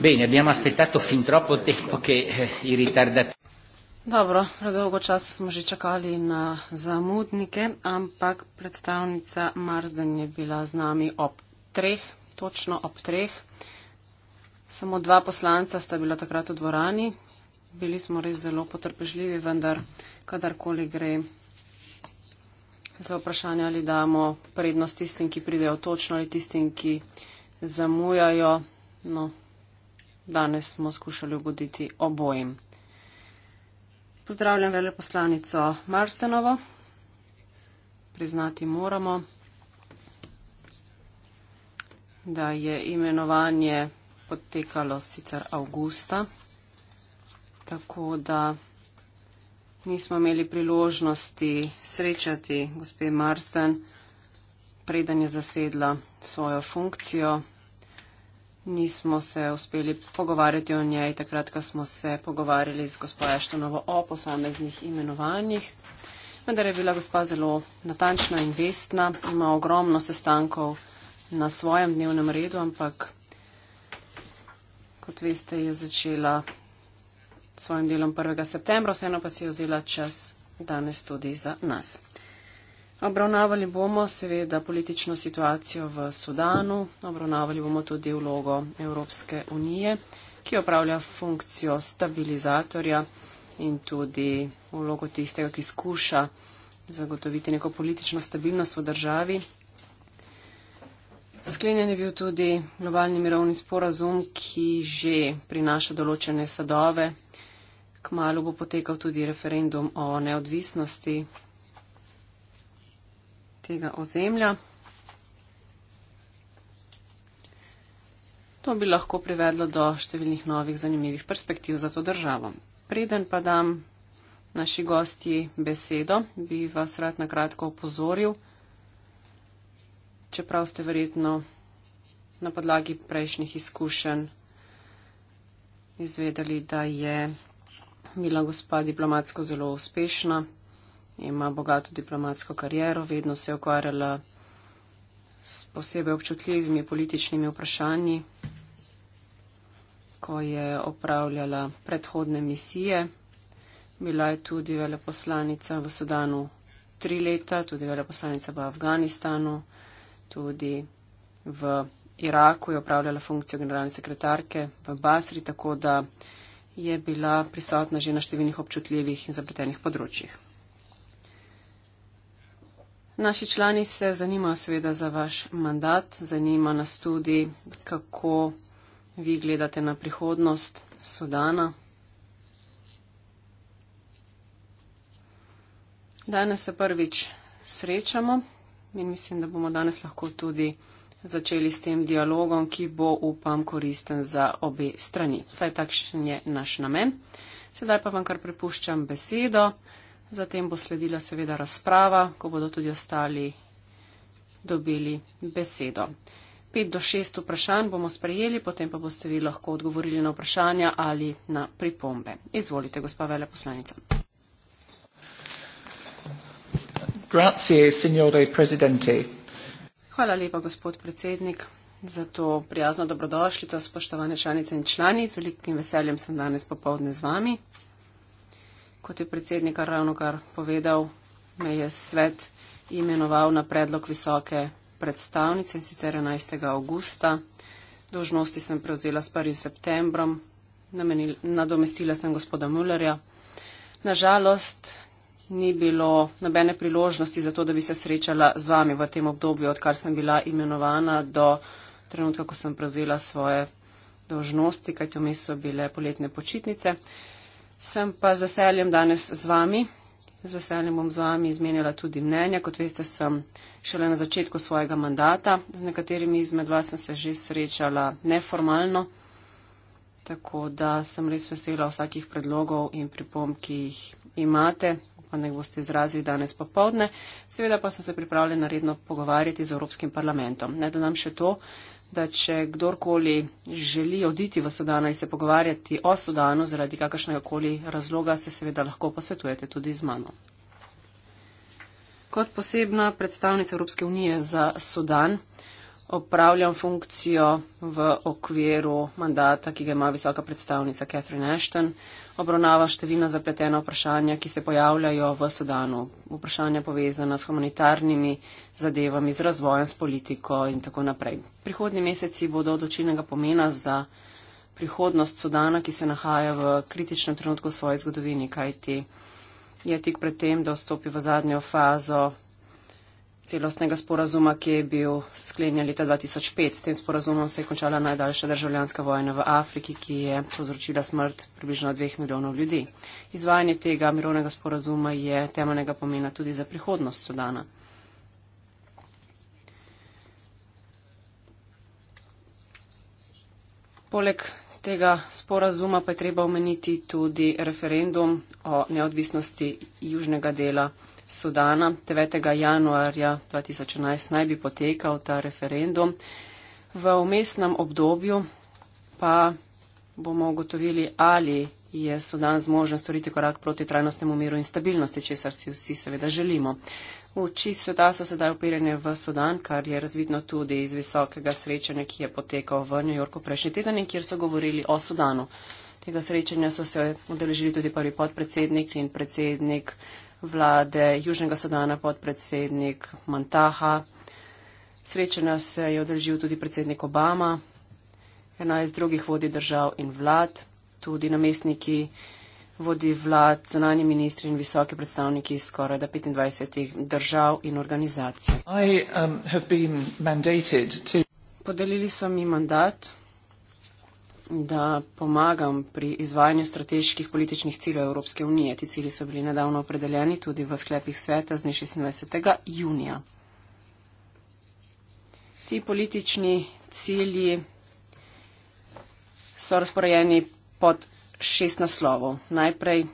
Bene, abbiamo aspettato fin troppo tempo che eh, i ritardati. Dobro, predolgo časa smo že čakali na zamudnike, ampak predstavnica Marsden je bila z nami ob treh, točno ob treh. Samo dva poslanca sta bila takrat v dvorani. Bili smo res zelo potrpežljivi, vendar kadarkoli gre za vprašanje, ali damo prednost tistim, ki pridejo točno ali tistim, ki zamujajo. No, Danes smo skušali ugoditi obojim. Pozdravljam veleposlanico Marstenovo. Priznati moramo, da je imenovanje potekalo sicer avgusta, tako da nismo imeli priložnosti srečati gospe Marsten, preden je zasedla svojo funkcijo nismo se uspeli pogovarjati o njej, takrat, ko smo se pogovarjali z gospo Eštonovo o posameznih imenovanjih. Vendar je bila gospa zelo natančna in vestna, ima ogromno sestankov na svojem dnevnem redu, ampak kot veste, je začela svojim delom 1. septembra, vseeno pa si je vzela čas danes tudi za nas. Obravnavali bomo seveda politično situacijo v Sudanu, obravnavali bomo tudi vlogo Evropske unije, ki opravlja funkcijo stabilizatorja in tudi vlogo tistega, ki skuša zagotoviti neko politično stabilnost v državi. Sklenjen je bil tudi globalni mirovni sporazum, ki že prinaša določene sadove. Kmalo bo potekal tudi referendum o neodvisnosti tega ozemlja. To bi lahko privedlo do številnih novih zanimivih perspektiv za to državo. Preden pa dam naši gosti besedo, bi vas rad na kratko opozoril, čeprav ste verjetno na podlagi prejšnjih izkušenj izvedeli, da je bila gospa diplomatsko zelo uspešna ima bogato diplomatsko kariero, vedno se je ukvarjala s posebej občutljivimi političnimi vprašanji, ko je opravljala predhodne misije. Bila je tudi veleposlanica v Sudanu tri leta, tudi veleposlanica v Afganistanu, tudi v Iraku je opravljala funkcijo generalne sekretarke v Basri, tako da je bila prisotna že na številnih občutljivih in zapletenih področjih. Naši člani se zanimajo seveda za vaš mandat, zanima nas tudi, kako vi gledate na prihodnost Sudana. Danes se prvič srečamo in mislim, da bomo danes lahko tudi začeli s tem dialogom, ki bo, upam, koristen za obe strani. Vsaj takšen je naš namen. Sedaj pa vam kar prepuščam besedo. Zatem bo sledila seveda razprava, ko bodo tudi ostali dobili besedo. Pet do šest vprašanj bomo sprejeli, potem pa boste vi lahko odgovorili na vprašanja ali na pripombe. Izvolite, gospa veleposlanica. Hvala lepa, gospod predsednik, za to prijazno dobrodošljico, spoštovane članice in člani. Z velikim veseljem sem danes popovdne z vami kot je predsednik ravno kar povedal, me je svet imenoval na predlog visoke predstavnice in sicer 11. augusta. Dožnosti sem prevzela s 1. septembrom, nadomestila sem gospoda Müllerja. Nažalost, ni bilo nobene priložnosti za to, da bi se srečala z vami v tem obdobju, odkar sem bila imenovana do trenutka, ko sem prevzela svoje dožnosti, kajti vmes so bile poletne počitnice. Uh, Sem pa z veseljem danes z vami. Z veseljem bom z vami izmenjala tudi mnenja. Kot veste, sem šele na začetku svojega mandata. Z nekaterimi izmed vas sem se že srečala neformalno. Tako da sem res vesela vsakih predlogov in pripomb, ki jih imate, pa ne boste izrazili danes popovdne. Seveda pa sem se pripravljena redno pogovarjati z Evropskim parlamentom. Naj dodam še to, da če kdorkoli želi oditi v Sudana in se pogovarjati o Sudanu zaradi kakršnega koli razloga, se seveda lahko posvetujete tudi z mano. Kot posebna predstavnica Evropske unije za Sudan, opravljam funkcijo v okviru mandata, ki ga ima visoka predstavnica Catherine Ashton. Obravnava številna zapletena vprašanja, ki se pojavljajo v Sudanu. Vprašanja povezana s humanitarnimi zadevami, z razvojem, s politiko in tako naprej. Prihodni meseci bodo odločilnega pomena za prihodnost Sudana, ki se nahaja v kritičnem trenutku v svoji zgodovini, kajti je tik pred tem, da vstopi v zadnjo fazo celostnega sporazuma, ki je bil sklenjen leta 2005. S tem sporazumom se je končala najdaljša državljanska vojna v Afriki, ki je povzročila smrt približno dveh milijonov ljudi. Izvajanje tega mirovnega sporazuma je temeljnega pomena tudi za prihodnost Sudana. Poleg tega sporazuma pa je treba omeniti tudi referendum o neodvisnosti južnega dela. Sudana. 9. januarja 2011 naj bi potekal ta referendum. V umestnem obdobju pa bomo ugotovili, ali je Sudan zmožen storiti korak proti trajnostnemu miru in stabilnosti, česar si vsi seveda želimo. Oči sveta so sedaj operjene v Sudan, kar je razvidno tudi iz visokega srečanja, ki je potekal v New Yorku prejšnji teden in kjer so govorili o Sudanu. Tega srečanja so se odeležili tudi prvi podpredsednik in predsednik vlade Južnega Sudana podpredsednik Mantaha. Srečena se je odrežil tudi predsednik Obama, 11 drugih vodi držav in vlad, tudi namestniki vodi vlad, zunanji ministri in visoki predstavniki iz skoraj 25 držav in organizacij. I, um, to... Podelili so mi mandat da pomagam pri izvajanju strateških političnih ciljev Evropske unije. Ti cilji so bili nedavno opredeljeni tudi v sklepih sveta z dne 26. junija. Ti politični cilji so razporejeni pod šest naslovov. Najprej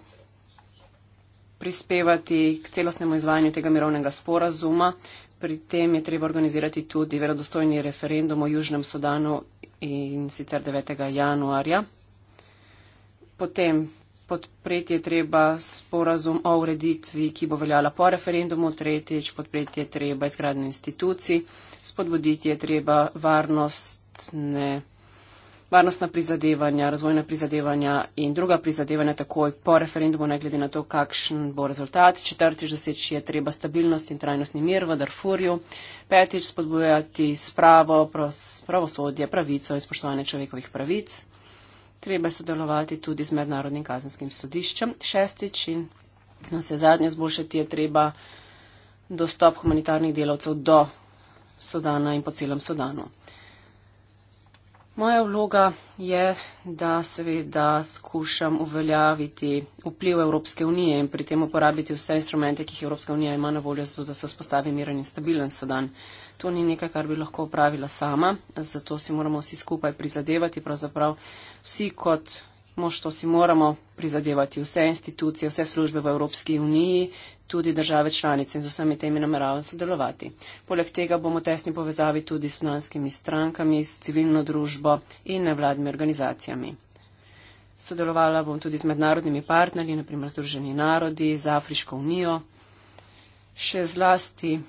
prispevati k celostnemu izvajanju tega mirovnega sporazuma. Pri tem je treba organizirati tudi verodostojni referendum o Južnem Sudanu in sicer 9. januarja. Potem podpreti je treba sporazum o ureditvi, ki bo veljala po referendumu, tretjič podpreti je treba izgradnjo institucij, spodbuditi je treba varnostne varnostna prizadevanja, razvojna prizadevanja in druga prizadevanja takoj po referendumu, ne glede na to, kakšen bo rezultat. Četrtič, doseči je treba stabilnost in trajnostni mir v Darfurju. Petič, spodbujati spravo, pravosodje, pravico in spoštovanje človekovih pravic. Treba je sodelovati tudi z mednarodnim kazenskim sodiščem. Šestič in na vse zadnje zboljšati je treba dostop humanitarnih delavcev do Sodana in po celem Sodanu. Moja vloga je, da seveda skušam uveljaviti vpliv Evropske unije in pri tem uporabiti vse instrumente, ki jih Evropska unija ima na voljo, zato da se vzpostavi miren in stabilen sodan. To ni nekaj, kar bi lahko upravila sama, zato si moramo vsi skupaj prizadevati, pravzaprav vsi kot. Moštvo si moramo prizadevati vse institucije, vse službe v Evropski uniji, tudi države članice in z vsemi temi nameravam sodelovati. Poleg tega bomo tesni povezavi tudi s sudanskimi strankami, s civilno družbo in nevladnimi organizacijami. Sodelovala bom tudi z mednarodnimi partnerji, naprimer Združeni narodi, z Afriško unijo, še zlasti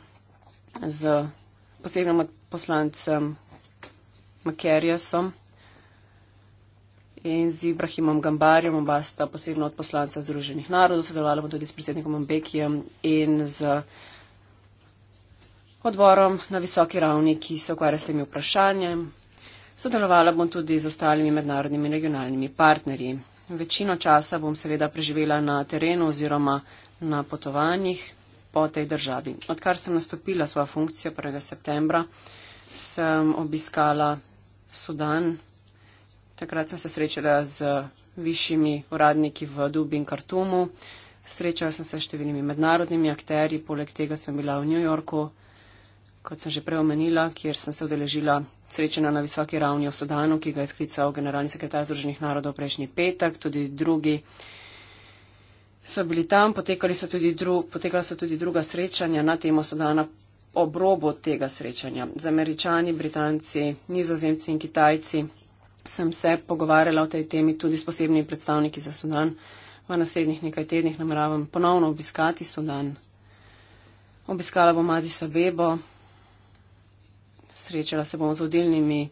z posebnim poslancem Makerjasom in z Ibrahimom Gambarjem, oba sta posebno od poslanca Združenih narodov, sodelovala bom tudi s predsednikom Mbekijem in z odborom na visoki ravni, ki se ukvarja s temi vprašanjem. Sodelovala bom tudi z ostalimi mednarodnimi in regionalnimi partnerji. Večino časa bom seveda preživela na terenu oziroma na potovanjih po tej državi. Odkar sem nastopila svojo funkcijo 1. septembra, sem obiskala Sudan, Takrat sem se srečala z višjimi uradniki v Dubi in Kartumu. Srečala sem se s številnimi mednarodnimi akteri, poleg tega sem bila v New Yorku, kot sem že prej omenila, kjer sem se odeležila srečanja na visoki ravni v Sudanu, ki ga je sklical generalni sekretar Združenih narodov prejšnji petek, tudi drugi so bili tam, potekali so tudi, dru, potekala so tudi druga srečanja na temo Sudana ob robu tega srečanja z američani, britanci, nizozemci in kitajci sem se pogovarjala o tej temi tudi s posebnimi predstavniki za Sudan. V naslednjih nekaj tednih nameravam ponovno obiskati Sudan. Obiskala bom Adis Abebo, srečala se bom z vodilnimi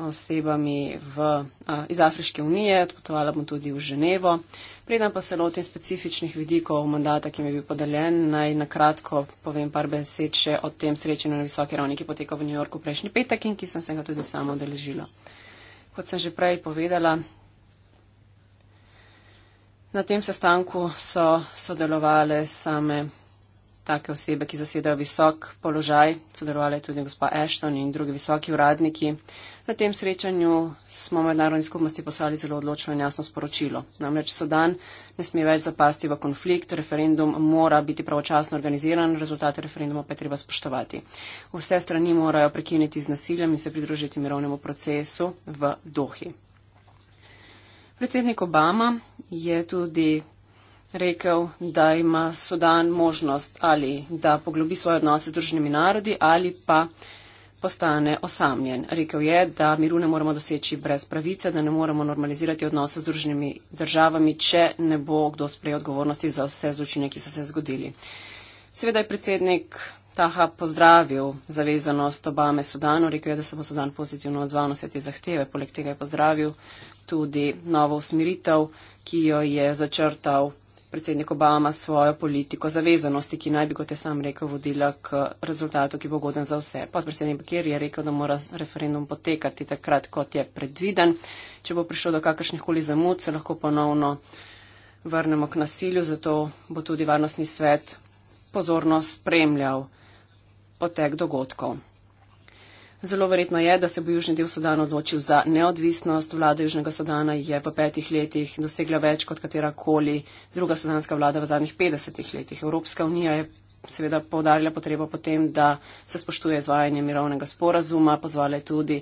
osebami v, a, iz Afriške unije, odpotovala bom tudi v Ženevo. Preden pa se lotim specifičnih vidikov mandata, ki mi je bil podeljen, naj na kratko povem par besed še o tem srečanju na visoki ravni, ki poteka v New Yorku prejšnji petek in ki sem se ga tudi sama odeležila. Kot sem že prej povedala, na tem sestanku so sodelovali same take osebe, ki zasedajo visok položaj, sodelovali tudi gospa Ashton in drugi visoki uradniki. Na tem srečanju smo mednarodni skupnosti poslali zelo odločno in jasno sporočilo. Namreč Sudan ne sme več zapasti v konflikt, referendum mora biti pravočasno organiziran, rezultate referenduma pa je treba spoštovati. Vse strani morajo prekiniti z nasiljem in se pridružiti mirovnemu procesu v Dohi. Predsednik Obama je tudi rekel, da ima Sudan možnost ali da poglobi svoje odnose z družnimi narodi ali pa postane osamljen. Rekel je, da miru ne moremo doseči brez pravice, da ne moremo normalizirati odnose z družnimi državami, če ne bo kdo sprejel odgovornosti za vse zločine, ki so se zgodili. Seveda je predsednik Taha pozdravil zavezanost Obame Sudanu, rekel je, da se bo Sudan pozitivno odzval na vse te zahteve. Poleg tega je pozdravil tudi novo usmeritev, ki jo je začrtal predsednik Obama svojo politiko zavezanosti, ki naj bi, kot je sam rekel, vodila k rezultatu, ki bo goden za vse. Podpredsednik Bakir je rekel, da mora referendum potekati takrat, kot je predviden. Če bo prišlo do kakršnih koli zamud, se lahko ponovno vrnemo k nasilju, zato bo tudi varnostni svet pozorno spremljal potek dogodkov. Zelo verjetno je, da se bo južni del Sudana odločil za neodvisnost. Vlada južnega Sudana je v petih letih dosegla več kot katerakoli druga sudanska vlada v zadnjih 50 letih. Evropska unija je seveda povdarila potrebo potem, da se spoštuje izvajanje mirovnega sporazuma, pozvala je tudi,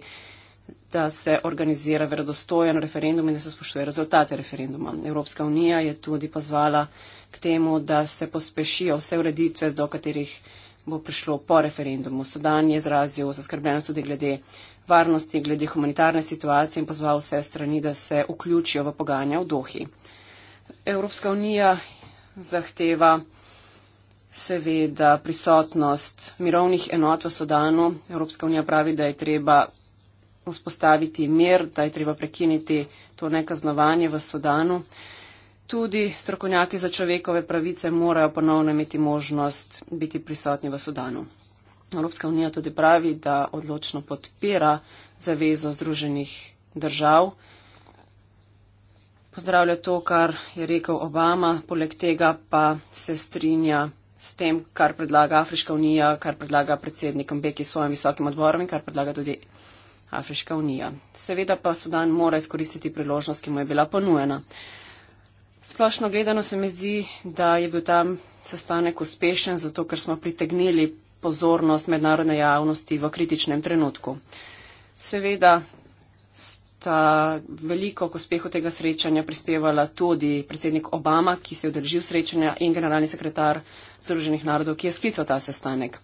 da se organizira verodostojen referendum in da se spoštuje rezultate referenduma. Evropska unija je tudi pozvala k temu, da se pospešijo vse ureditve, do katerih bo prišlo po referendumu. Sudan je izrazil zaskrbljenost tudi glede varnosti, glede humanitarne situacije in pozval vse strani, da se vključijo v pogajanja v Dohi. Evropska unija zahteva seveda prisotnost mirovnih enot v Sudanu. Evropska unija pravi, da je treba vzpostaviti mir, da je treba prekiniti to nekaznovanje v Sudanu tudi strokovnjaki za človekove pravice morajo ponovno imeti možnost biti prisotni v Sudanu. Evropska unija tudi pravi, da odločno podpira zavezo združenih držav. Pozdravlja to, kar je rekel Obama, poleg tega pa se strinja s tem, kar predlaga Afriška unija, kar predlaga predsednik Mbeki s svojim visokim odborom in kar predlaga tudi Afriška unija. Seveda pa Sudan mora izkoristiti priložnost, ki mu je bila ponujena. Splošno gledano se mi zdi, da je bil tam sestanek uspešen, zato ker smo pritegnili pozornost mednarodne javnosti v kritičnem trenutku. Seveda sta veliko k uspehu tega srečanja prispevala tudi predsednik Obama, ki se je odrežil srečanja in generalni sekretar Združenih narodov, ki je sklical ta sestanek.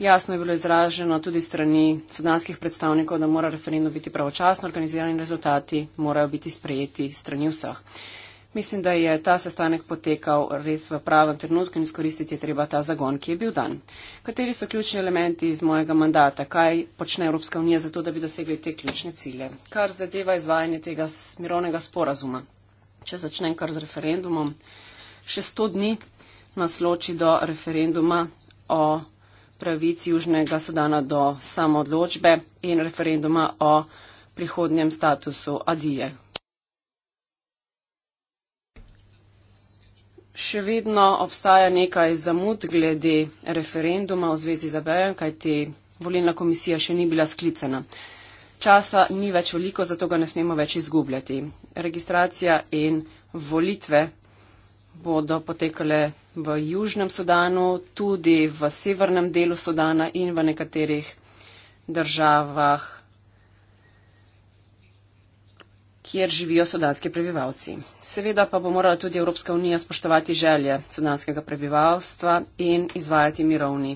Jasno je bilo izraženo tudi strani sudanskih predstavnikov, da mora referendum biti pravočasno organiziran in rezultati morajo biti sprejeti strani vseh. Mislim, da je ta sestanek potekal res v pravem trenutku in izkoristiti je treba ta zagon, ki je bil dan. Kateri so ključni elementi iz mojega mandata? Kaj počne Evropska unija za to, da bi dosegli te ključne cilje? Kar zadeva izvajanje tega mirovnega sporazuma. Če začnem kar z referendumom, še sto dni nas loči do referenduma o pravici Južnega Sudana do samodločbe in referenduma o prihodnjem statusu Adije, še vedno obstaja nekaj zamud glede referenduma v zvezi z ABM, kajti volilna komisija še ni bila sklicena. Časa ni več veliko, zato ga ne smemo več izgubljati. Registracija in volitve bodo potekale v Južnem Sudanu, tudi v severnem delu Sudana in v nekaterih državah kjer živijo sudanski prebivalci. Seveda pa bo morala tudi Evropska unija spoštovati želje sudanskega prebivalstva in izvajati mirovni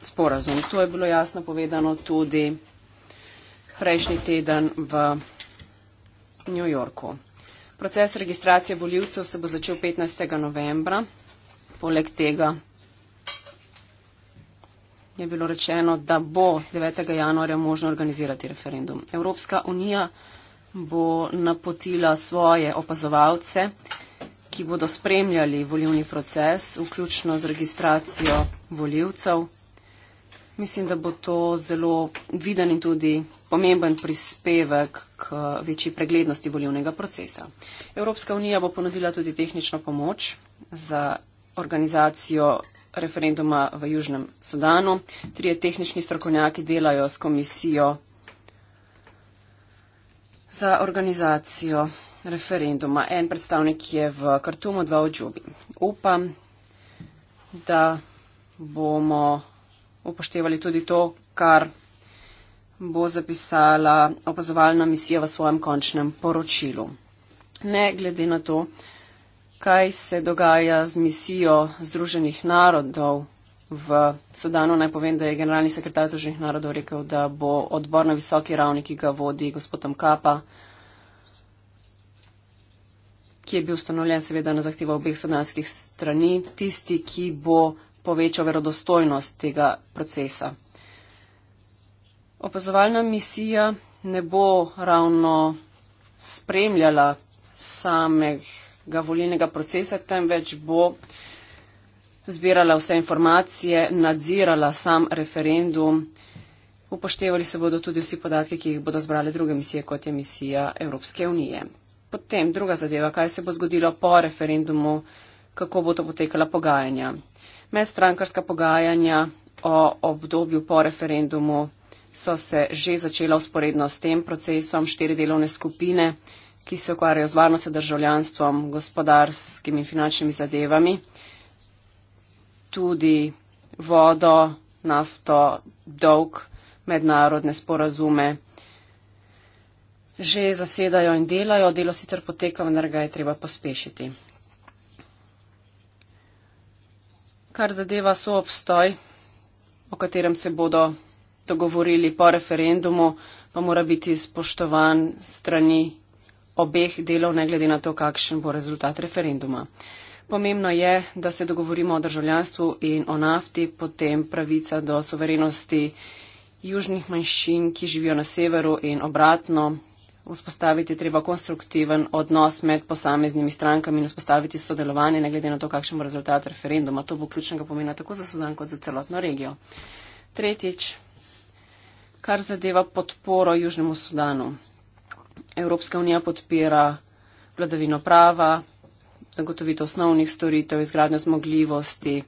sporazum. To je bilo jasno povedano tudi prejšnji teden v New Yorku. Proces registracije voljivcev se bo začel 15. novembra. Poleg tega je bilo rečeno, da bo 9. januarja možno organizirati referendum. Evropska unija bo napotila svoje opazovalce, ki bodo spremljali volivni proces, vključno z registracijo voljivcev. Mislim, da bo to zelo viden in tudi pomemben prispevek k večji preglednosti volivnega procesa. Evropska unija bo ponudila tudi tehnično pomoč za organizacijo referenduma v Južnem Sudanu. Trije tehnični strokovnjaki delajo s komisijo za organizacijo referenduma. En predstavnik je v Kartumu, dva v Džubi. Upam, da bomo upoštevali tudi to, kar bo zapisala opazovalna misija v svojem končnem poročilu. Ne glede na to, kaj se dogaja z misijo Združenih narodov v Sudanu. Naj povem, da je generalni sekretar Združenih narodov rekel, da bo odbor na visoki ravni, ki ga vodi gospod Mkapa, ki je bil ustanovljen seveda na zahtevo obeh sudanskih strani, tisti, ki bo povečal verodostojnost tega procesa. Opazovalna misija ne bo ravno spremljala samega volilnega procesa, temveč bo zbirala vse informacije, nadzirala sam referendum. Upoštevali se bodo tudi vsi podatki, ki jih bodo zbrali druge misije, kot je misija Evropske unije. Potem druga zadeva, kaj se bo zgodilo po referendumu, kako bo to potekala pogajanja. Medstrankarska pogajanja o obdobju po referendumu so se že začela usporedno s tem procesom. Štiri delovne skupine, ki se ukvarjajo z varnostjo državljanstvom, gospodarskimi in finančnimi zadevami, tudi vodo, nafto, dolg, mednarodne sporazume. Že zasedajo in delajo, delo sicer poteka, vendar ga je treba pospešiti. Kar zadeva so obstoj, o katerem se bodo dogovorili po referendumu, pa mora biti spoštovan strani obeh delov, ne glede na to, kakšen bo rezultat referenduma. Pomembno je, da se dogovorimo o državljanstvu in o nafti, potem pravica do soverenosti južnih manjšin, ki živijo na severu in obratno. Vzpostaviti treba konstruktiven odnos med posameznimi strankami in vzpostaviti sodelovanje, ne glede na to, kakšen bo rezultat referenduma. To bo ključnega pomena tako za Sudan kot za celotno regijo. Tretjič, kar zadeva podporo Južnemu Sudanu. Evropska unija podpira vladavino prava, zagotovitev osnovnih storitev, izgradnjo zmogljivosti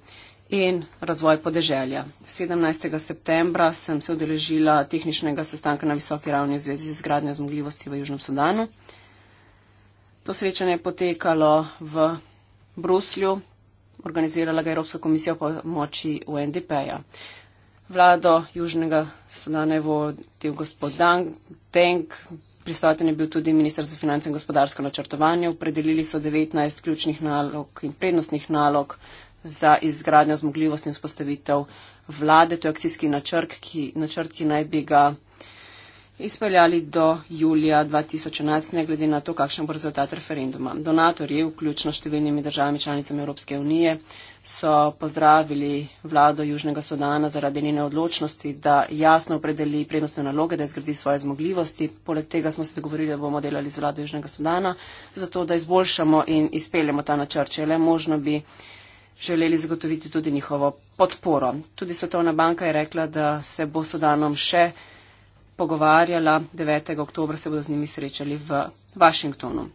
in razvoj podeželja. 17. septembra sem se odeležila tehničnega sestanka na visoki ravni v zvezi z izgradnjo zmogljivosti v Južnem Sudanu. To srečanje je potekalo v Bruslju, organizirala ga Evropska komisija v pomoči UNDP-ja. Vlado Južnega Sudana je vodil gospod Deng, Prisoten je bil tudi ministr za finance in gospodarsko načrtovanje. Upredelili so 19 ključnih nalog in prednostnih nalog za izgradnjo zmogljivosti in spostavitev vlade. To je akcijski načrt, ki, načrt, ki naj bi ga izpeljali do julija 2011, ne glede na to, kakšen bo rezultat referenduma. Donatorji, vključno številnimi državami članicami Evropske unije, so pozdravili vlado Južnega Sudana zaradi njene odločnosti, da jasno opredeli prednostne naloge, da zgradi svoje zmogljivosti. Poleg tega smo se dogovorili, da bomo delali z vlado Južnega Sudana, zato da izboljšamo in izpeljemo ta načrt, če le možno bi želeli zagotoviti tudi njihovo podporo. Tudi Svetovna banka je rekla, da se bo Sudanom še pogovarjala. 9. oktober se bodo z njimi srečali v Washingtonu.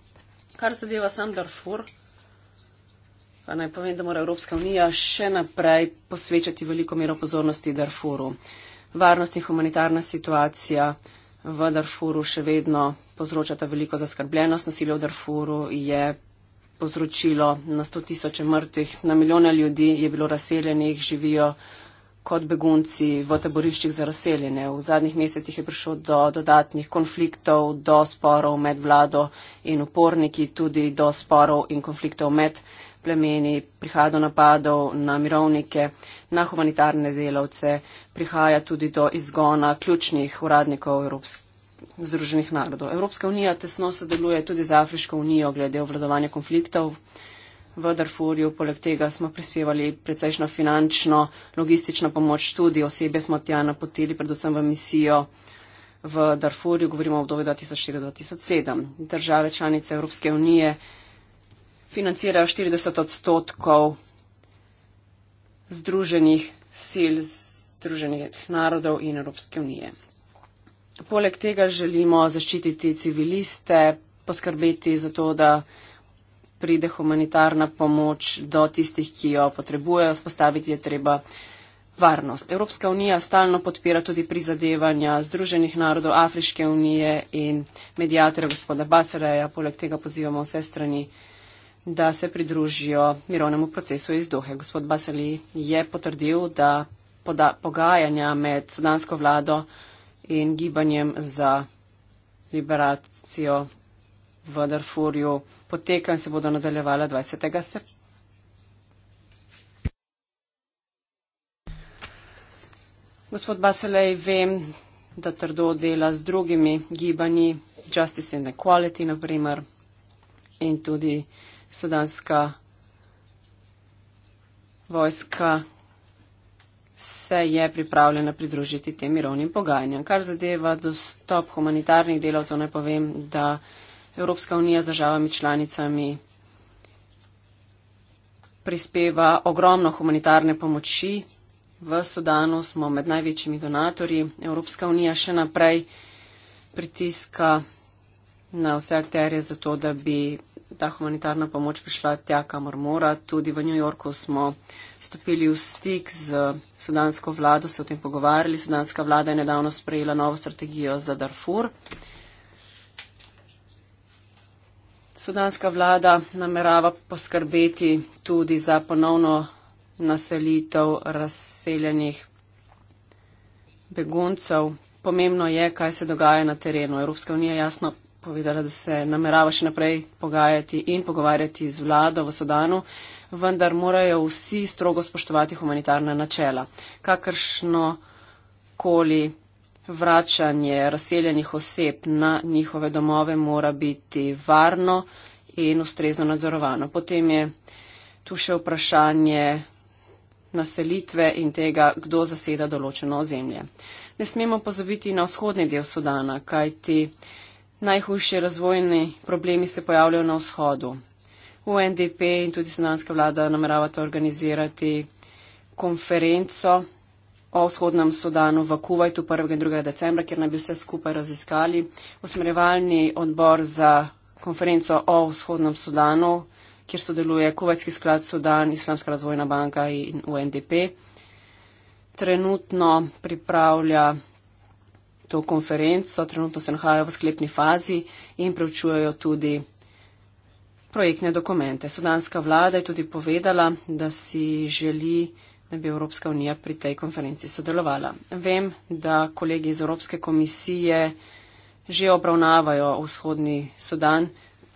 Kar zadeva sam Darfur, pa naj povem, da mora Evropska unija še naprej posvečati veliko mero pozornosti Darfuru. Varnost in humanitarna situacija v Darfuru še vedno povzročata veliko zaskrbljenost. Nasilje v Darfuru je povzročilo na 100 tisoče mrtvih, na milijone ljudi je bilo razseljenih, živijo kot begunci v taboriščih za razseljene. V zadnjih mesecih je prišlo do dodatnih konfliktov, do sporov med vlado in uporniki, tudi do sporov in konfliktov med plemeni, prihaja do napadov na mirovnike, na humanitarne delavce, prihaja tudi do izgona ključnih uradnikov Evropske. Združenih narodov. Evropska unija tesno sodeluje tudi z Afriško unijo glede obvladovanja konfliktov v Darfurju. Poleg tega smo prispevali precejšno finančno, logistično pomoč tudi. Osebe smo tja napotili predvsem v misijo v Darfurju, govorimo o obdobju 2004-2007. Države članice Evropske unije financirajo 40 odstotkov združenih sil, združenih narodov in Evropske unije. Poleg tega želimo zaščititi civiliste, poskrbeti za to, da pride humanitarna pomoč do tistih, ki jo potrebujejo, spostaviti je treba varnost. Evropska unija stalno podpira tudi prizadevanja Združenih narodov, Afriške unije in medijatorja gospoda Basereja. Poleg tega pozivamo vse strani, da se pridružijo mirovnemu procesu iz Dohe. Gospod Baseli je potrdil, da pogajanja med sudansko vlado in gibanjem za liberacijo v Darfurju poteka in se bodo nadaljevala 20. septembra. Gospod Baselej, vem, da trdo dela z drugimi gibanji, Justice and Equality, naprimer, in tudi sudanska vojska se je pripravljena pridružiti tem mirovnim pogajanjem. Kar zadeva dostop humanitarnih delavcev, naj povem, da. Evropska unija z državami članicami prispeva ogromno humanitarne pomoči. V Sudanu smo med največjimi donatorji. Evropska unija še naprej pritiska na vse akterje za to, da bi ta humanitarna pomoč prišla tja, kamor mora. Tudi v New Yorku smo stopili v stik z sudansko vlado, se o tem pogovarjali. Sudanska vlada je nedavno sprejela novo strategijo za Darfur. Sudanska vlada namerava poskrbeti tudi za ponovno naselitev razseljenih beguncev. Pomembno je, kaj se dogaja na terenu. Evropska unija jasno povedala, da se namerava še naprej pogajati in pogovarjati z vlado v Sudanu, vendar morajo vsi strogo spoštovati humanitarna načela. Kakršno koli vračanje razseljenih oseb na njihove domove mora biti varno in ustrezno nadzorovano. Potem je tu še vprašanje naselitve in tega, kdo zaseda določeno ozemlje. Ne smemo pozabiti na vzhodni del Sudana, kajti najhujši razvojni problemi se pojavljajo na vzhodu. UNDP in tudi sudanska vlada nameravata organizirati konferenco o vzhodnem Sudanu v Kuvajtu 1. in 2. decembra, kjer naj bi vse skupaj raziskali. Usmerjevalni odbor za konferenco o vzhodnem Sudanu, kjer sodeluje Kuvajtski sklad Sudan, Islamska razvojna banka in UNDP, trenutno pripravlja to konferenco, trenutno se nahajajo v sklepni fazi in preučujejo tudi projektne dokumente. Sudanska vlada je tudi povedala, da si želi da bi Evropska unija pri tej konferenci sodelovala. Vem, da kolegi iz Evropske komisije že obravnavajo vzhodni Sudan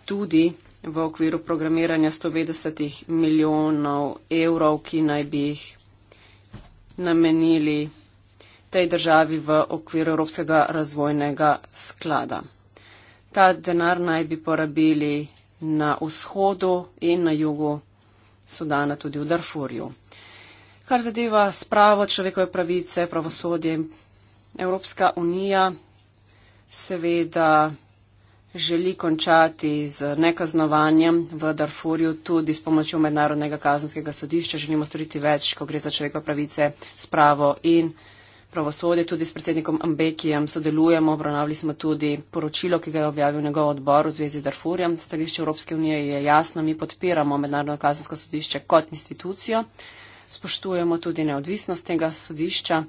tudi v okviru programiranja 150 milijonov evrov, ki naj bi jih namenili tej državi v okviru Evropskega razvojnega sklada. Ta denar naj bi porabili na vzhodu in na jugu Sudana, tudi v Darfurju kar zadeva spravo človekove pravice, pravosodje. Evropska unija seveda želi končati z nekaznovanjem v Darfurju tudi s pomočjo mednarodnega kazanskega sodišča. Želimo storiti več, ko gre za človekove pravice, spravo in pravosodje. Tudi s predsednikom Ambekijem sodelujemo. Obravnavali smo tudi poročilo, ki ga je objavil njegov odbor v zvezi z Darfurjem. Stališče Evropske unije je jasno. Mi podpiramo mednarodno kazansko sodišče kot institucijo spoštujemo tudi neodvisnost tega sodišča.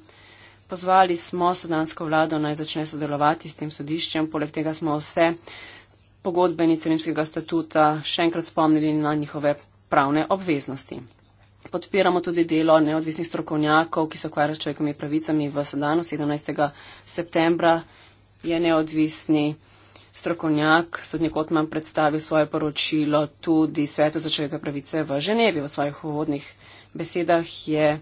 Pozvali smo sudansko vlado naj začne sodelovati s tem sodiščem, poleg tega smo vse pogodbenice rimskega statuta še enkrat spomnili na njihove pravne obveznosti. Podpiramo tudi delo neodvisnih strokovnjakov, ki se ukvarjajo s človekovimi pravicami v Sudanu. 17. septembra je neodvisni strokovnjak, sodnik Otman, predstavil svoje poročilo tudi Svetu za človekove pravice v Ženevi v svojih uvodnih besedah je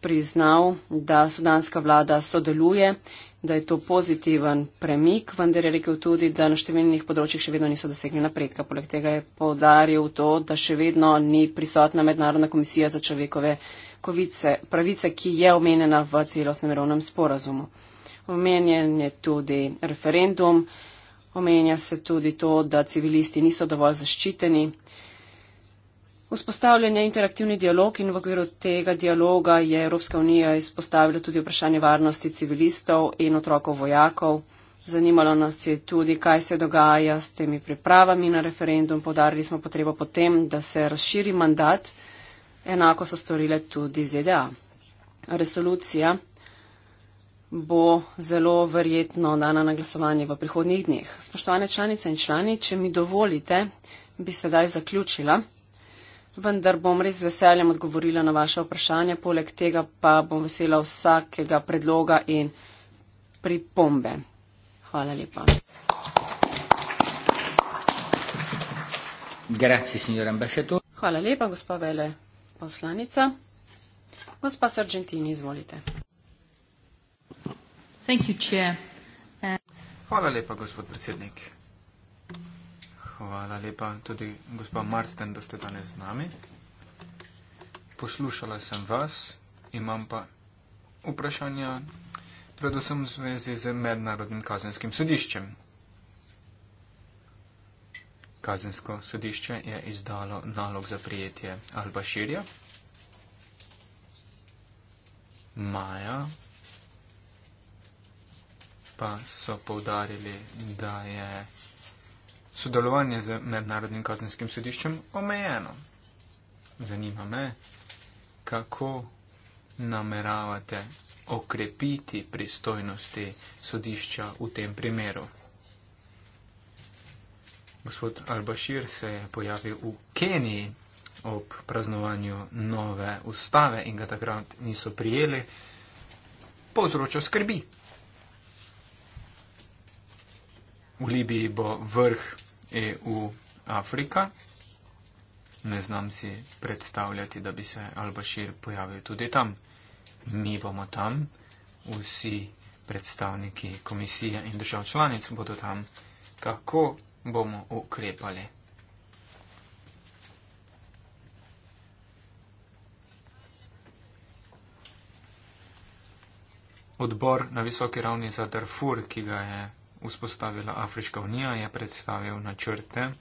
priznal, da sudanska vlada sodeluje, da je to pozitiven premik, vendar je rekel tudi, da na številnih področjih še vedno niso dosegli napredka. Poleg tega je povdaril to, da še vedno ni prisotna Mednarodna komisija za človekove kovice, pravice, ki je omenjena v celostnem mirovnem sporazumu. Omenjen je tudi referendum, omenja se tudi to, da civilisti niso dovolj zaščiteni. Vzpostavljen je interaktivni dialog in v okviru tega dialoga je Evropska unija izpostavila tudi vprašanje varnosti civilistov in otrokov vojakov. Zanimalo nas je tudi, kaj se dogaja s temi pripravami na referendum. Podarili smo potrebo potem, da se razširi mandat. Enako so storile tudi ZDA. Resolucija bo zelo verjetno dana na glasovanje v prihodnih dneh. Spoštovane članice in člani, če mi dovolite, bi sedaj zaključila vendar bom res z veseljem odgovorila na vaše vprašanje, poleg tega pa bom vesela vsakega predloga in pripombe. Hvala lepa. Grazie, Hvala lepa, gospa Vele poslanica. Gospa Sargentini, izvolite. Thank you, Hvala lepa, gospod predsednik. Hvala lepa tudi gospa Marsten, da ste danes z nami. Poslušala sem vas, imam pa vprašanja predvsem v zvezi z mednarodnim kazenskim sodiščem. Kazensko sodišče je izdalo nalog za prijetje Alba Širja. Maja pa so povdarili, da je sodelovanje z Mednarodnim kazenskim sodiščem omejeno. Zanima me, kako nameravate okrepiti pristojnosti sodišča v tem primeru. Gospod Albašir se je pojavil v Keniji ob praznovanju nove ustave in ga takrat niso prijeli, povzročil skrbi. v Libiji bo vrh EU Afrika. Ne znam si predstavljati, da bi se Albašir pojavil tudi tam. Mi bomo tam, vsi predstavniki komisije in držav članic bodo tam. Kako bomo ukrepali? Odbor na visoki ravni za Darfur, ki ga je vzpostavila Afriška unija, je predstavil načrte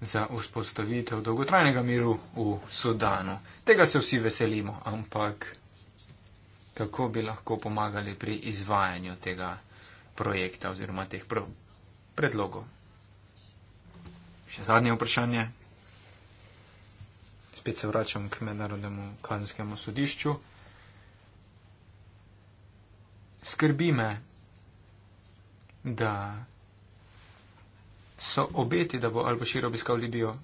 za vzpostavitev dolgotrajnega miru v Sudanu. Tega se vsi veselimo, ampak kako bi lahko pomagali pri izvajanju tega projekta oziroma teh pr predlogov? Še zadnje vprašanje. Spet se vračam k mednarodnemu kazenskemu sodišču. Skrbi me, da so obeti, da bo Al-Bashir obiskal Libijo,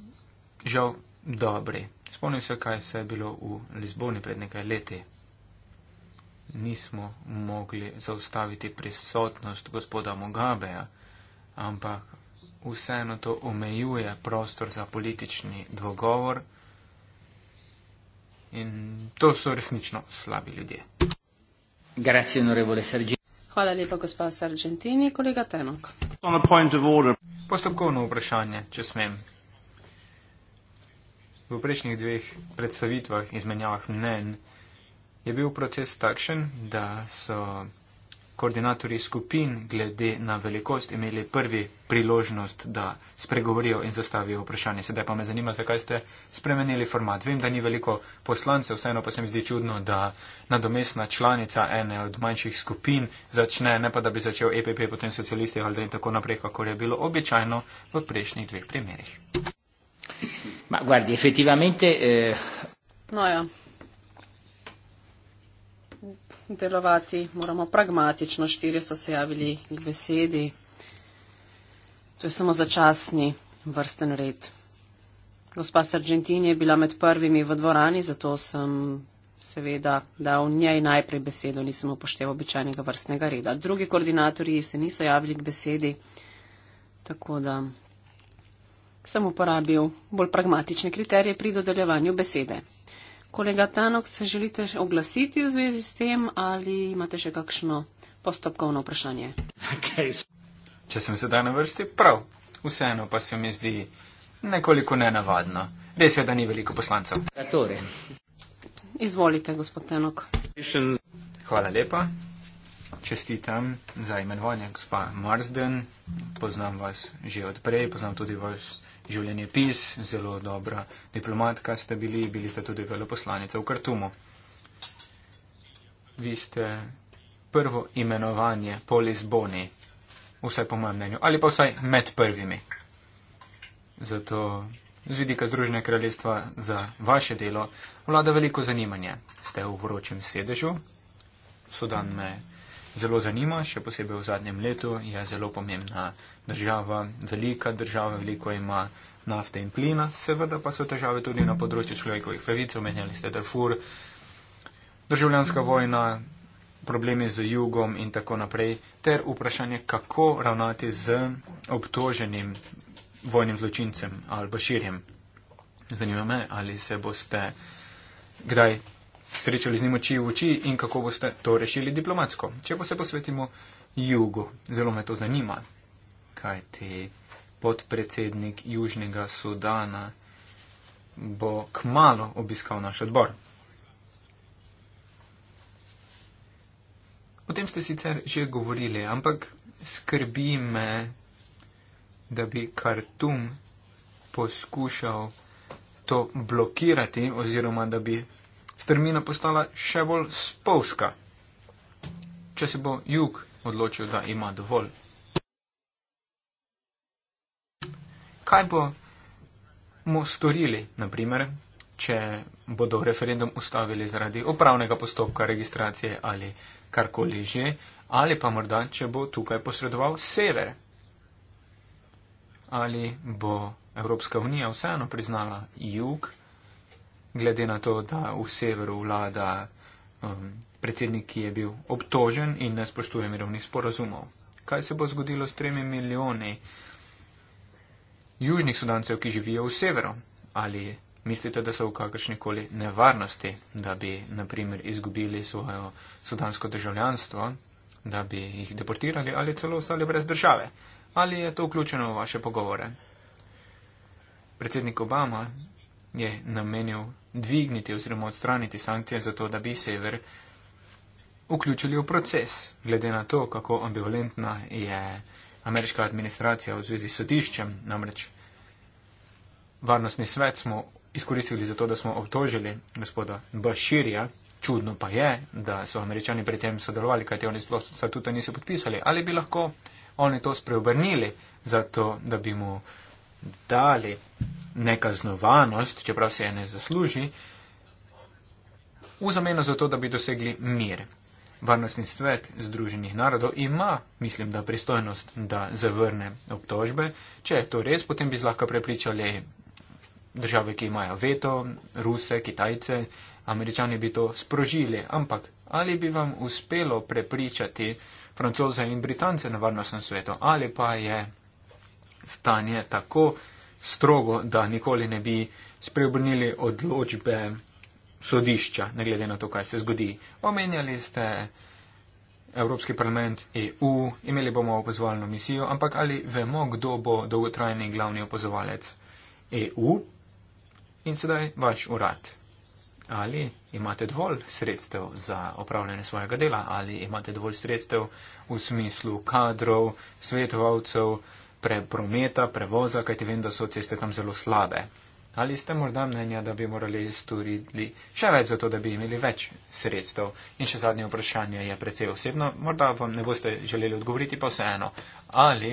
žal dobri. Spomnim se, kaj se je bilo v Lizboni pred nekaj leti. Nismo mogli zaustaviti prisotnost gospoda Mugabeja, ampak vseeno to omejuje prostor za politični dogovor. In to so resnično slabi ljudje. Grazie, Hvala lepa, gospa Sargentini. Kolega Tenok. Postopkovno vprašanje, če smem. V prejšnjih dveh predstavitvah, izmenjavah mnen, je bil proces takšen, da so koordinatorji skupin glede na velikost imeli prvi priložnost, da spregovorijo in zastavijo vprašanje. Sedaj pa me zanima, zakaj ste spremenili format. Vem, da ni veliko poslancev, vseeno pa se mi zdi čudno, da nadomestna članica ene od manjših skupin začne, ne pa da bi začel EPP, potem socialisti ali da in tako naprej, kako je bilo običajno v prejšnjih dveh primerjih. Ma, guardi, effettivamente... Eh... No, ja delovati, moramo pragmatično. Štirje so se javili k besedi. To je samo začasni vrsten red. Gospa Sargentini je bila med prvimi v dvorani, zato sem seveda dal njej najprej besedo, nisem upošteval običajnega vrstnega reda. Drugi koordinatorji se niso javili k besedi, tako da sem uporabil bolj pragmatične kriterije pri dodeljevanju besede. Kolega Tanok, se želite oglasiti v zvezi s tem ali imate še kakšno postopkovno vprašanje? Okay. Če sem sedaj na vrsti, prav. Vseeno pa se mi zdi nekoliko nenavadno. Res je, da ni veliko poslancev. Ja, torej. Izvolite, gospod Tanok. Hvala lepa čestitam za imenovanje, gospa Marsden. Poznam vas že odprej, poznam tudi vaš življenje pis, zelo dobra diplomatka ste bili, bili ste tudi veloposlanica v Kartumu. Vi ste prvo imenovanje po Lizboni, vsaj po mojem mnenju, ali pa vsaj med prvimi. Zato z vidika Združene kraljestva za vaše delo vlada veliko zanimanje. Ste v vročem sedežu, Sudan me je zelo zanima, še posebej v zadnjem letu, je zelo pomembna država, velika država, veliko ima nafte in plina, seveda pa so težave tudi na področju človekovih pravic, omenjali ste Darfur, državljanska vojna, problemi z jugom in tako naprej, ter vprašanje, kako ravnati z obtoženim vojnim zločincem ali pa širjem. Zanima me, ali se boste kdaj srečali z njim oči v oči in kako boste to rešili diplomatsko. Če pa se posvetimo jugu, zelo me to zanima, kaj ti podpredsednik Južnega Sudana bo kmalo obiskal naš odbor. O tem ste sicer že govorili, ampak skrbi me, da bi Kartum poskušal to blokirati oziroma da bi strmina postala še bolj spolska, če se bo jug odločil, da ima dovolj. Kaj bomo storili, naprimer, če bodo referendum ustavili zaradi upravnega postopka registracije ali karkoli že, ali pa morda, če bo tukaj posredoval sever? Ali bo Evropska unija vseeno priznala jug? glede na to, da v severu vlada um, predsednik, ki je bil obtožen in ne spoštuje mirovnih sporazumov. Kaj se bo zgodilo s tremi milijoni južnih sudancev, ki živijo v severu? Ali mislite, da so v kakršnikoli nevarnosti, da bi, naprimer, izgubili svojo sudansko državljanstvo, da bi jih deportirali ali celo ostali brez države? Ali je to vključeno v vaše pogovore? Predsednik Obama je namenil dvigniti oziroma odstraniti sankcije zato, da bi sever vključili v proces, glede na to, kako ambivalentna je ameriška administracija v zvezi s sodiščem, namreč varnostni svet smo izkoristili zato, da smo obtožili gospoda Baširja, čudno pa je, da so američani pri tem sodelovali, kajti oni sploh statuta niso podpisali, ali bi lahko oni to spreobrnili, zato da bi mu dali nekaznovanost, čeprav se je ne zasluži, v zameno za to, da bi dosegli mir. Varnostni svet Združenih narodov ima, mislim, da pristojnost, da zavrne obtožbe. Če je to res, potem bi zlahka prepričali države, ki imajo veto, ruse, kitajce, američani bi to sprožili. Ampak ali bi vam uspelo prepričati francoze in britance na varnostnem svetu, ali pa je stanje tako, strogo, da nikoli ne bi spreobrnili odločbe sodišča, ne glede na to, kaj se zgodi. Omenjali ste Evropski parlament, EU, imeli bomo opozovalno misijo, ampak ali vemo, kdo bo dolgotrajni glavni opozovalec EU in sedaj vaš urad? Ali imate dovolj sredstev za opravljanje svojega dela, ali imate dovolj sredstev v smislu kadrov, svetovalcev, pre prometa, prevoza, kajti vem, da so ceste tam zelo slabe. Ali ste morda mnenja, da bi morali storiti še več za to, da bi imeli več sredstev? In še zadnje vprašanje je precej osebno, morda vam ne boste želeli odgovoriti, pa vseeno. Ali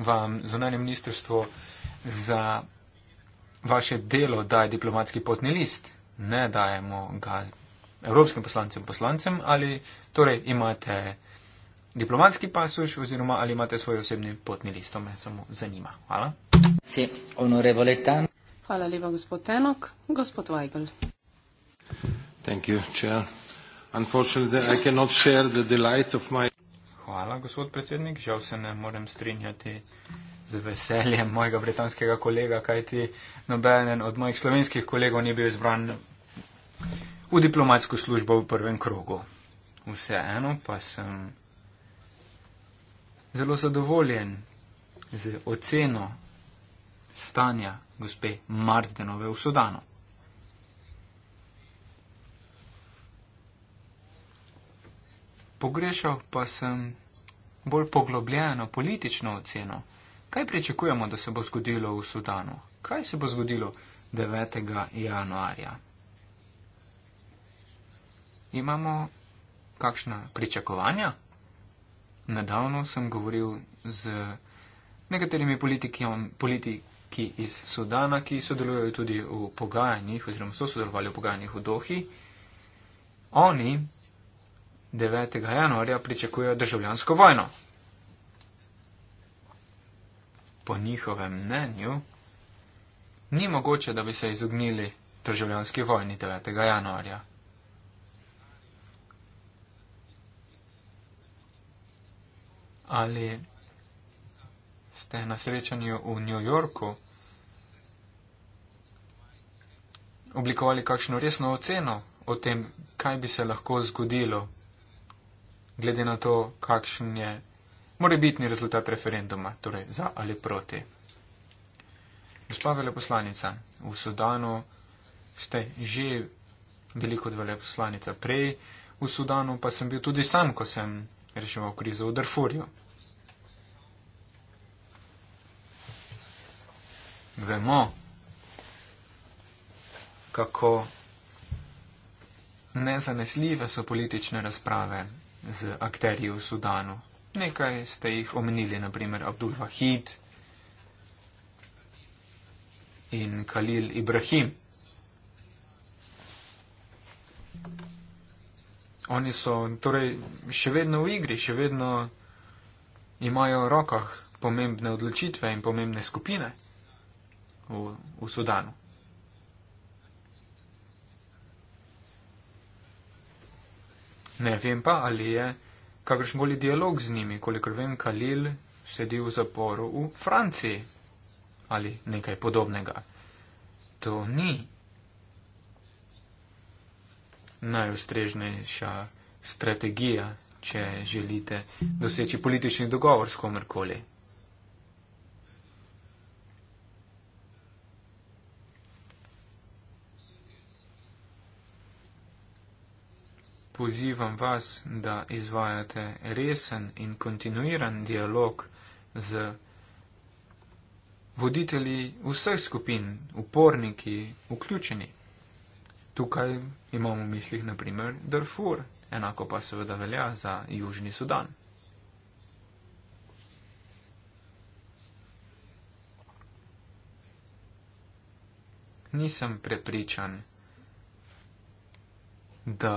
vam zunanje ministrstvo za vaše delo daje diplomatski potni list? Ne dajemo ga evropskim poslancem, poslancem ali torej imate diplomatski pasuš oziroma ali imate svoj osebni potni list. To me samo zanima. Hvala. Hvala lepa, gospod Tenok. Gospod Weigl. Hvala, gospod predsednik. Žal se ne morem strinjati z veseljem mojega britanskega kolega, kajti nobenen od mojih slovenskih kolegov ni bil izbran v diplomatsko službo v prvem krogu. Vseeno pa sem zelo zadovoljen z oceno stanja gospe Marsdenove v Sudanu. Pogrešal pa sem bolj poglobljeno politično oceno. Kaj pričakujemo, da se bo zgodilo v Sudanu? Kaj se bo zgodilo 9. januarja? Imamo kakšna pričakovanja? Nedavno sem govoril z nekaterimi politiki iz Sudana, ki sodelujejo tudi v pogajanjih oziroma so sodelovali v pogajanjih v Dohi. Oni 9. januarja pričakujejo državljansko vojno. Po njihovem mnenju ni mogoče, da bi se izognili državljanski vojni 9. januarja. ali ste na srečanju v New Yorku oblikovali kakšno resno oceno o tem, kaj bi se lahko zgodilo, glede na to, kakšen je morebitni rezultat referenduma, torej za ali proti. Gospa veleposlanica, v Sudanu ste že bili kot veleposlanica prej, v Sudanu pa sem bil tudi sam, ko sem reševal krizo v Darfurju. Vemo, kako nezanesljive so politične razprave z akterji v Sudanu. Nekaj ste jih omenili, naprimer Abdul Wahid in Khalil Ibrahim. Oni so torej še vedno v igri, še vedno imajo v rokah pomembne odločitve in pomembne skupine v, v Sudanu. Ne vem pa, ali je kakršnoli dialog z njimi, kolikor vem, Kalil sedi v zaporu v Franciji ali nekaj podobnega. To ni najustrežnejša strategija, če želite doseči politični dogovor s komerkoli. Pozivam vas, da izvajate resen in kontinuiran dialog z voditelji vseh skupin, uporniki, vključeni. Tukaj imamo v mislih naprimer Darfur, enako pa seveda velja za Južni Sudan. Nisem prepričan, da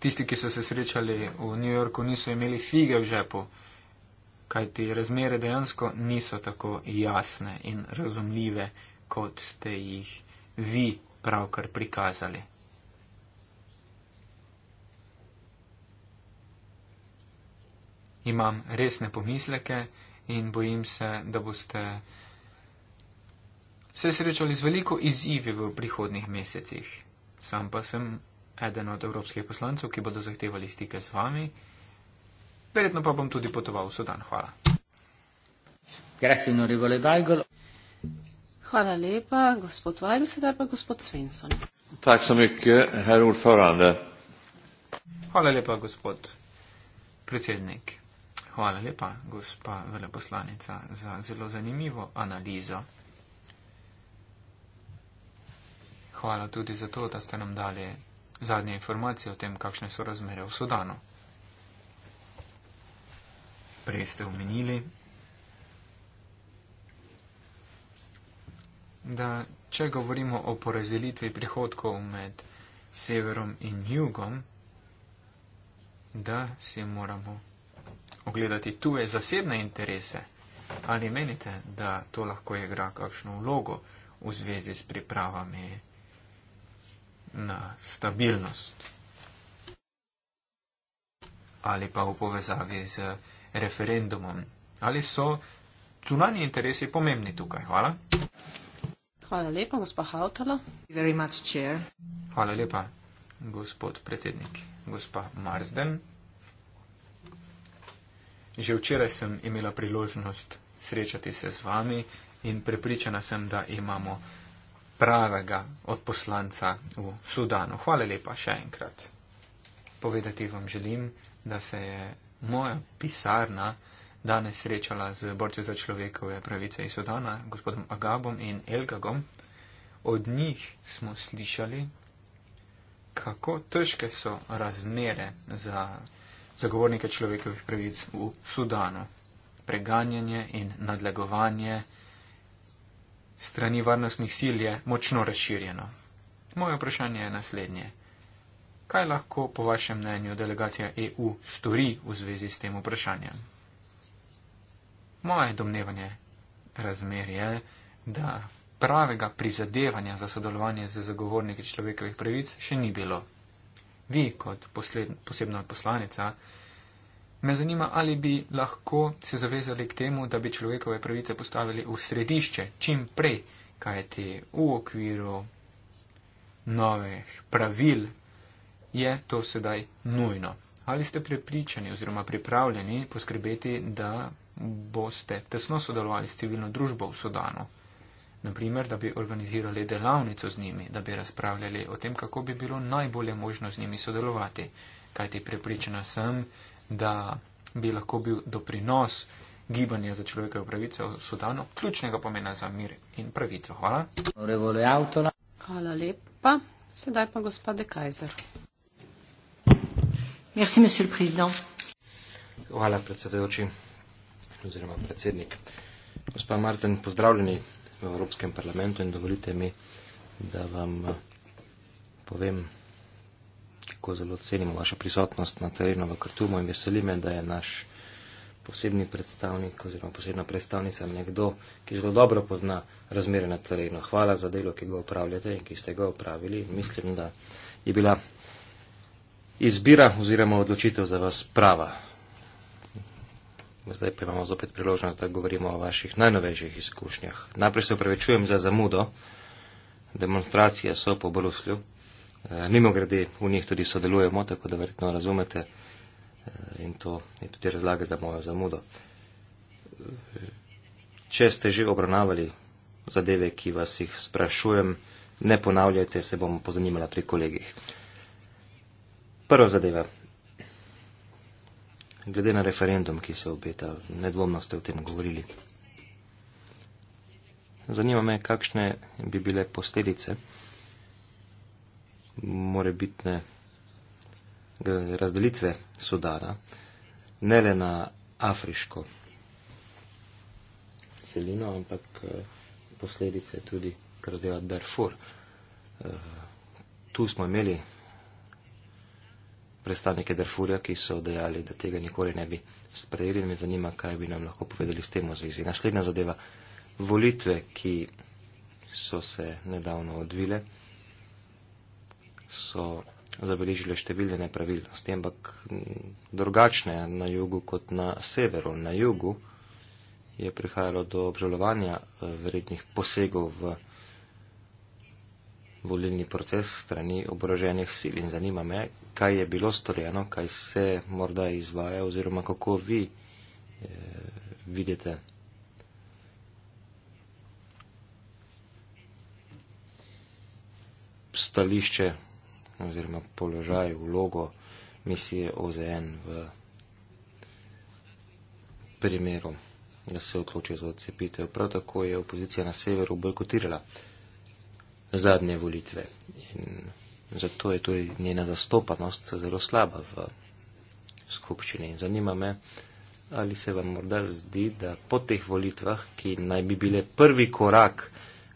tisti, ki so se srečali v New Yorku, niso imeli fige v žepu, kajti razmere dejansko niso tako jasne in razumljive, kot ste jih vi pravkar prikazali. Imam resne pomisleke in bojim se, da boste se srečali z veliko izzivi v prihodnih mesecih. Sam pa sem eden od evropskih poslancev, ki bodo zahtevali stike z vami. Verjetno pa bom tudi potoval v Sudan. Hvala. Grazie, Hvala lepa, gospod Vajl, sedaj pa gospod Svensson. Tak sem jih, herr Urförande. Hvala lepa, gospod predsednik. Hvala lepa, gospa veleposlanica, za zelo zanimivo analizo. Hvala tudi za to, da ste nam dali zadnje informacije o tem, kakšne so razmere v Sudanu. Prej ste omenili, da če govorimo o porazdelitvi prihodkov med severom in jugom, da si moramo ogledati tuje zasebne interese. Ali menite, da to lahko igra kakšno vlogo v zvezi s pripravami na stabilnost? Ali pa v povezavi z referendumom? Ali so cunani interesi pomembni tukaj? Hvala. Hvala lepa, gospod Hautala. Hvala lepa, gospod predsednik. Gospa Marsden. Že včeraj sem imela priložnost srečati se z vami in prepričana sem, da imamo pravega odposlanca v Sudanu. Hvala lepa še enkrat. Povedati vam želim, da se je moja pisarna danes srečala z borcem za človekove pravice iz Sudana, gospodom Agabom in Elgagom. Od njih smo slišali, kako težke so razmere za zagovornike človekovih pravic v Sudanu. Preganjanje in nadlegovanje strani varnostnih sil je močno razširjeno. Moje vprašanje je naslednje. Kaj lahko, po vašem mnenju, delegacija EU stori v zvezi s tem vprašanjem? Moje domnevanje razmer je, da pravega prizadevanja za sodelovanje z zagovorniki človekovih pravic še ni bilo. Vi, kot posled, posebna poslanica, me zanima, ali bi lahko se zavezali k temu, da bi človekove pravice postavili v središče čim prej, kajti v okviru novih pravil je to sedaj nujno. Ali ste prepričani oziroma pripravljeni poskrbeti, da boste tesno sodelovali s civilno družbo v Sudanu. Naprimer, da bi organizirali delavnico z njimi, da bi razpravljali o tem, kako bi bilo najbolje možno z njimi sodelovati. Kajti prepričana sem, da bi lahko bil doprinos gibanja za človekove pravice v Sudanu ključnega pomena za mir in pravico. Hvala. Hvala lepa. Sedaj pa gospod De Kajzer. Merci, monsieur le président. Hvala, predsedujoči oziroma predsednik. Gospa Marten, pozdravljeni v Evropskem parlamentu in dovolite mi, da vam eh, povem, kako zelo cenimo vašo prisotnost na terenu v Krtumu in veseli me, da je naš posebni predstavnik oziroma posebna predstavnica nekdo, ki zelo dobro pozna razmere na terenu. Hvala za delo, ki ga upravljate in ki ste ga upravili. Mislim, da je bila izbira oziroma odločitev za vas prava. Zdaj pa imamo zopet priložnost, da govorimo o vaših najnovejših izkušnjah. Najprej se upravičujem za zamudo. Demonstracije so po Bruslju. Eh, Mimo grede v njih tudi sodelujemo, tako da verjetno razumete eh, in to je tudi razlage za mojo zamudo. Eh, če ste že obravnavali zadeve, ki vas jih sprašujem, ne ponavljajte, se bom pozanimala pri kolegih. Prva zadeva glede na referendum, ki se obeta. Nedvomno ste o tem govorili. Zanima me, kakšne bi bile posledice morebitne razdelitve sudana, ne le na afriško celino, ampak eh, posledice tudi, kar odeva Darfur. Eh, tu smo imeli predstavnike Darfurja, ki so dejali, da tega nikoli ne bi sprejeli in me zanima, kaj bi nam lahko povedali s tem v zvezi. Naslednja zadeva, volitve, ki so se nedavno odvile, so zabeležile številne nepravilnosti, ampak mm, drugačne na jugu kot na severu. Na jugu je prihajalo do obžalovanja eh, vrednih posegov v volilni proces strani oboroženih sil in zanima me, kaj je bilo storjeno, kaj se morda izvaja oziroma kako vi eh, vidite. stališče oziroma položaj, vlogo misije OZN v primeru, da se odločijo za odcepitev. Prav tako je opozicija na severu bojkotirala zadnje volitve. In zato je tudi njena zastopanost zelo slaba v skupščini. Zanima me, ali se vam morda zdi, da po teh volitvah, ki naj bi bile prvi korak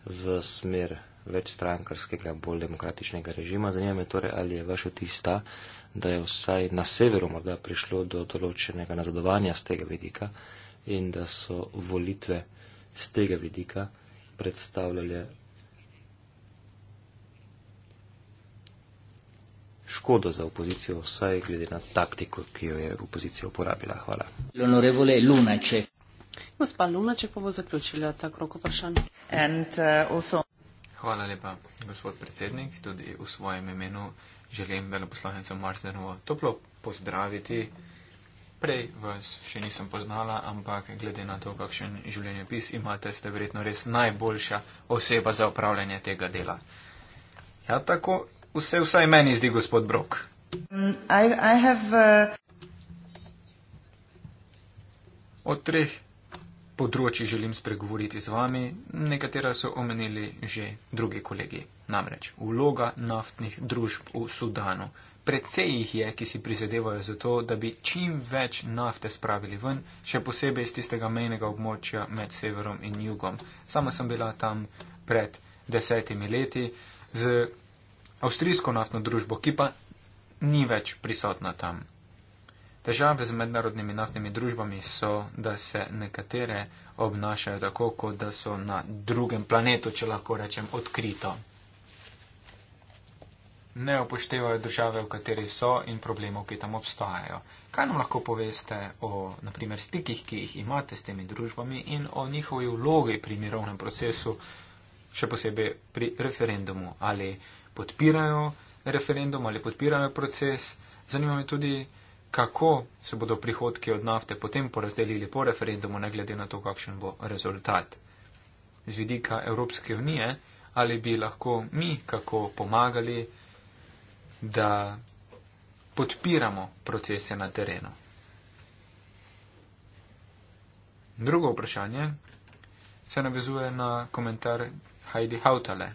v smer več strankarskega, bolj demokratičnega režima, zanima me torej, ali je vaš tista, da je vsaj na severu morda prišlo do določenega nazadovanja z tega vidika in da so volitve z tega vidika predstavljale škodo za opozicijo, vsaj glede na taktiko, ki jo je opozicija uporabila. Hvala. Lonorevole Lunaček. Gospa Lunaček pa bo zaključila ta krok vprašanj. Uh, Hvala lepa, gospod predsednik. Tudi v svojem imenu želim veleposlanico Marsnerovo toplo pozdraviti. Prej vas še nisem poznala, ampak glede na to, kakšen življenjepis imate, ste verjetno res najboljša oseba za upravljanje tega dela. Ja, tako Vse vsaj meni zdi, gospod Brok. I, I have, uh... Od treh področji želim spregovoriti z vami, nekatera so omenili že drugi kolegi. Namreč vloga naftnih družb v Sudanu. Predvsej jih je, ki si prizadevajo za to, da bi čim več nafte spravili ven, še posebej iz tistega mejnega območja med severom in jugom. Sama sem bila tam pred desetimi leti z avstrijsko naftno družbo, ki pa ni več prisotna tam. Težave z mednarodnimi naftnimi družbami so, da se nekatere obnašajo tako, kot da so na drugem planetu, če lahko rečem, odkrito. Ne upoštevajo države, v kateri so in problemov, ki tam obstajajo. Kaj nam lahko poveste o, naprimer, stikih, ki jih imate s temi družbami in o njihovi vlogi pri mirovnem procesu, še posebej pri referendumu ali podpirajo referendum ali podpirajo proces. Zanima me tudi, kako se bodo prihodki od nafte potem porazdelili po referendumu, ne glede na to, kakšen bo rezultat. Z vidika Evropske unije, ali bi lahko mi kako pomagali, da podpiramo procese na terenu. Drugo vprašanje se navezuje na komentar Heidi Hautale,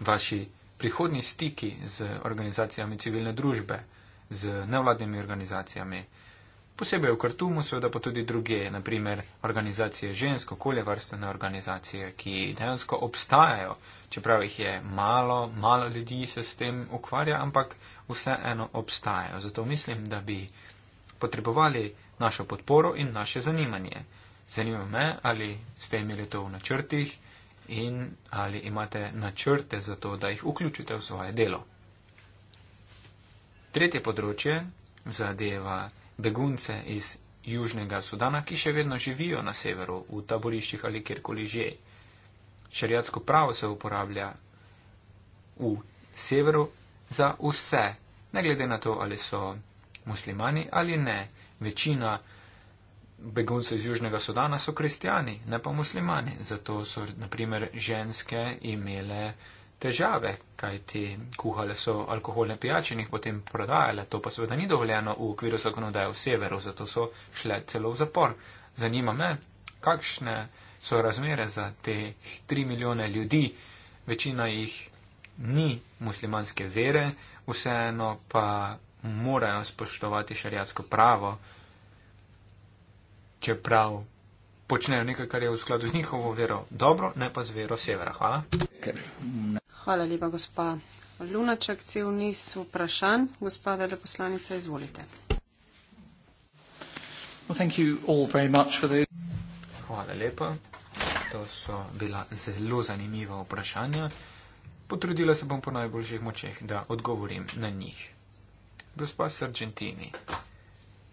vaši prihodni stiki z organizacijami civilne družbe, z nevladnimi organizacijami, posebej v Kartumu, seveda pa tudi druge, naprimer organizacije žensko, koljevarstvene organizacije, ki dejansko obstajajo, čeprav jih je malo, malo ljudi se s tem ukvarja, ampak vseeno obstajajo. Zato mislim, da bi potrebovali našo podporo in naše zanimanje. Zanima me, ali ste imeli to v načrtih in ali imate načrte za to, da jih vključite v svoje delo. Tretje področje zadeva begunce iz Južnega Sudana, ki še vedno živijo na severu, v taboriščih ali kjerkoli že. Šariatsko pravo se uporablja v severu za vse, ne glede na to, ali so muslimani ali ne. Večina begunce iz Južnega Sudana so kristijani, ne pa muslimani. Zato so, naprimer, ženske imele težave, kajti kuhale so alkoholne pijače in jih potem prodajale. To pa seveda ni dovoljeno v okviru zakonodaje v severu, zato so šle celo v zapor. Zanima me, kakšne so razmere za te tri milijone ljudi. Večina jih ni muslimanske vere, vseeno pa morajo spoštovati šariatsko pravo čeprav počnejo nekaj, kar je v skladu z njihovo vero dobro, ne pa z vero severa. Hvala. Hvala lepa, gospa Lunaček, cel niz vprašanj. Gospa veleposlanica, izvolite. Well, the... Hvala lepa. To so bila zelo zanimiva vprašanja. Potrudila se bom po najboljših močeh, da odgovorim na njih. Gospa Sargentini,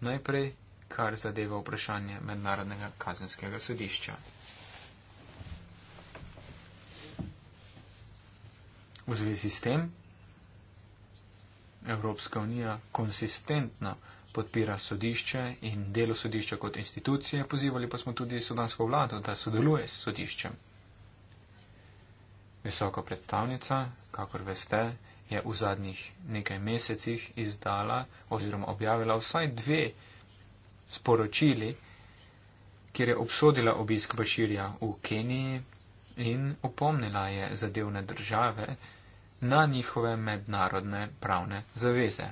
najprej kar zadeva vprašanje mednarodnega kazenskega sodišča. V zvezi s tem Evropska unija konsistentno podpira sodišče in delo sodišča kot institucije, pozivali pa smo tudi sudansko vlado, da sodeluje s sodiščem. Visoka predstavnica, kakor veste, je v zadnjih nekaj mesecih izdala oziroma objavila vsaj dve sporočili, kjer je obsodila obisk Baširja v Keniji in opomnila je zadevne države na njihove mednarodne pravne zaveze.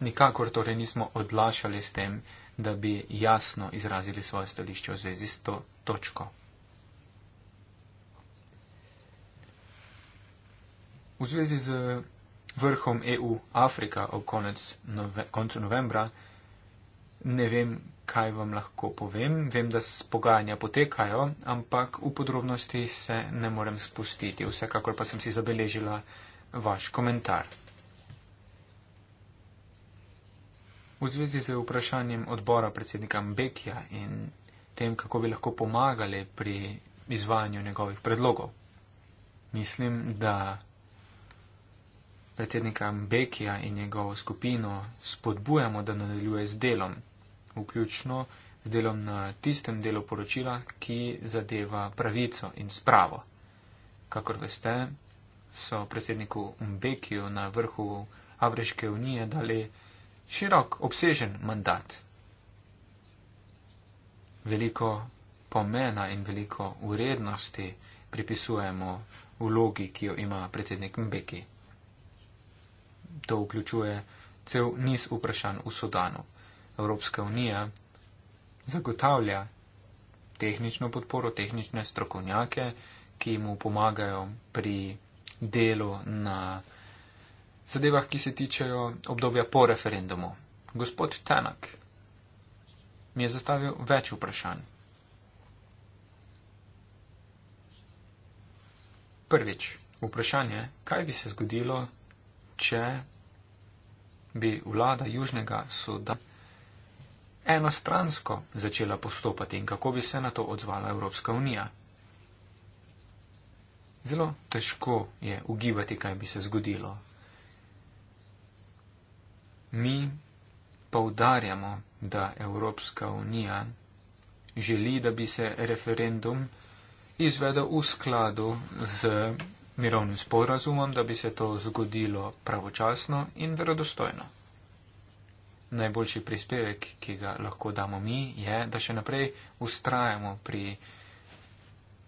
Nikakor torej nismo odlašali s tem, da bi jasno izrazili svoje stališče v zvezi s to točko. V zvezi z vrhom EU Afrika ob konec nove, koncu novembra ne vem, kaj vam lahko povem. Vem, da pogajanja potekajo, ampak v podrobnosti se ne morem spustiti. Vsekakor pa sem si zabeležila vaš komentar. V zvezi z vprašanjem odbora predsednika Mbekija in tem, kako bi lahko pomagali pri izvajanju njegovih predlogov. Mislim, da predsednika Mbekija in njegovo skupino spodbujamo, da nadaljuje z delom, vključno z delom na tistem delu poročila, ki zadeva pravico in spravo. Kakor veste, so predsedniku Mbekiju na vrhu Afriške unije dali širok, obsežen mandat. Veliko pomena in veliko urednosti pripisujemo vlogi, ki jo ima predsednik Mbekij. To vključuje cel niz vprašanj v Sudanu. Evropska unija zagotavlja tehnično podporo, tehnične strokovnjake, ki mu pomagajo pri delu na zadevah, ki se tičejo obdobja po referendumu. Gospod Tanak mi je zastavil več vprašanj. Prvič, vprašanje, kaj bi se zgodilo, če bi vlada Južnega Sudana enostransko začela postopati in kako bi se na to odzvala Evropska unija. Zelo težko je ugibati, kaj bi se zgodilo. Mi poudarjamo, da Evropska unija želi, da bi se referendum izvedel v skladu z mirovnim sporazumom, da bi se to zgodilo pravočasno in verodostojno najboljši prispevek, ki ga lahko damo mi, je, da še naprej ustrajamo pri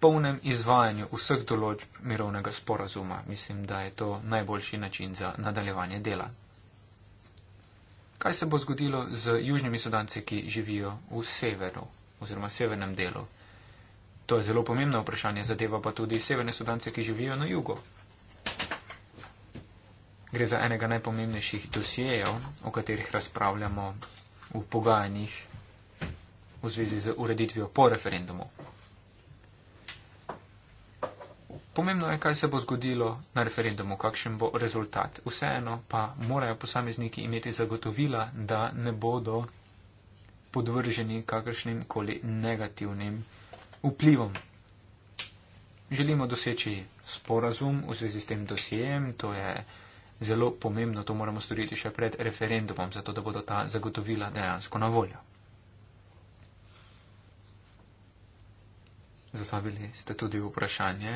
polnem izvajanju vseh določb mirovnega sporazuma. Mislim, da je to najboljši način za nadaljevanje dela. Kaj se bo zgodilo z južnimi sudanci, ki živijo v severu oziroma severnem delu? To je zelo pomembno vprašanje, zadeva pa tudi severne sudance, ki živijo na jugu gre za enega najpomembnejših dosijejev, o katerih razpravljamo v pogajanjih v zvezi z ureditvijo po referendumu. Pomembno je, kaj se bo zgodilo na referendumu, kakšen bo rezultat. Vseeno pa morajo posamezniki imeti zagotovila, da ne bodo podvrženi kakršnim koli negativnim vplivom. Želimo doseči sporazum v zvezi s tem dosijem, to je eh, zelo pomembno, to moramo storiti še pred referendumom, zato da bodo ta zagotovila dejansko na voljo. Zastavili ste tudi vprašanje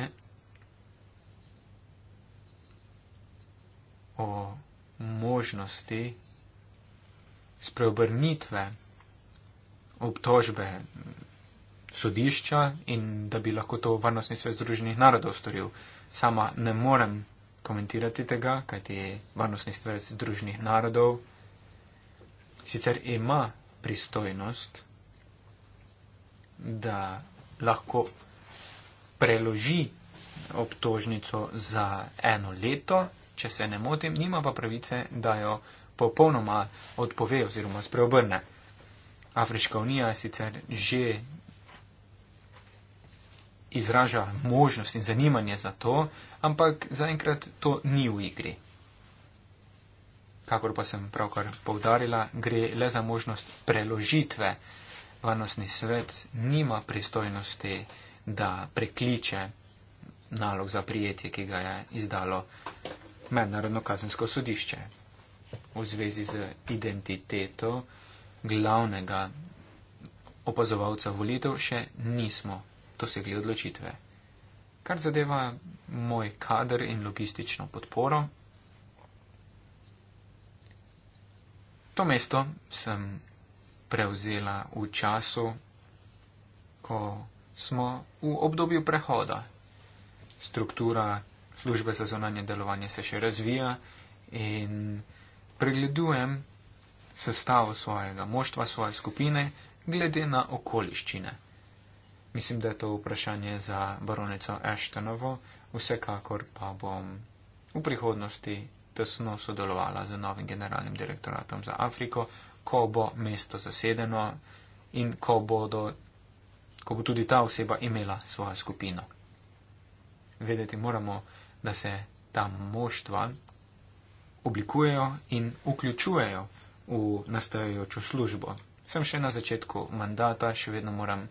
o možnosti spreobrnitve obtožbe sodišča in da bi lahko to Varnostni svet Združenih narodov storil. Sama ne morem komentirati tega, kajti varnostni stvarec družnih narodov sicer ima pristojnost, da lahko preloži obtožnico za eno leto, če se ne motim, nima pa pravice, da jo popolnoma odpove oziroma spreobrne. Afriška unija sicer že izraža možnost in zanimanje za to, ampak zaenkrat to ni v igri. Kakor pa sem pravkar povdarila, gre le za možnost preložitve. Varnostni svet nima pristojnosti, da prekliče nalog za prijetje, ki ga je izdalo Mednarodno kazensko sodišče v zvezi z identiteto glavnega opazovalca volitev še nismo dosegli odločitve. Kar zadeva moj kader in logistično podporo, to mesto sem prevzela v času, ko smo v obdobju prehoda. Struktura službe za zonanje delovanje se še razvija in pregledujem sestavo svojega moštva, svoje skupine, glede na okoliščine. Mislim, da je to vprašanje za baronico Ashtonovo, vsekakor pa bom v prihodnosti tesno sodelovala z novim generalnim direktoratom za Afriko, ko bo mesto zasedeno in ko, bodo, ko bo tudi ta oseba imela svojo skupino. Vedeti moramo, da se ta moštva oblikujejo in vključujejo v nastajajočo službo. Sem še na začetku mandata, še vedno moram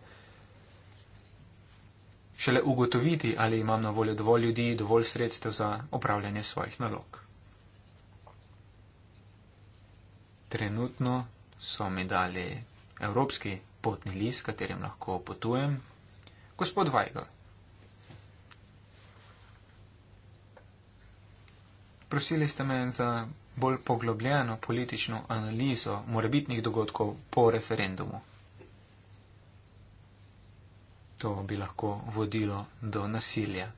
šele ugotoviti, ali imam na voljo dovolj ljudi, dovolj sredstev za opravljanje svojih nalog. Trenutno so mi dali evropski potni list, katerim lahko potujem. Gospod Vajgl, prosili ste me za bolj poglobljeno politično analizo morebitnih dogodkov po referendumu. To bi lahko vodilo do nasilja.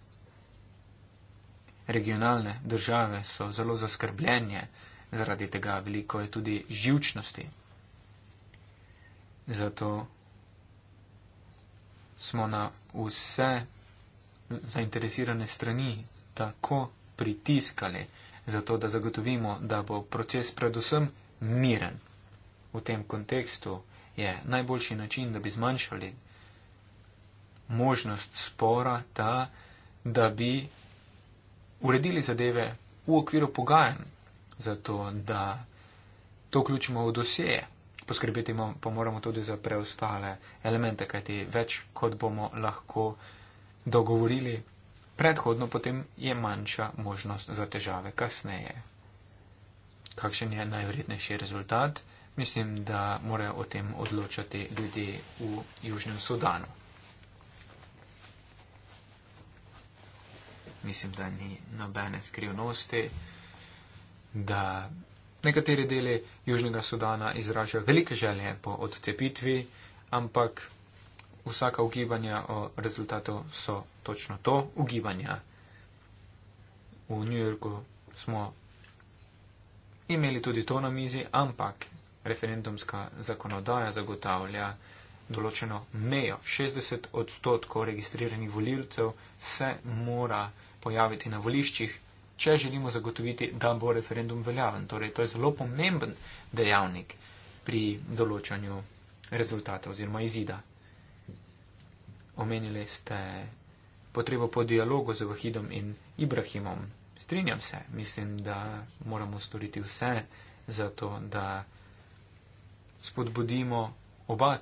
Regionalne države so zelo zaskrbljenje, zaradi tega veliko je tudi živčnosti. Zato smo na vse zainteresirane strani tako pritiskali, zato da zagotovimo, da bo proces predvsem miren. V tem kontekstu je najboljši način, da bi zmanjšali možnost spora ta, da bi uredili zadeve v okviru pogajanj, zato da to vključimo v doseje. Poskrbeti pa moramo tudi za preostale elemente, kajti več kot bomo lahko dogovorili predhodno, potem je manjša možnost za težave kasneje. Kakšen je najverjetnejši rezultat? Mislim, da morajo o tem odločati ljudje v Južnem Sudanu. mislim, da ni nobene skrivnosti, da nekateri deli Južnega Sudana izražajo velike želje po odcepitvi, ampak vsaka ugibanja o rezultatu so točno to ugibanja. V New Yorku smo imeli tudi to na mizi, ampak referendumska zakonodaja zagotavlja določeno mejo. 60 odstotkov registriranih volivcev se mora pojaviti na voliščih, če želimo zagotoviti, da bo referendum veljaven. Torej, to je zelo pomemben dejavnik pri določanju rezultata oziroma izida. Omenili ste potrebo po dialogu z Vahidom in Ibrahimom. Strinjam se, mislim, da moramo storiti vse za to, da spodbudimo oba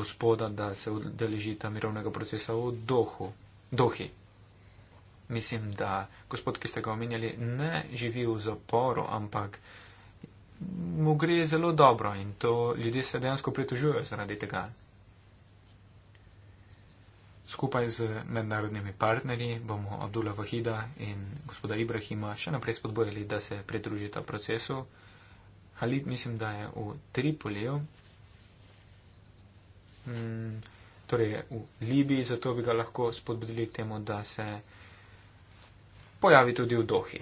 gospoda, da se udeležita mirovnega procesa v dohu. Dohi mislim, da gospod, ki ste ga omenjali, ne živi v zaporu, ampak mu gre zelo dobro in to ljudje se dejansko pritožujejo zaradi tega. Skupaj z mednarodnimi partnerji bomo Abdula Vahida in gospoda Ibrahima še naprej spodbojali, da se pridružita procesu. Halid mislim, da je v Tripoliju, mm, torej v Libiji, zato bi ga lahko spodbudili k temu, da se pojavi tudi v dohi.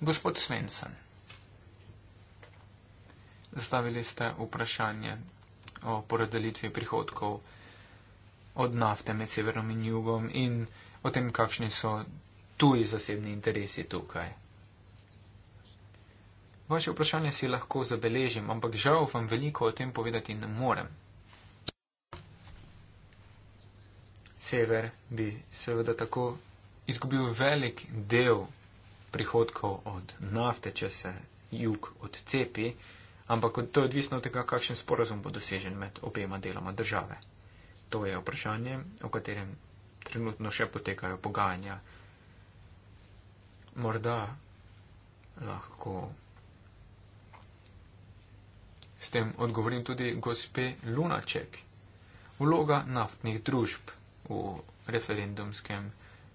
Gospod Svensen, zastavili ste vprašanje o porodelitvi prihodkov od nafte med severom in jugom in o tem, kakšni so tuji zasebni interesi tukaj. Vaše vprašanje si lahko zabeležim, ampak žal vam veliko o tem povedati ne morem. Sever bi seveda tako izgubil velik del prihodkov od nafte, če se jug odcepi, ampak to je odvisno od tega, kakšen sporazum bo dosežen med obema deloma države. To je vprašanje, o katerem trenutno še potekajo pogajanja. Morda lahko S tem odgovorim tudi gospe Lunaček. Vloga naftnih družb v referendumskem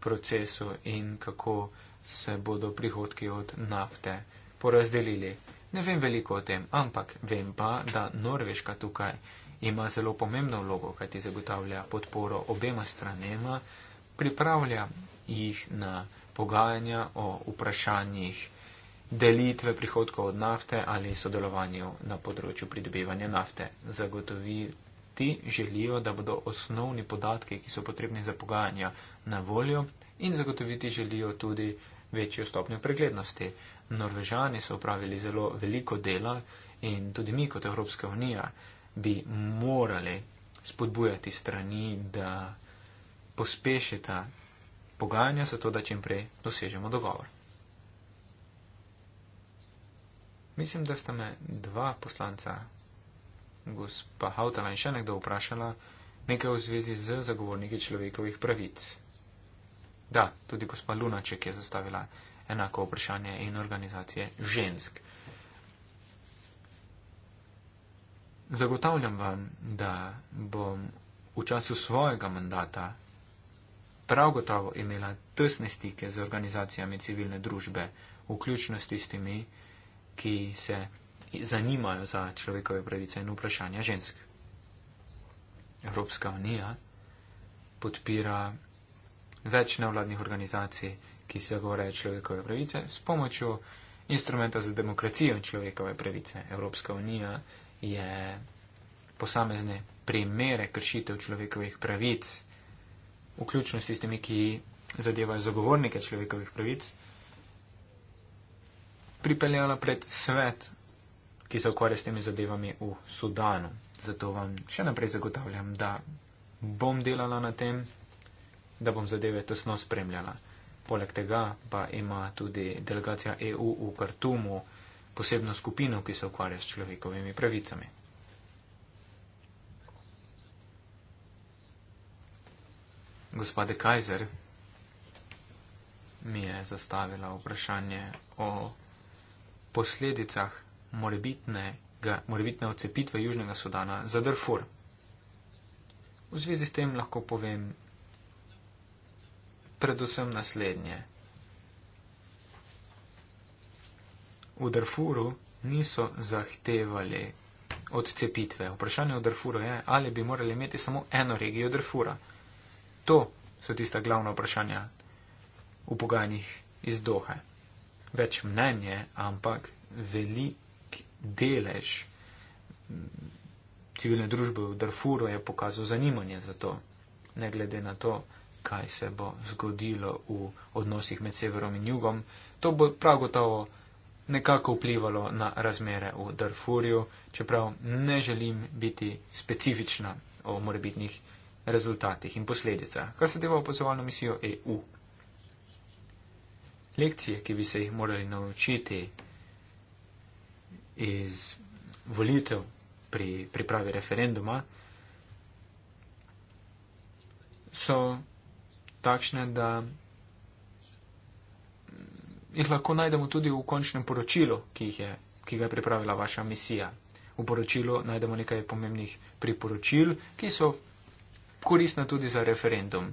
procesu in kako se bodo prihodki od nafte porazdelili. Ne vem veliko o tem, ampak vem pa, da Norveška tukaj ima zelo pomembno vlogo, kajti zagotavlja podporo obema stranema, pripravlja jih na pogajanja o vprašanjih, delitve prihodkov od nafte ali sodelovanju na področju pridobivanja nafte. Zagotoviti želijo, da bodo osnovni podatki, ki so potrebni za pogajanja, na voljo in zagotoviti želijo tudi večjo stopnjo preglednosti. Norvežani so upravili zelo veliko dela in tudi mi kot Evropska unija bi morali spodbujati strani, da pospešita pogajanja, zato da čim prej dosežemo dogovor. Mislim, da sta me dva poslanca, gospa Hautala in še nekdo vprašala, nekaj v zvezi z zagovorniki človekovih pravic. Da, tudi gospa Lunaček je zastavila enako vprašanje in organizacije žensk. Zagotavljam vam, da bom v času svojega mandata prav gotovo imela tesne stike z organizacijami civilne družbe, vključno s tistimi, ki se zanima za človekove pravice in vprašanja žensk. Evropska unija podpira več nevladnih organizacij, ki se govore človekove pravice s pomočjo instrumenta za demokracijo in človekove pravice. Evropska unija je posamezne primere kršitev človekovih pravic, vključno s tistimi, ki zadevajo zagovornike človekovih pravic, pripeljal napred svet, ki se ukvarja s temi zadevami v Sudanu. Zato vam še naprej zagotavljam, da bom delala na tem, da bom zadeve tesno spremljala. Poleg tega pa ima tudi delegacija EU v Kartumu posebno skupino, ki se ukvarja s človekovimi pravicami. Gospode Kajzer mi je zastavila vprašanje o posledicah morebitne odcepitve Južnega Sudana za Darfur. V zvezi s tem lahko povem predvsem naslednje. V Darfuru niso zahtevali odcepitve. Vprašanje v Darfuru je, ali bi morali imeti samo eno regijo Darfura. To so tista glavna vprašanja v pogajanjih iz Dohe več mnenje, ampak velik delež civilne družbe v Darfuru je pokazal zanimanje za to, ne glede na to, kaj se bo zgodilo v odnosih med severom in jugom. To bo prav gotovo nekako vplivalo na razmere v Darfurju, čeprav ne želim biti specifična o morebitnih rezultatih in posledicah, kar se deva v pozovalno misijo EU lekcije, ki bi se jih morali naučiti iz volitev pri pripravi referenduma, so takšne, da jih lahko najdemo tudi v končnem poročilu, ki, je, ki ga je pripravila vaša misija. V poročilu najdemo nekaj pomembnih priporočil, ki so koristna tudi za referendum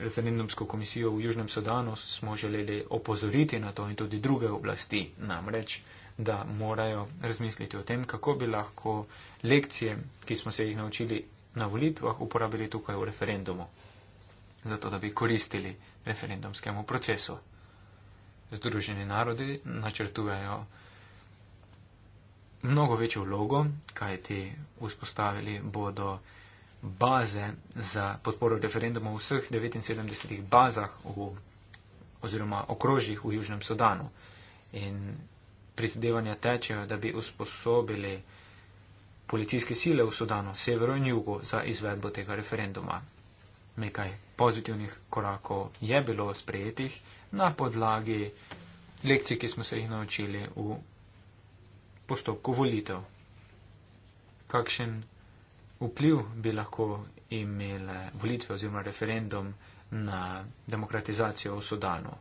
referendumsko komisijo v Južnem Sudanu smo želeli opozoriti na to in tudi druge oblasti namreč, da morajo razmisliti o tem, kako bi lahko lekcije, ki smo se jih naučili na volitvah, uporabili tukaj v referendumu, zato da bi koristili referendumskemu procesu. Združeni narodi načrtujejo mnogo večjo vlogo, kaj ti vzpostavili bodo baze za podporo referendumov v vseh 79 bazah v, oziroma okrožjih v Južnem Sudanu. In prizadevanja tečejo, da bi usposobili policijske sile v Sudanu, severu in jugu, za izvedbo tega referenduma. Nekaj pozitivnih korakov je bilo sprejetih na podlagi lekcij, ki smo se jih naučili v postopku volitev. Kakšen vpliv bi lahko imele volitve oziroma referendum na demokratizacijo v Sudanu.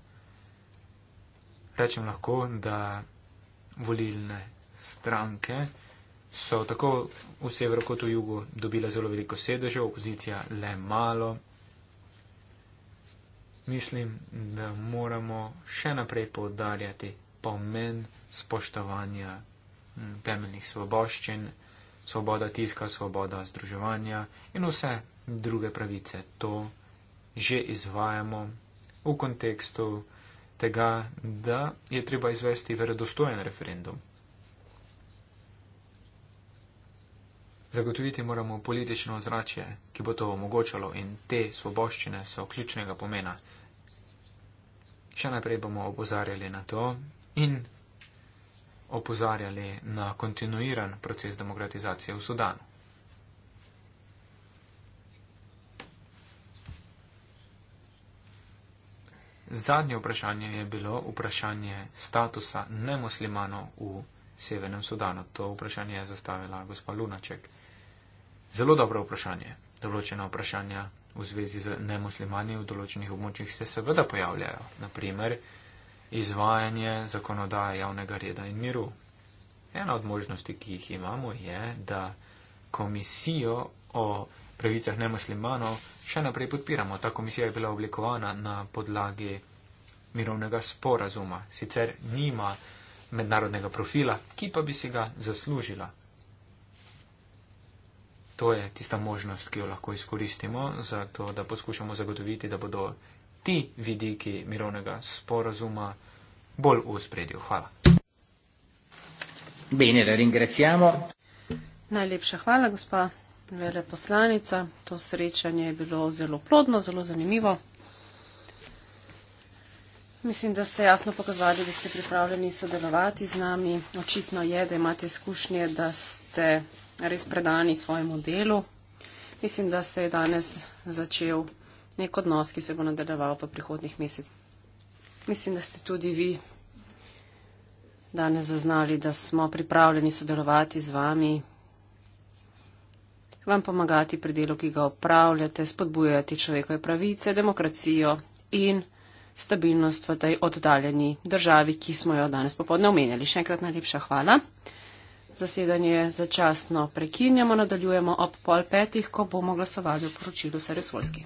Rečem lahko, da volilne stranke so tako v severu kot v jugu dobile zelo veliko sedežev, opozicija le malo. Mislim, da moramo še naprej poudarjati pomen spoštovanja mm, temeljnih svoboščin svoboda tiska, svoboda združevanja in vse druge pravice. To že izvajamo v kontekstu tega, da je treba izvesti verodostojen referendum. Zagotoviti moramo politično ozračje, ki bo to omogočalo in te svoboščine so ključnega pomena. Še naprej bomo obozarjali na to in opozarjali na kontinuiran proces demokratizacije v Sudanu. Zadnje vprašanje je bilo vprašanje statusa nemuslimanov v Severnem Sudanu. To vprašanje je zastavila gospa Lunaček. Zelo dobro vprašanje. Določena vprašanja v zvezi z nemuslimani v določenih območjih se seveda pojavljajo. Naprimer, izvajanje zakonodaje javnega reda in miru. Ena od možnosti, ki jih imamo, je, da komisijo o pravicah nemuslimanov še naprej podpiramo. Ta komisija je bila oblikovana na podlagi mirovnega sporazuma, sicer nima mednarodnega profila, ki pa bi si ga zaslužila. To je tista možnost, ki jo lahko izkoristimo, zato da poskušamo zagotoviti, da bodo ti vidiki mirovnega sporazuma bolj v spredju. Hvala. Bene, da ringraziamo. Najlepša hvala, gospa veleposlanica. To srečanje je bilo zelo plodno, zelo zanimivo. Mislim, da ste jasno pokazali, da ste pripravljeni sodelovati z nami. Očitno je, da imate izkušnje, da ste res predani svojemu delu. Mislim, da se je danes začel nek odnos, ki se bo nadaljeval v prihodnih mesecih. Mislim, da ste tudi vi danes zaznali, da smo pripravljeni sodelovati z vami, vam pomagati pri delu, ki ga upravljate, spodbujati človekove pravice, demokracijo in stabilnost v tej oddaljeni državi, ki smo jo danes popodne omenjali. Še enkrat najlepša hvala. Zasedanje začasno prekinjamo, nadaljujemo ob pol petih, ko bomo glasovali o poročilu Sarjusvolski.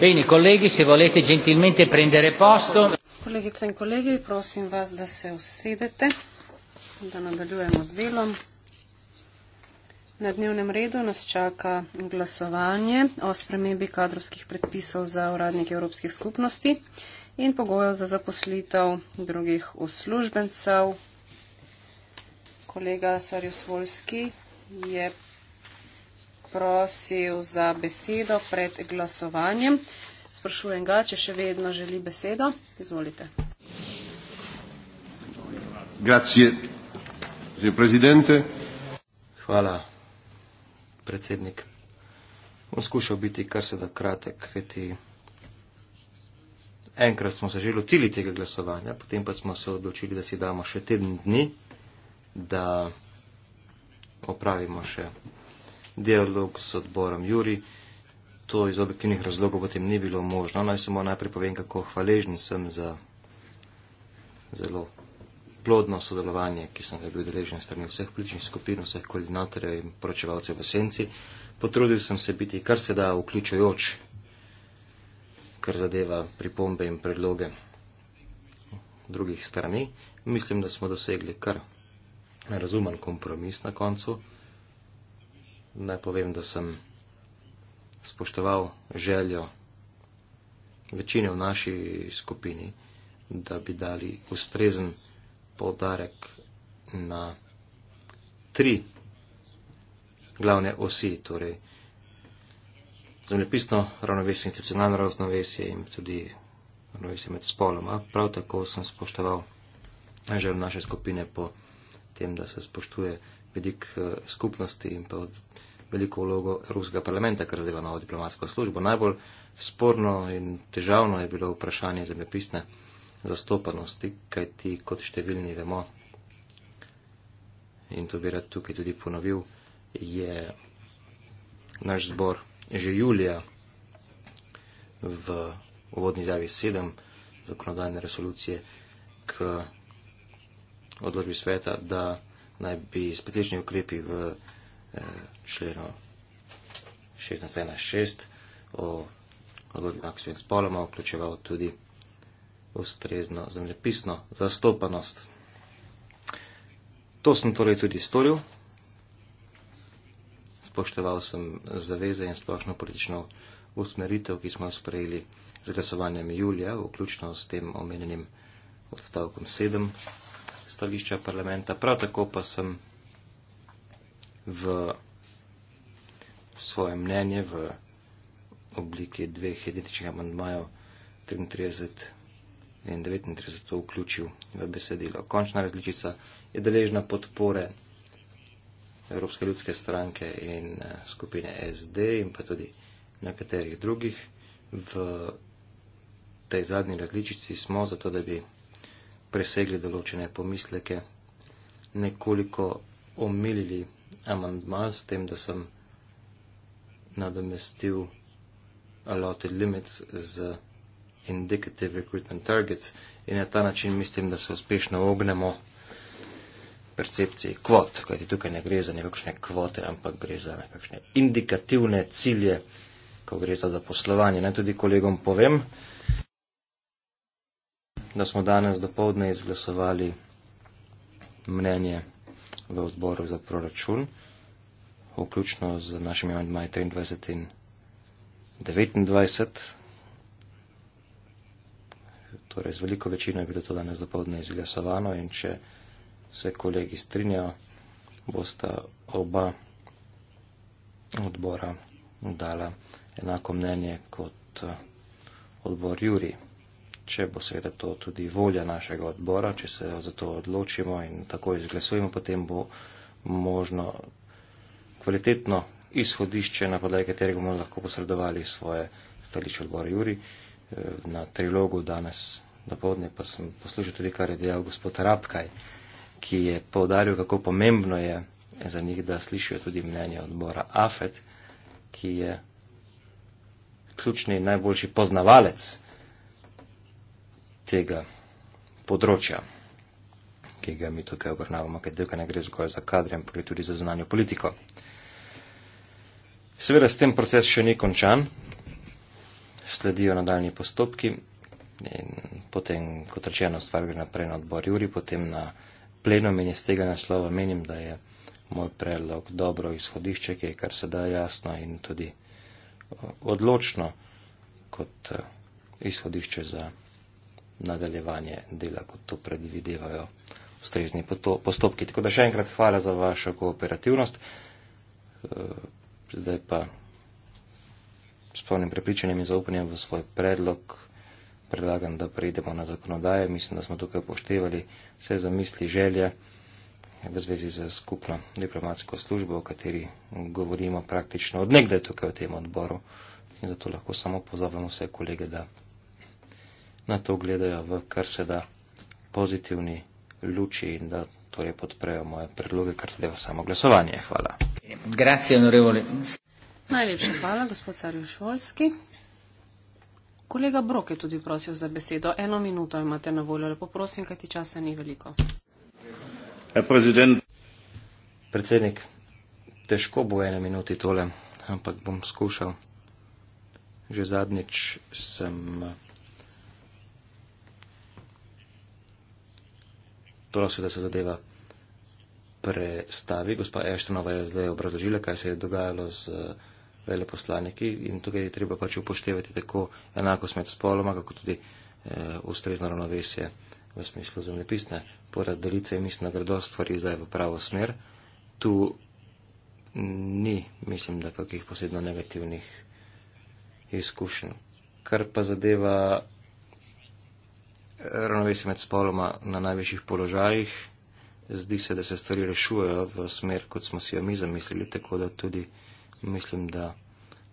Bene, colleghi, se volete gentilmente prendere posto. Kolegice in kolegi, prosim vas, da se usedete, da nadaljujemo z delom. Na dnevnem redu nas čaka glasovanje o spremembi kadrovskih predpisov za uradnike Evropskih skupnosti in pogojev za zaposlitev drugih uslužbencev. Kolega Sarjus Volski je prosil za besedo pred glasovanjem. Sprašujem ga, če še vedno želi besedo. Izvolite. Hvala, predsednik. Bom skušal biti kar se da kratek, kajti enkrat smo se že lotili tega glasovanja, potem pa smo se odločili, da si damo še teden dni, da opravimo še dialog s odborom Juri. To iz objektivnih razlogov potem ni bilo možno. Naj samo najprej povem, kako hvaležen sem za zelo plodno sodelovanje, ki sem ga bil deležen strani vseh političnih skupin, vseh koordinatorjev in poročevalcev v senci. Potrudil sem se biti kar se da vključujoč, kar zadeva pripombe in predloge drugih strani. Mislim, da smo dosegli kar razumen kompromis na koncu naj povem, da sem spoštoval željo večine v naši skupini, da bi dali ustrezen poudarek na tri glavne osi, torej zemljepisno ravnovesje, institucionalno ravnovesje in tudi ravnovesje med spoloma. Prav tako sem spoštoval željo naše skupine po tem, da se spoštuje ravnovesje vidik eh, skupnosti in pa veliko vlogo Ruskega parlamenta, kar zadeva novo diplomatsko službo. Najbolj sporno in težavno je bilo vprašanje zemljepisne zastopanosti, kaj ti kot številni vemo in to bi rad tukaj tudi ponovil, je naš zbor že julija v uvodni zavi 7 zakonodajne resolucije k odložbi sveta, da naj bi specifični ukrepi v eh, členu 16.1.6 o odločitvah s spoloma vključeval tudi ustrezno zemljepisno zastopanost. To sem torej tudi storil. Spoštoval sem zaveze in splošno politično usmeritev, ki smo jo sprejeli z glasovanjem julija, vključno s tem omenjenim odstavkom 7 stališča parlamenta, prav tako pa sem v svoje mnenje v obliki dveh identičnih amandmajev 33 in 39 to vključil v besedilo. Končna različica je deležna podpore Evropske ljudske stranke in eh, skupine SD in pa tudi nekaterih drugih. V tej zadnji različici smo zato, da bi presegli določene pomisleke, nekoliko omilili amandma s tem, da sem nadomestil allotted limits z indicative recruitment targets in na ta način mislim, da se uspešno ognemo percepciji kvot, kajti tukaj ne gre za nekakšne kvote, ampak gre za nekakšne indikativne cilje, ko gre za zaposlovanje. Naj tudi kolegom povem, da smo danes do povdne izglasovali mnenje v odboru za proračun, vključno z našimi amandmaji 23 in 29. Torej, z veliko večino je bilo to danes do povdne izglasovano in če se kolegi strinjajo, bosta oba odbora dala enako mnenje kot eh, odbor Juri če bo seveda to tudi volja našega odbora, če se za to odločimo in tako izglasujemo, potem bo možno kvalitetno izhodišče, na podlagi katerega bomo lahko posredovali svoje stališče odbora Juri. Eh, na trilogu danes dopoledne pa sem poslušal tudi, kar je dejal gospod Rabkaj, ki je povdaril, kako pomembno je za njih, da slišijo tudi mnenje odbora AFET, ki je ključni najboljši poznavalec tega področja, ki ga mi tukaj obrnavamo, ker delka ne gre zgolj za kadre, ampak tudi za zunanjo politiko. Seveda s tem proces še ni končan, sledijo nadaljni postopki in potem, kot rečeno, stvar gre naprej na odbor Juri, potem na plenum in iz tega naslova menim, da je moj predlog dobro izhodišče, ki je kar se da jasno in tudi odločno kot eh, izhodišče za nadaljevanje dela, kot to predvidevajo ustrezni postopki. Tako da še enkrat hvala za vašo kooperativnost. Eh, zdaj pa s polnim prepričanjem in zaupanjem v svoj predlog predlagam, da prejdemo na zakonodaje. Mislim, da smo tukaj upoštevali vse zamisli, želje v zvezi z skupno diplomatsko službo, o kateri govorimo praktično od nekdaj tukaj v tem odboru. In zato lahko samo pozovemo vse kolege, da na to gledajo v kar se da pozitivni luči in da torej podprejo moje predloge, kar se deva samo glasovanje. Hvala. Grazie, onorevoli. Najlepša hvala, gospod Carjo Šolski. Kolega Brok je tudi prosil za besedo. Eno minuto imate na voljo, lepo prosim, kajti časa ni veliko. Predsednik, težko bo ene minuti tole, ampak bom skušal. Že zadnjič sem prosil, da se zadeva prestavi. Gospa Eštenova je zdaj obrazložila, kaj se je dogajalo z eh, veleposlaniki in tukaj je treba pač upoštevati tako enakost med spoloma, kako tudi eh, ustrezno ravnovesje v smislu zemljepisne porazdelitve. Mislim, da gre dost stvari zdaj v pravo smer. Tu ni, mislim, da kakih posebno negativnih izkušenj. Kar pa zadeva ravnovesje med spoloma na najvišjih položajih. Zdi se, da se stvari rešujejo v smer, kot smo si jo mi zamislili, tako da tudi mislim, da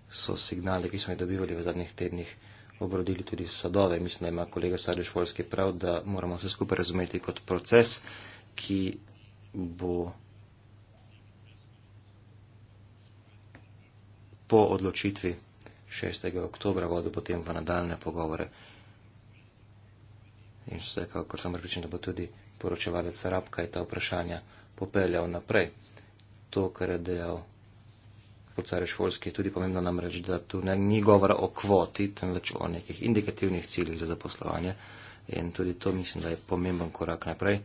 so signali, ki smo jih dobivali v zadnjih tednih, obrodili tudi sadove. Mislim, da ima kolega Sadež Volski prav, da moramo vse skupaj razumeti kot proces, ki bo po odločitvi 6. oktobra vodil potem v nadaljne pogovore. In vsekakor sem pripričan, da bo tudi poročevalec Rabka je ta vprašanja popeljal naprej. To, kar je dejal pocare Švolski, je tudi pomembno namreč, da tu ne, ni govora o kvoti, temveč o nekih indikativnih ciljih za zaposlovanje. In tudi to mislim, da je pomemben korak naprej,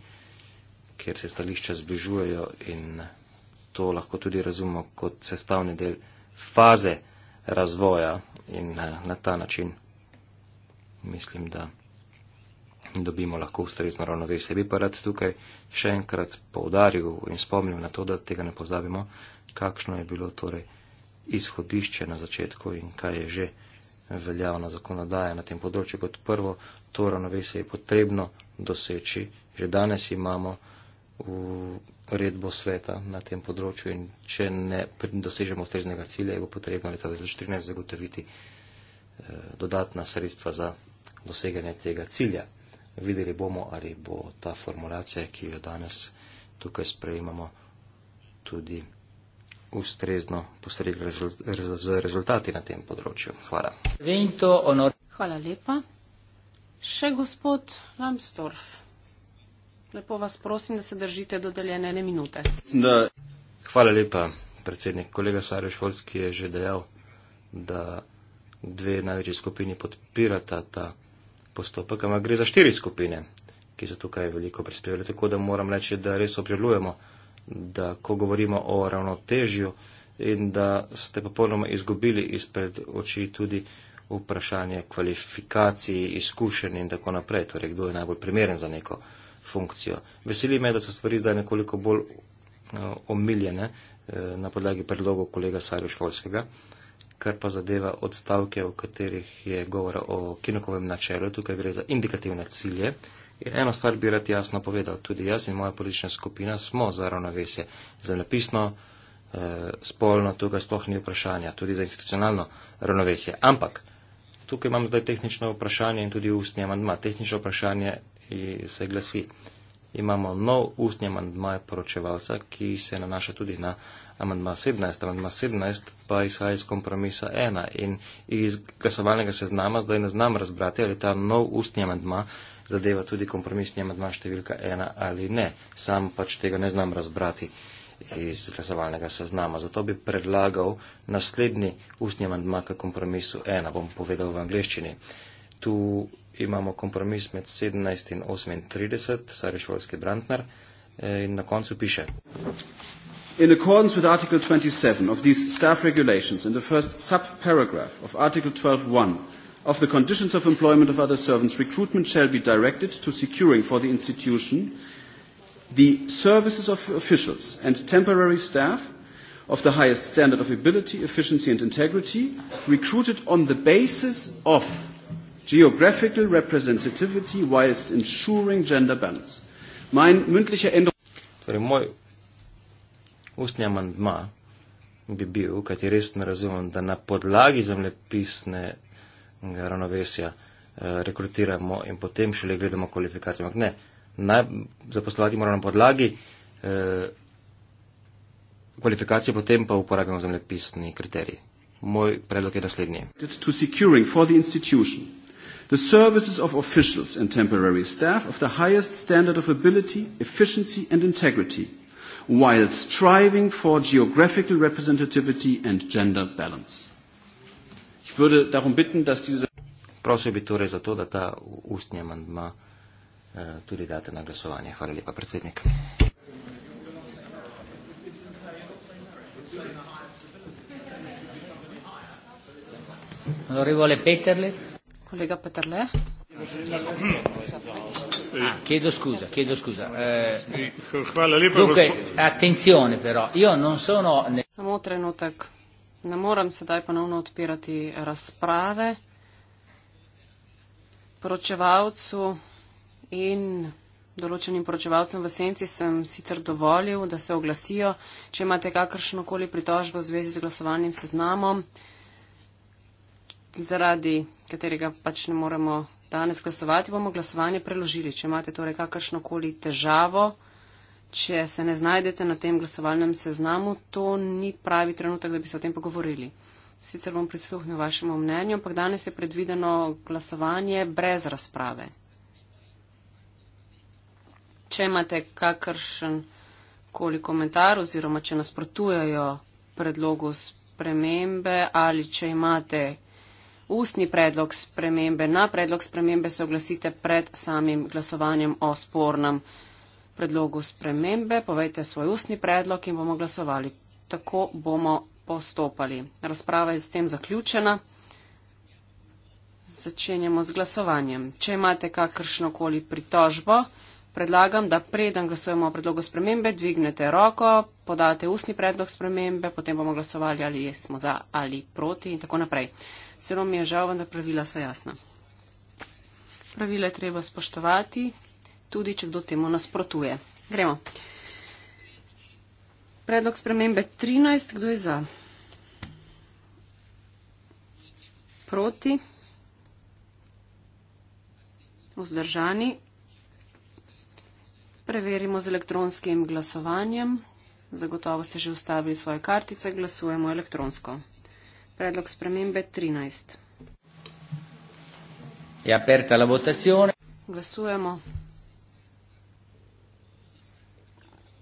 ker se stališča zbližujejo in to lahko tudi razumemo kot sestavni del faze razvoja in na, eh, na ta način mislim, da dobimo lahko ustrezno ravnovesje. Bi pa rad tukaj še enkrat poudaril in spomnil na to, da tega ne pozabimo, kakšno je bilo torej izhodišče na začetku in kaj je že veljavna zakonodaja na tem področju. Kot prvo, to ravnovesje je potrebno doseči. Že danes imamo uredbo sveta na tem področju in če ne dosežemo ustreznega cilja, je bo potrebno leta 2014 zagotoviti eh, dodatna sredstva za doseganje tega cilja videli bomo, ali bo ta formulacija, ki jo danes tukaj sprejemamo, tudi ustrezno postregla z rezultati na tem področju. Hvala. Hvala lepa. Še gospod Lambsdorf. Lepo vas prosim, da se držite dodeljene ene minute. Da. Hvala lepa, predsednik. Kolega Sarjež Volski je že dejal, da dve največji skupini podpirata ta. ta postopek, ampak gre za štiri skupine, ki so tukaj veliko prispevali. Tako da moram reči, da res obžalujemo, da ko govorimo o ravnotežju in da ste popolnoma izgubili izpred oči tudi vprašanje kvalifikacij, izkušenj in tako naprej, torej kdo je najbolj primeren za neko funkcijo. Veseli me, da so stvari zdaj nekoliko bolj eh, omiljene eh, na podlagi predlogov kolega Sarjo Šolskega, kar pa zadeva odstavke, v katerih je govora o kinokovem načelu, tukaj gre za indikativne cilje. In eno stvar bi rad jasno povedal, tudi jaz in moja politična skupina smo za ravnovesje, za napisno, eh, spolno, tukaj sploh ni vprašanja, tudi za institucionalno ravnovesje. Ampak tukaj imam zdaj tehnično vprašanje in tudi ustni amandma. Tehnično vprašanje se glasi. Imamo nov ustni amandma poročevalca, ki se nanaša tudi na amandma 17. Amandma 17 pa izhaja iz kompromisa 1 in iz glasovalnega seznama zdaj ne znam razbrati, ali ta nov ustni amandma zadeva tudi kompromisni amandma številka 1 ali ne. Sam pač tega ne znam razbrati iz glasovalnega seznama. Zato bi predlagal naslednji ustni amandma k kompromisu 1, bom povedal v angleščini. Tu imamo kompromis med 17 in 38, Sarišvolski Brantner, eh, in na koncu piše. In accordance with Article 27 of these staff regulations, in the first subparagraph of Article 12.1 of the conditions of employment of other servants, recruitment shall be directed to securing for the institution the services of officials and temporary staff of the highest standard of ability, efficiency, and integrity, recruited on the basis of geographical representativity whilst ensuring gender balance. Mein mündlicher Änderungsantrag. Torej, ustni amandma bi bil, kaj ti res ne razumem, da na podlagi zemljepisne ravnovesja eh, rekrutiramo in potem šele gledamo kvalifikacije. Ampak ne, naj, zaposlovati moramo na podlagi eh, kvalifikacije, potem pa uporabljamo zemljepisni kriterij. Moj predlog je naslednji. To securing for the institution the services of officials and temporary staff of the highest standard of ability, efficiency and integrity while striving for geographical representativity and gender balance. Ich würde darum bitten, dass diese Prosim bi torej za to, da ta ustni amandma eh, tudi date na glasovanje. Hvala lepa, predsednik. Honorevole Peterle. Kolega Peterle. Ah, chiedo scusa, chiedo scusa. Eh, Hvala lepa. Dunque, attenzione però, io non sono... Ne... Samo trenutek. Ne moram sedaj ponovno odpirati razprave poročevalcu in določenim poročevalcem v senci sem sicer dovolil, da se oglasijo, če imate kakršnokoli pritožbo v zvezi z glasovanjem seznamom, zaradi katerega pač ne moremo danes glasovati, bomo glasovanje preložili. Če imate torej kakršnokoli težavo, če se ne znajdete na tem glasovalnem seznamu, to ni pravi trenutek, da bi se o tem pogovorili. Sicer bom prisluhnil vašemu mnenju, ampak danes je predvideno glasovanje brez razprave. Če imate kakršen koli komentar oziroma če nasprotujejo predlogu spremembe ali če imate ustni predlog spremembe, na predlog spremembe se oglasite pred samim glasovanjem o spornem predlogu spremembe. Povejte svoj ustni predlog in bomo glasovali. Tako bomo postopali. Razprava je s tem zaključena. Začenjamo z glasovanjem. Če imate kakršnokoli pritožbo, predlagam, da preden glasujemo o predlogu spremembe, dvignete roko, podate ustni predlog spremembe, potem bomo glasovali, ali smo za ali proti in tako naprej zelo mi je žal, vendar pravila so jasna. Pravila je treba spoštovati, tudi če kdo temu nasprotuje. Gremo. Predlog spremembe 13. Kdo je za? Proti? Vzdržani? Preverimo z elektronskim glasovanjem. Zagotovo ste že ustavili svoje kartice, glasujemo elektronsko. Predlog spremembe 13. Je aperta la votazione. Glasujemo.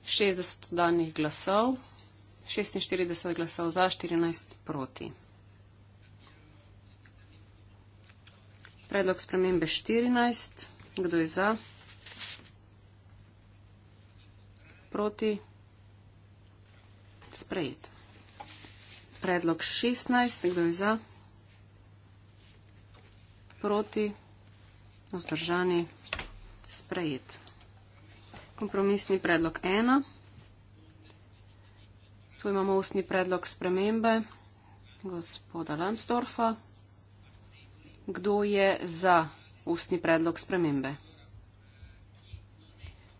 60 danih glasov, 46 glasov za, 14 proti. Predlog spremembe 14. Kdo je za? Proti? Sprejeti predlog 16. Nekdo je za? Proti? Ozdržani? Sprejet. Kompromisni predlog 1. Tu imamo ustni predlog spremembe gospoda Lambsdorfa. Kdo je za ustni predlog spremembe?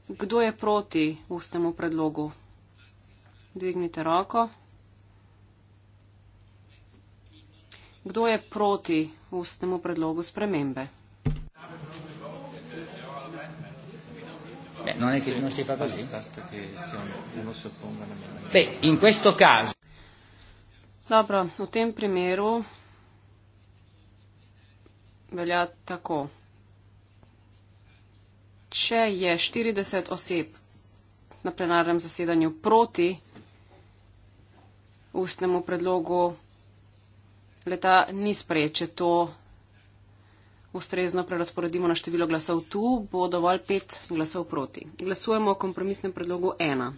Kdo je proti ustnemu predlogu? Dvignite roko. Kdo je proti ustnemu predlogu spremembe? Dobro, v tem primeru velja tako. Če je 40 oseb na plenarnem zasedanju proti ustnemu predlogu leta ni sprejet, če to ustrezno prerasporedimo na število glasov tu, bo dovolj pet glasov proti. Glasujemo o kompromisnem predlogu ena.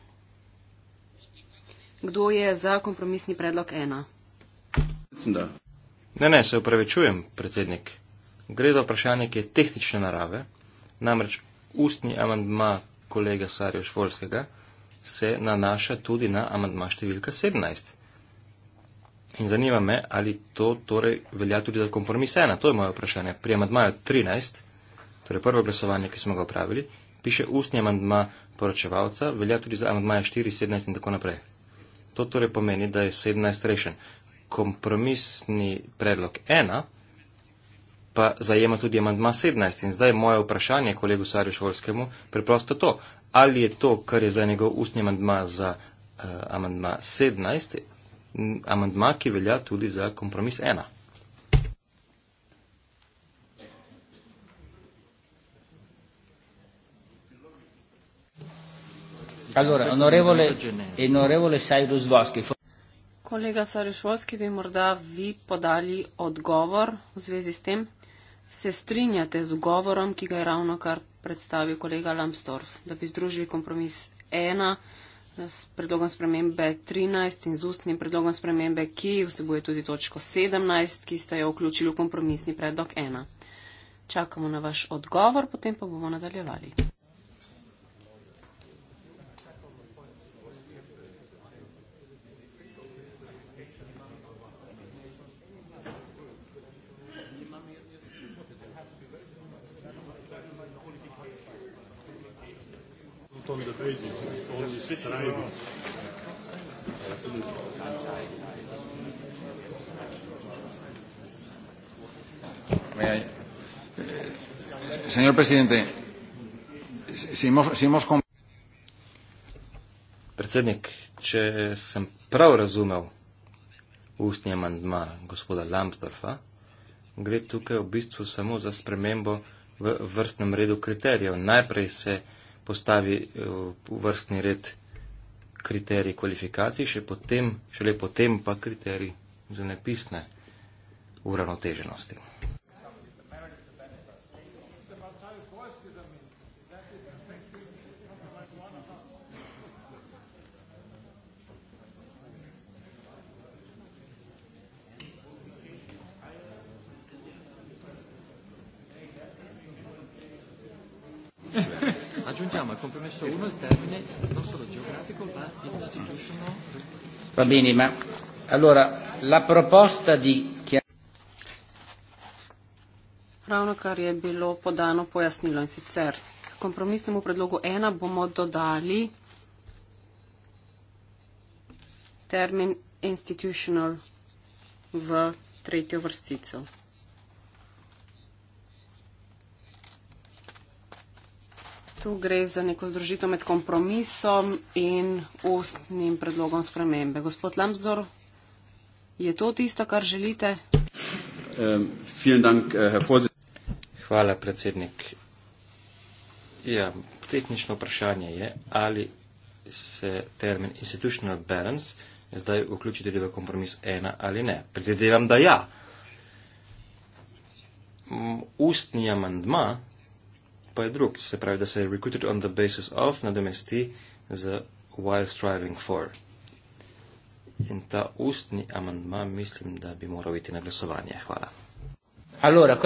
Kdo je za kompromisni predlog ena? Ne, ne, se upravičujem, predsednik. Gre za vprašanje, ki je tehnične narave, namreč ustni amandma kolega Sarjoš Volskega se nanaša tudi na amandma številka 17. In zanima me, ali to torej velja tudi za kompromis 1. To je moje vprašanje. Pri amandmaju 13, torej prvo glasovanje, ki smo ga opravili, piše ustni amandma poročevalca, velja tudi za amandmaje 4, 17 in tako naprej. To torej pomeni, da je 17 rešen. Kompromisni predlog 1 pa zajema tudi amandma 17. In zdaj moje vprašanje kolegu Sarju Šolskemu preprosto to. Ali je to, kar je za njegov ustni amandma za uh, amandma 17, amantma, ki velja tudi za kompromis ena. Allora, onorevole, onorevole Kolega Sarišvoski, bi morda vi podali odgovor v zvezi s tem, se strinjate z ugovorom, ki ga je ravno kar predstavil kolega Lambsdorff, da bi združili kompromis ena s predlogom spremembe 13 in z ustnim predlogom spremembe, ki vsebuje tudi točko 17, ki ste jo vključili v kompromisni predlog 1. Čakamo na vaš odgovor, potem pa bomo nadaljevali. on the basis of all this time. Eh, señor presidente, si hemos, si hemos... Predsednik, če sem prav razumel ustni amandma gospoda Lambsdorfa, gre tukaj v bistvu samo za spremembo v vrstnem redu kriterijev. Najprej se postavi eh, v vrstni red kriterij kvalifikacij, še potem, šele potem pa kriterij za nepisne uravnoteženosti. Yeah. aggiungiamo al compromesso 1 il termine non solo geografico ma institutional. Va bene, ma allora la proposta di Ravno kar je bilo podano pojasnilo in sicer k kompromisnemu predlogu 1 bomo dodali termin institutional v tretjo vrstico. tu gre za neko združitev med kompromisom in ustnim predlogom spremembe. Gospod Lambsdor, je to tisto, kar želite? Um, dank, uh, Hvala, predsednik. Ja, tehnično vprašanje je, ali se termin institutional balance zdaj vključi tudi v kompromis ena ali ne. Predvidevam, da ja. Ustni amandma pa je drug, se pravi, da se je recruited on the basis of nadomesti z while striving for. In ta ustni amandma mislim, da bi moral biti na glasovanje. Hvala. Allora,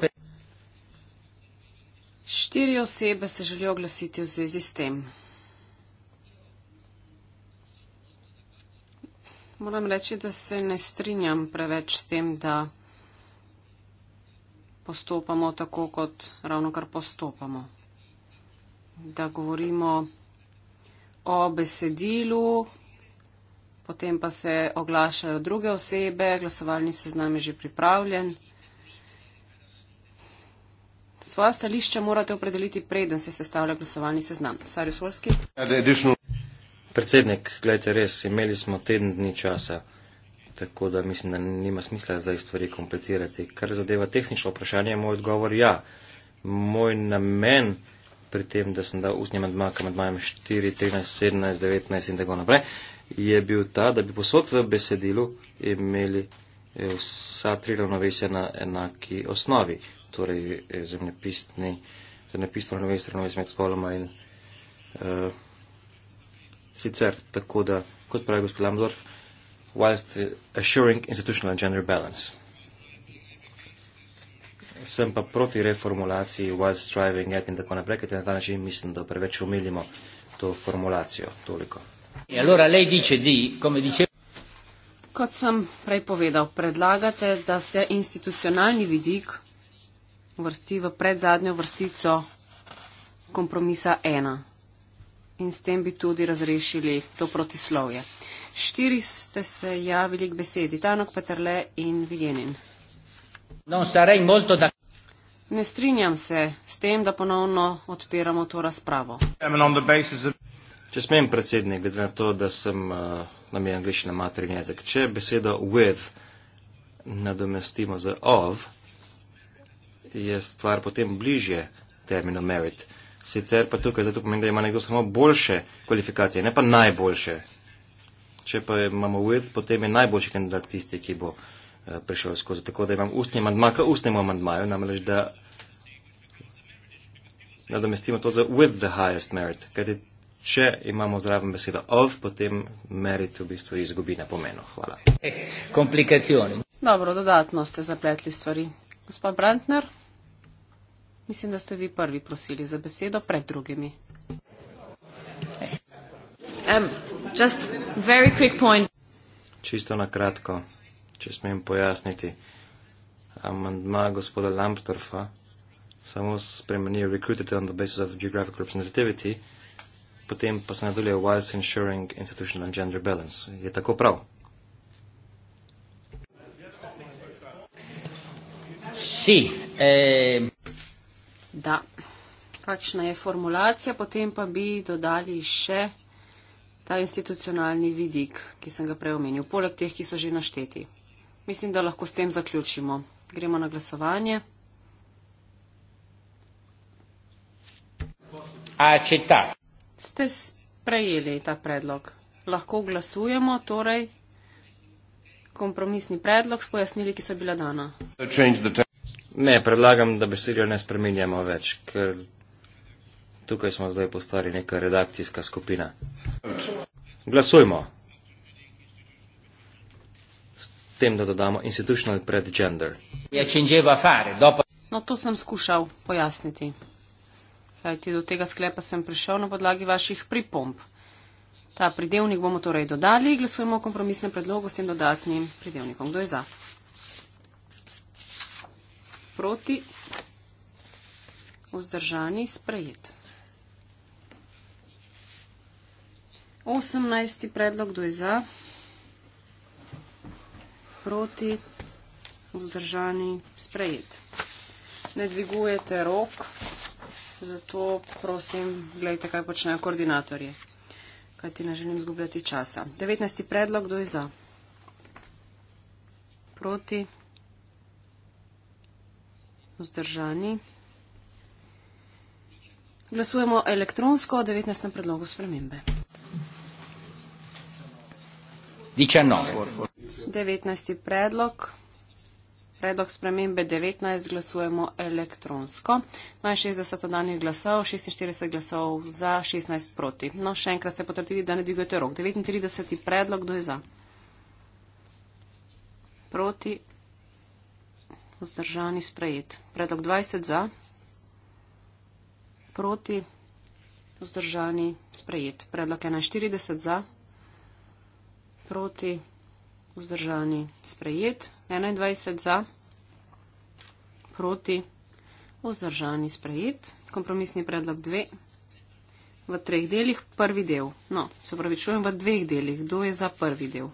pe... Štiri osebe se želijo oglasiti v zvezi s tem. Moram reči, da se ne strinjam preveč s tem, da postopamo tako, kot ravno kar postopamo. Da govorimo o besedilu, potem pa se oglašajo druge osebe, glasovalni seznam je že pripravljen. Svoja stališča morate opredeliti preden se sestavlja glasovalni seznam. Predsednik, gledajte res, imeli smo teden dni časa tako da mislim, da nima smisla zdaj stvari komplicirati. Kar zadeva tehnično vprašanje, je moj odgovor ja. Moj namen pri tem, da sem dal usnjem admak med majem 4, 13, 17, 19 in tako naprej, je bil ta, da bi posod v besedilu imeli eh, vsa tri ravnovesja na enaki osnovi, torej eh, zemljepisni, zemljepisno ravnovesje, ravnovesje med spoloma in uh, sicer tako, da, kot pravi gospod Lambdorf, uh, whilst assuring institutional and gender balance. Sem pa proti reformulaciji whilst striving at in tako naprej, ker na ta način mislim, da preveč umilimo to formulacijo. Toliko. E allora lei dice di, come dice... Kot sem prej povedal, predlagate, da se institucionalni vidik vrsti v predzadnjo vrstico kompromisa ena. In s tem bi tudi razrešili to protislovje. Štiri ste se javili k besedi, Tanok, Petrle in Vigenin. Ne strinjam se s tem, da ponovno odpiramo to razpravo. Če smem, predsednik, glede na to, da sem uh, na mi angliščina materin jezik, če besedo with nadomestimo z of, je stvar potem bližje terminu merit. Sicer pa tukaj zato pomeni, da ima nekdo samo boljše kvalifikacije, ne pa najboljše če pa imamo with, potem je najboljši kandidat tisti, ki bo eh, prišel skozi. Tako da imam ustni amandma, k ustnemu amandmaju, namreč da nadomestimo to za with the highest merit. Kajti, če imamo zraven besedo of, potem merit v bistvu izgubi na pomenu. Hvala. Eh, komplikacioni. Dobro, dodatno ste zapletli stvari. Gospod Brantner, mislim, da ste vi prvi prosili za besedo pred drugimi. Eh. Um, Just very quick point. Čisto na kratko, če smem pojasniti. Amandma gospoda Lambdorfa samo spremeni recruited on the basis of geographic representativity, potem pa se nadalje whilst ensuring institutional and gender balance. Je tako prav? Si. Eh. Da. Takšna je formulacija, potem pa bi dodali še ta institucionalni vidik, ki sem ga prej omenil, poleg teh, ki so že našteti. Mislim, da lahko s tem zaključimo. Gremo na glasovanje. A če ta? Ste sprejeli ta predlog. Lahko glasujemo, torej kompromisni predlog s pojasnili, ki so bila dana. Ne, predlagam, da besedilo ne spremenjamo več, ker tukaj smo zdaj postali neka redakcijska skupina. Glasujmo. S tem, da dodamo institutional pred gender. No, to sem skušal pojasniti. Kajti do tega sklepa sem prišel na podlagi vaših pripomp. Ta pridevnik bomo torej dodali. Glasujemo o kompromisnem predlogu s tem dodatnim pridevnikom. Kdo je za? Proti. Vzdržani. Sprejet. 18. predlog, kdo je za, proti, vzdržani, sprejet. Ne dvigujete rok, zato prosim, gledajte, kaj počnejo koordinatorje, kaj ti ne želim zgubljati časa. 19. predlog, kdo je za, proti, vzdržani. Glasujemo elektronsko o 19. predlogu spremembe. 19. 19. predlog. Predlog spremembe 19 glasujemo elektronsko. 62 danih glasov, 46 glasov za, 16 proti. No, še enkrat ste potrdili, da ne dvigujete rok. 39. predlog, kdo je za? Proti. Vzdržani sprejet. Predlog 20 za. Proti. Vzdržani sprejet. Predlog 41 za proti, vzdržani, sprejet, 21 za, proti, vzdržani, sprejet, kompromisni predlog 2 v treh delih, prvi del. No, se pravi, čujem v dveh delih, kdo je za prvi del.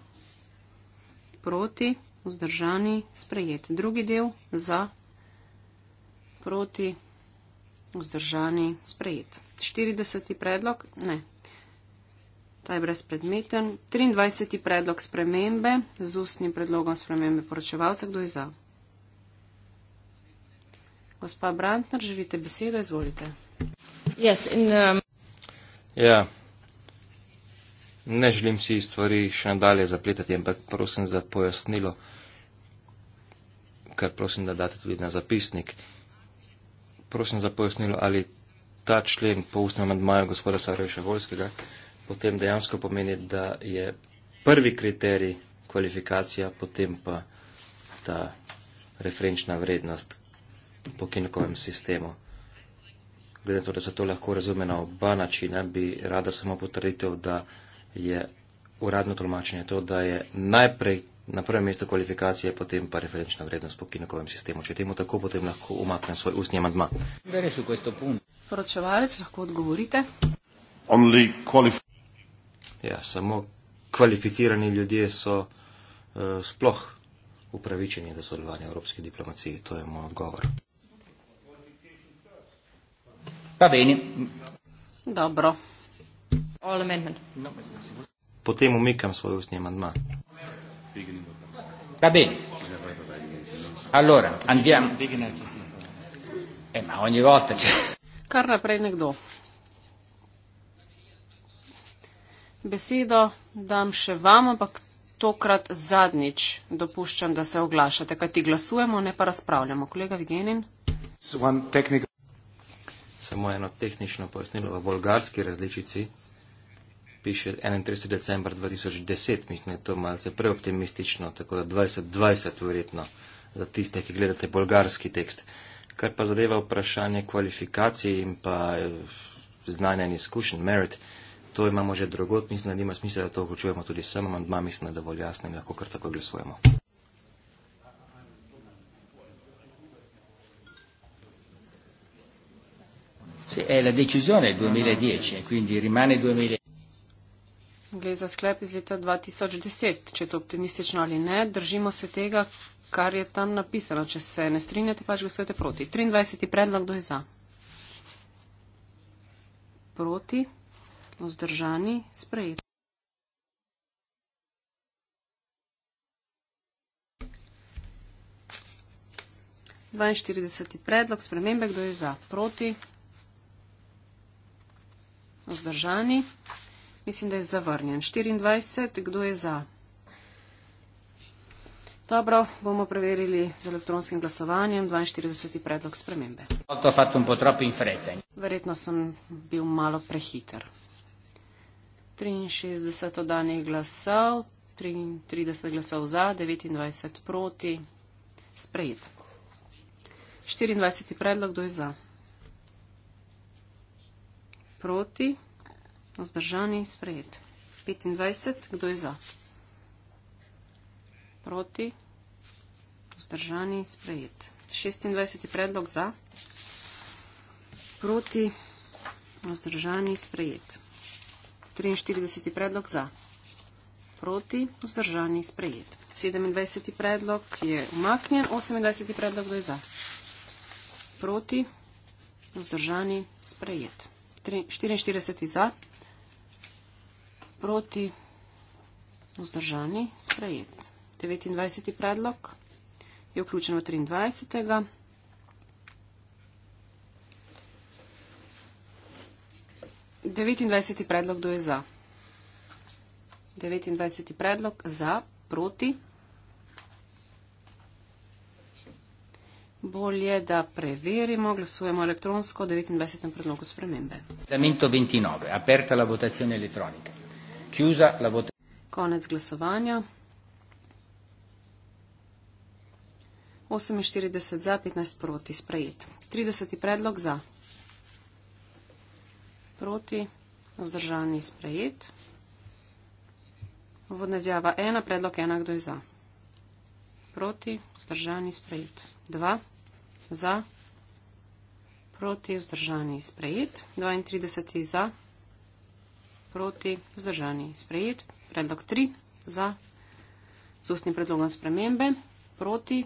Proti, vzdržani, sprejet, drugi del, za, proti, vzdržani, sprejet. 40. predlog, ne, Ta je brezpredmeten. 23. predlog spremembe z ustnim predlogom spremembe poročevalca. Kdo je za? Gospa Brantner, želite besedo? Izvolite. Yes, in, um... Ja, ne želim si stvari še nadalje zapletati, ampak prosim za pojasnilo, kar prosim, da date tudi na zapisnik. Prosim za pojasnilo, ali ta člen po ustnem amandmaju gospoda Sarajeva Volskega potem dejansko pomeni, da je prvi kriterij kvalifikacija, potem pa ta referenčna vrednost po kinkovem sistemu. Glede to, da se to lahko razume na oba načina, bi rada samo potrditev, da je uradno tolmačenje to, da je najprej na prvem mestu kvalifikacije, potem pa referenčna vrednost po kinkovem sistemu. Če temu tako, potem lahko umaknem svoj ustni amadma. Poročevalec, lahko odgovorite. Only qualif- Ja, samo kvalificirani ljudje so uh, sploh upravičeni do sodelovanja evropske diplomacije. To je moj odgovor. Pa veni. Dobro. All amendment. No. Potem umikam svoj ustni amandma. Va bene. Allora, andiamo. Eh, ma ogni volta c'è. Carla prende dopo. besedo dam še vam, ampak tokrat zadnjič dopuščam, da se oglašate, kajti glasujemo, ne pa razpravljamo. Kolega Vigenin. Samo eno tehnično pojasnilo. V bolgarski različici piše 31. decembar 2010, mislim, da je to malce preoptimistično, tako da 2020 verjetno za tiste, ki gledate bolgarski tekst. Kar pa zadeva vprašanje kvalifikacij in pa eh, znanja in izkušenj, merit, uh, To imamo že drugot, mislim, da nima smisla, da to vključujemo tudi sem, amandma mislim, da je dovolj jasno in lahko kar tako glasujemo. Gre za sklep iz leta 2010, če je to optimistično ali ne, držimo se tega, kar je tam napisano. Če se ne strinjate, pač glasujete proti. 23. predlog, kdo je za? Proti. Vzdržani, sprejet. Dvainštirideseti predlog spremembe, kdo je za? Proti? Vzdržani? Mislim, da je zavrnjen. 24. Kdo je za? Dobro, bomo preverili z elektronskim glasovanjem 42. predlog spremembe. Verjetno sem bil malo prehiter. 63 oddanih glasov, 33 glasov za, 29 proti. Sprejet. 24. predlog, kdo je za? Proti, vzdržani, sprejet. 25. Kdo je za? Proti, vzdržani, sprejet. 26. predlog za? Proti, vzdržani, sprejet. 43. predlog za, proti, vzdržani, sprejet. 27. predlog je umaknjen, 28. predlog je za, proti, vzdržani, sprejet. 44. za, proti, vzdržani, sprejet. 29. predlog je vključen v 23. 29. predlog, kdo je za? 29. predlog, za, proti. Bolje, da preverimo, glasujemo elektronsko, 29. predlogu spremembe. Konec glasovanja. 48 za, 15 proti, sprejet. 30. predlog za proti, vzdržani sprejet. Vodna izjava 1, predlog 1, kdo je za? Proti, vzdržani sprejet. 2, za, proti, vzdržani sprejet. 32 za, proti, vzdržani sprejet. Predlog 3, za, z ustnim predlogom spremembe, proti,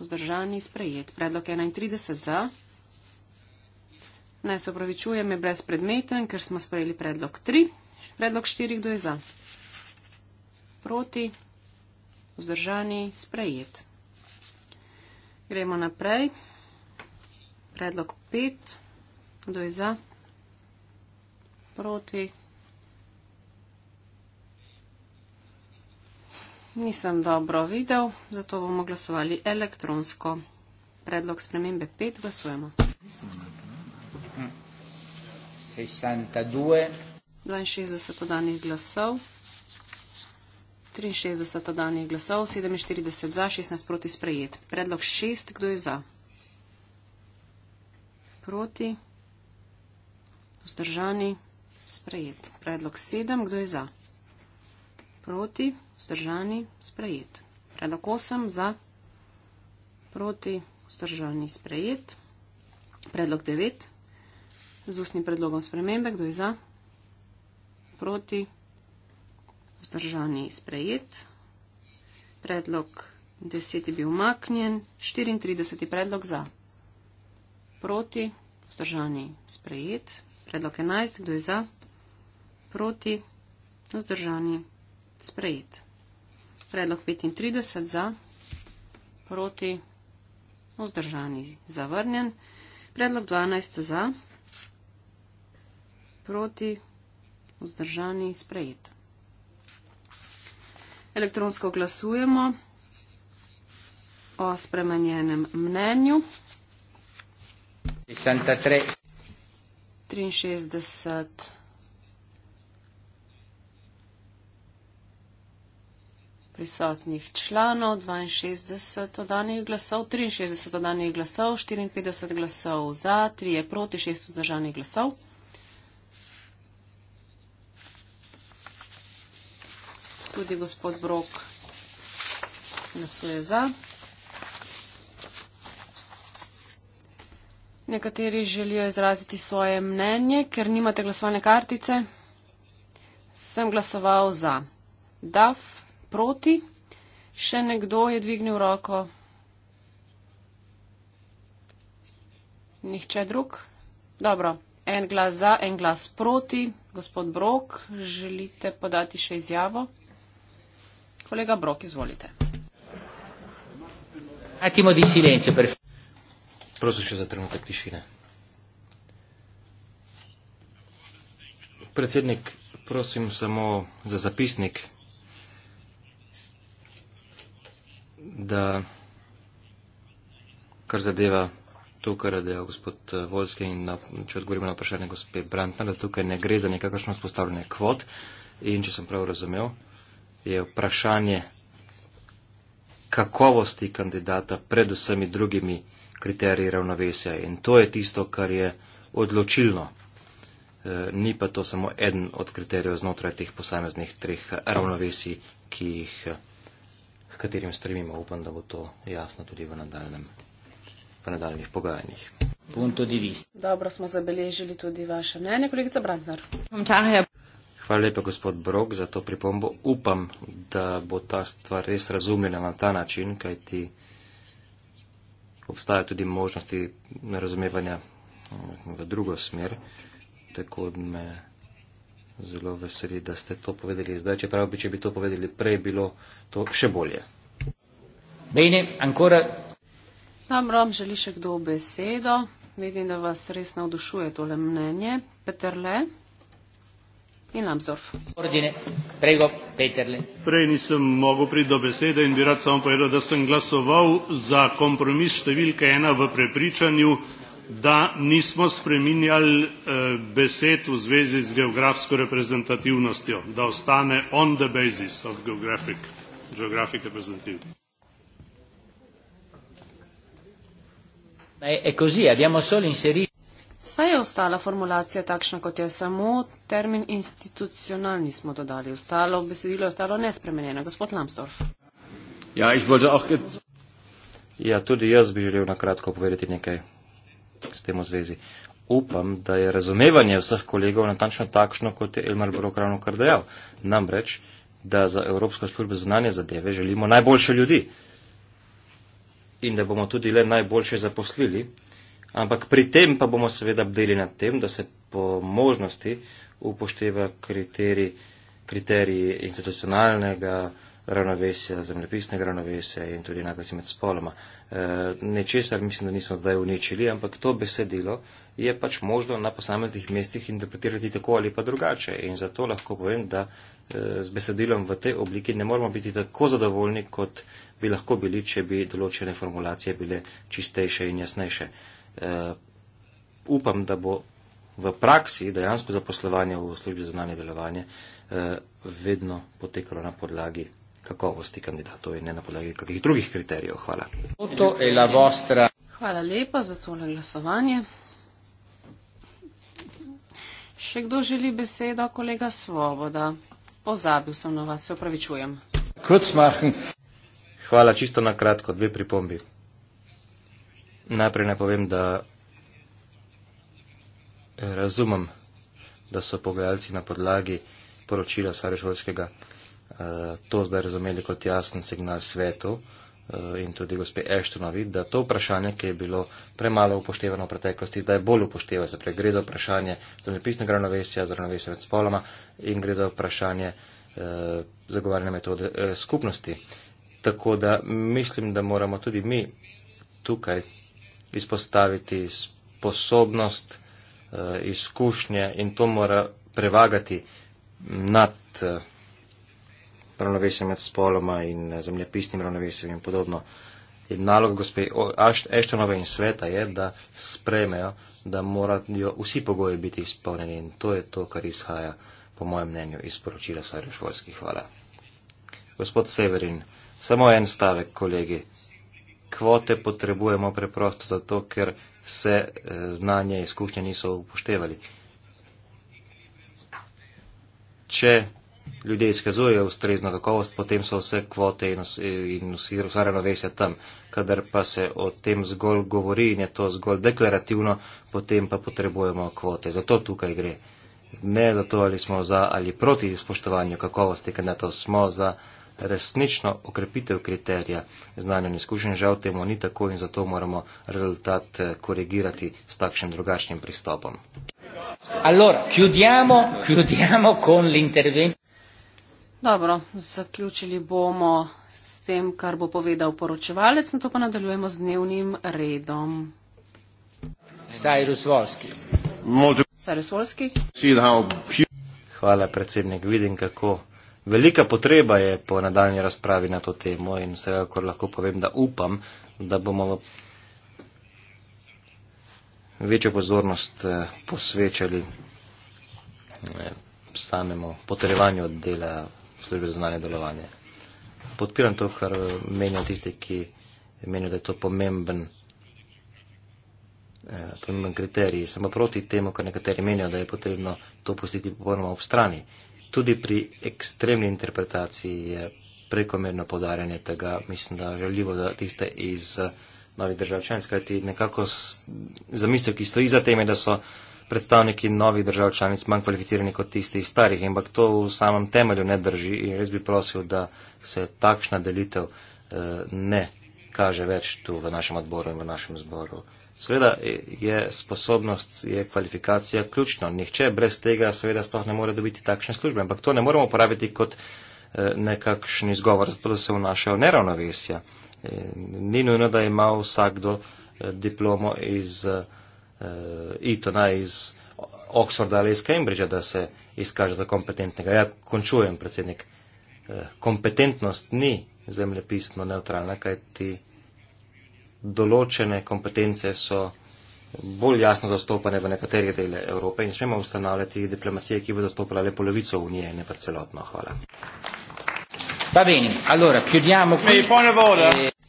vzdržani sprejet. Predlog 31 za. Ne se upravičujem, je brezpredmeten, ker smo sprejeli predlog 3. Predlog 4, kdo je za? Proti, vzdržani, sprejet. Gremo naprej. Predlog 5, kdo je za? Proti. Nisem dobro videl, zato bomo glasovali elektronsko. Predlog spremembe 5 glasujemo. Mislim. 62. 62 oddanih glasov. 63 oddanih glasov, 47 za, 16 proti sprejet. Predlog 6, kdo je za? Proti. Vzdržani. Sprejet. Predlog 7, kdo je za? Proti. Vzdržani. Sprejet. Predlog 8, za. Proti. Vzdržani. Sprejet. Predlog 9 z ustnim predlogom spremembe. Kdo je za? Proti? Vzdržani sprejet. Predlog 10 je bil umaknjen. 34 je predlog za. Proti? Vzdržani sprejet. Predlog 11. Kdo je za? Proti? Vzdržani sprejet. Predlog 35 za. Proti? Vzdržani zavrnjen. Predlog 12 za proti, vzdržani, sprejet. Elektronsko glasujemo o spremenjenem mnenju. 63. 63. prisotnih članov, 62 odanih glasov, 63 odanih glasov, 54 glasov za, 3 je proti, 6 vzdržanih glasov. tudi gospod Brok glasuje za. Nekateri želijo izraziti svoje mnenje, ker nimate glasovalne kartice. Sem glasoval za. Daf proti. Še nekdo je dvignil roko. Nihče drug. Dobro. En glas za, en glas proti. Gospod Brok, želite podati še izjavo? Kolega Brok, izvolite. Attimo di silenzio, per favore. Prosto še za trenutek tišine. Predsednik, prosim samo za zapisnik, da kar zadeva to, kar je dejal gospod eh, Voljski in na, če odgovorimo na vprašanje gospe Brantna, da tukaj ne gre za nekakšno spostavljanje kvot in če sem prav razumel, je vprašanje kakovosti kandidata pred vsemi drugimi kriteriji ravnovesja. In to je tisto, kar je odločilno. E, ni pa to samo eden od kriterijev znotraj teh posameznih treh ravnovesij, ki jih, h katerim stremimo. Upam, da bo to jasno tudi v, nadaljem, v nadaljnih pogajanjih. Dobro smo zabeležili tudi vaše mnenje, kolegica Brandner. Hvala lepa, gospod Brok, za to pripombo. Upam, da bo ta stvar res razumljena na ta način, kajti obstajajo tudi možnosti razumevanja v drugo smer. Tako da me zelo veseli, da ste to povedali zdaj. Čeprav bi, če bi to povedali prej, bilo to še bolje. Bene, ancora. Nam Rom želi še kdo besedo. Vidim, da vas res navdušuje tole mnenje. Peter Le in Lambsdorff. Ordine. Prego, Peterle. Prej nisem mogel priti do besede in bi rad samo povedal, da sem glasoval za kompromis številka ena v prepričanju, da nismo spreminjali eh, besed v zvezi z geografsko reprezentativnostjo, da ostane on the basis of geographic, geographic reprezentativnost. È così, abbiamo solo inserito. Saj je ostala formulacija takšna, kot je samo termin institucionalni smo dodali. Ostalo besedilo je ostalo nespremenjeno. Gospod Lambsdorff. Ja, ja, tudi jaz bi želel na kratko povedati nekaj s tem v zvezi. Upam, da je razumevanje vseh kolegov natančno takšno, kot je Elmar Brok ravno kar dejal. Namreč, da za Evropsko službo zunanje zadeve želimo najboljše ljudi in da bomo tudi le najboljše zaposlili Ampak pri tem pa bomo seveda bdeli nad tem, da se po možnosti upošteva kriteriji kriterij institucionalnega ravnovesja, zemljepisnega ravnovesja in tudi enakosti med spoloma. E, nečesar mislim, da nismo zdaj uničili, ampak to besedilo je pač možno na posameznih mestih interpretirati tako ali pa drugače. In zato lahko povem, da e, z besedilom v tej obliki ne moramo biti tako zadovoljni, kot bi lahko bili, če bi določene formulacije bile čistejše in jasnejše eh, upam, da bo v praksi dejansko zaposlovanje v službi za znanje delovanje eh, vedno potekalo na podlagi kakovosti kandidatov in ne na podlagi kakih drugih kriterijev. Hvala. Hvala lepa za tole glasovanje. Še kdo želi besedo, kolega Svoboda? Pozabil sem na vas, se opravičujem. Hvala, čisto na kratko, dve pripombi. Najprej ne povem, da eh, razumem, da so pogajalci na podlagi poročila Sarešolskega eh, to zdaj razumeli kot jasen signal svetu eh, in tudi gospe Eštonovi, da to vprašanje, ki je bilo premalo upoštevano v preteklosti, zdaj bolj upošteva. Zaprej gre za vprašanje zemljepisnega ravnovesja, za ravnovesje med spoloma in gre za vprašanje eh, zagovarjanja metode eh, skupnosti. Tako da mislim, da moramo tudi mi tukaj izpostaviti sposobnost, eh, izkušnje in to mora prevagati nad eh, ravnovesjem med spoloma in eh, zemljepisnim ravnovesjem in podobno. In naloga gospe Eštonove in sveta je, da spremejo, da morajo vsi pogoji biti izpolnjeni in to je to, kar izhaja, po mojem mnenju, iz poročila Sarjevšvojskih. Hvala. Gospod Severin, samo en stavek, kolegi kvote potrebujemo preprosto zato, ker se eh, znanje in izkušnje niso upoštevali. Če ljudje izkazujejo ustrezno kakovost, potem so vse kvote in vsa ravnovesja tam. Kadar pa se o tem zgolj govori in je to zgolj deklarativno, potem pa potrebujemo kvote. Zato tukaj gre. Ne zato, ali smo za ali proti spoštovanju kakovosti, ker na to smo za resnično okrepitev kriterija znanja in izkušenj. Žal temu ni tako in zato moramo rezultat eh, korigirati s takšnim drugačnim pristopom. Allora, chiudiamo, chiudiamo con l'intervento. Dobro, zaključili bomo s tem, kar bo povedal poročevalec, na to pa nadaljujemo z dnevnim redom. Cyrus Volski. Cyrus Volski. Hvala, predsednik. Vidim, kako Velika potreba je po nadaljni razpravi na to temo in vsekakor lahko povem, da upam, da bomo večjo pozornost eh, posvečali eh, samemu potrevanju dela službe za znanje delovanje. Podpiram to, kar menijo tisti, ki menijo, da je to pomemben, eh, pomemben kriterij. Sem pa proti temu, kar nekateri menijo, da je potrebno to pustiti popolnoma ob strani tudi pri ekstremni interpretaciji je prekomerno podarjanje tega, mislim, da želivo, da tiste iz eh, novih držav članic, kajti nekako zamisel, ki stoji za tem, je, da so predstavniki novih držav članic manj kvalificirani kot tisti iz starih, ampak to v samem temelju ne drži in res bi prosil, da se takšna delitev eh, ne kaže več tu v našem odboru in v našem zboru. Seveda je sposobnost, je kvalifikacija ključna. Nihče brez tega seveda sploh ne more dobiti takšne službe, ampak to ne moramo uporabiti kot eh, nekakšen izgovor, zato da se vnašajo neravnovesja. Eh, ni nujno, da ima vsakdo eh, diplomo iz Itona, iz Oxforda ali iz Cambridgea, da se izkaže za kompetentnega. Ja, končujem, predsednik. Kompetentnost ni zemljepisno neutralna, kaj ti določene kompetence so bolj jasno zastopane v nekaterih dele Evrope in smemo ustanavljati diplomacije, ki bo zastopala le polovico unije, ne pa celotno. Hvala. Pa bene, allora, chiudiamo qui.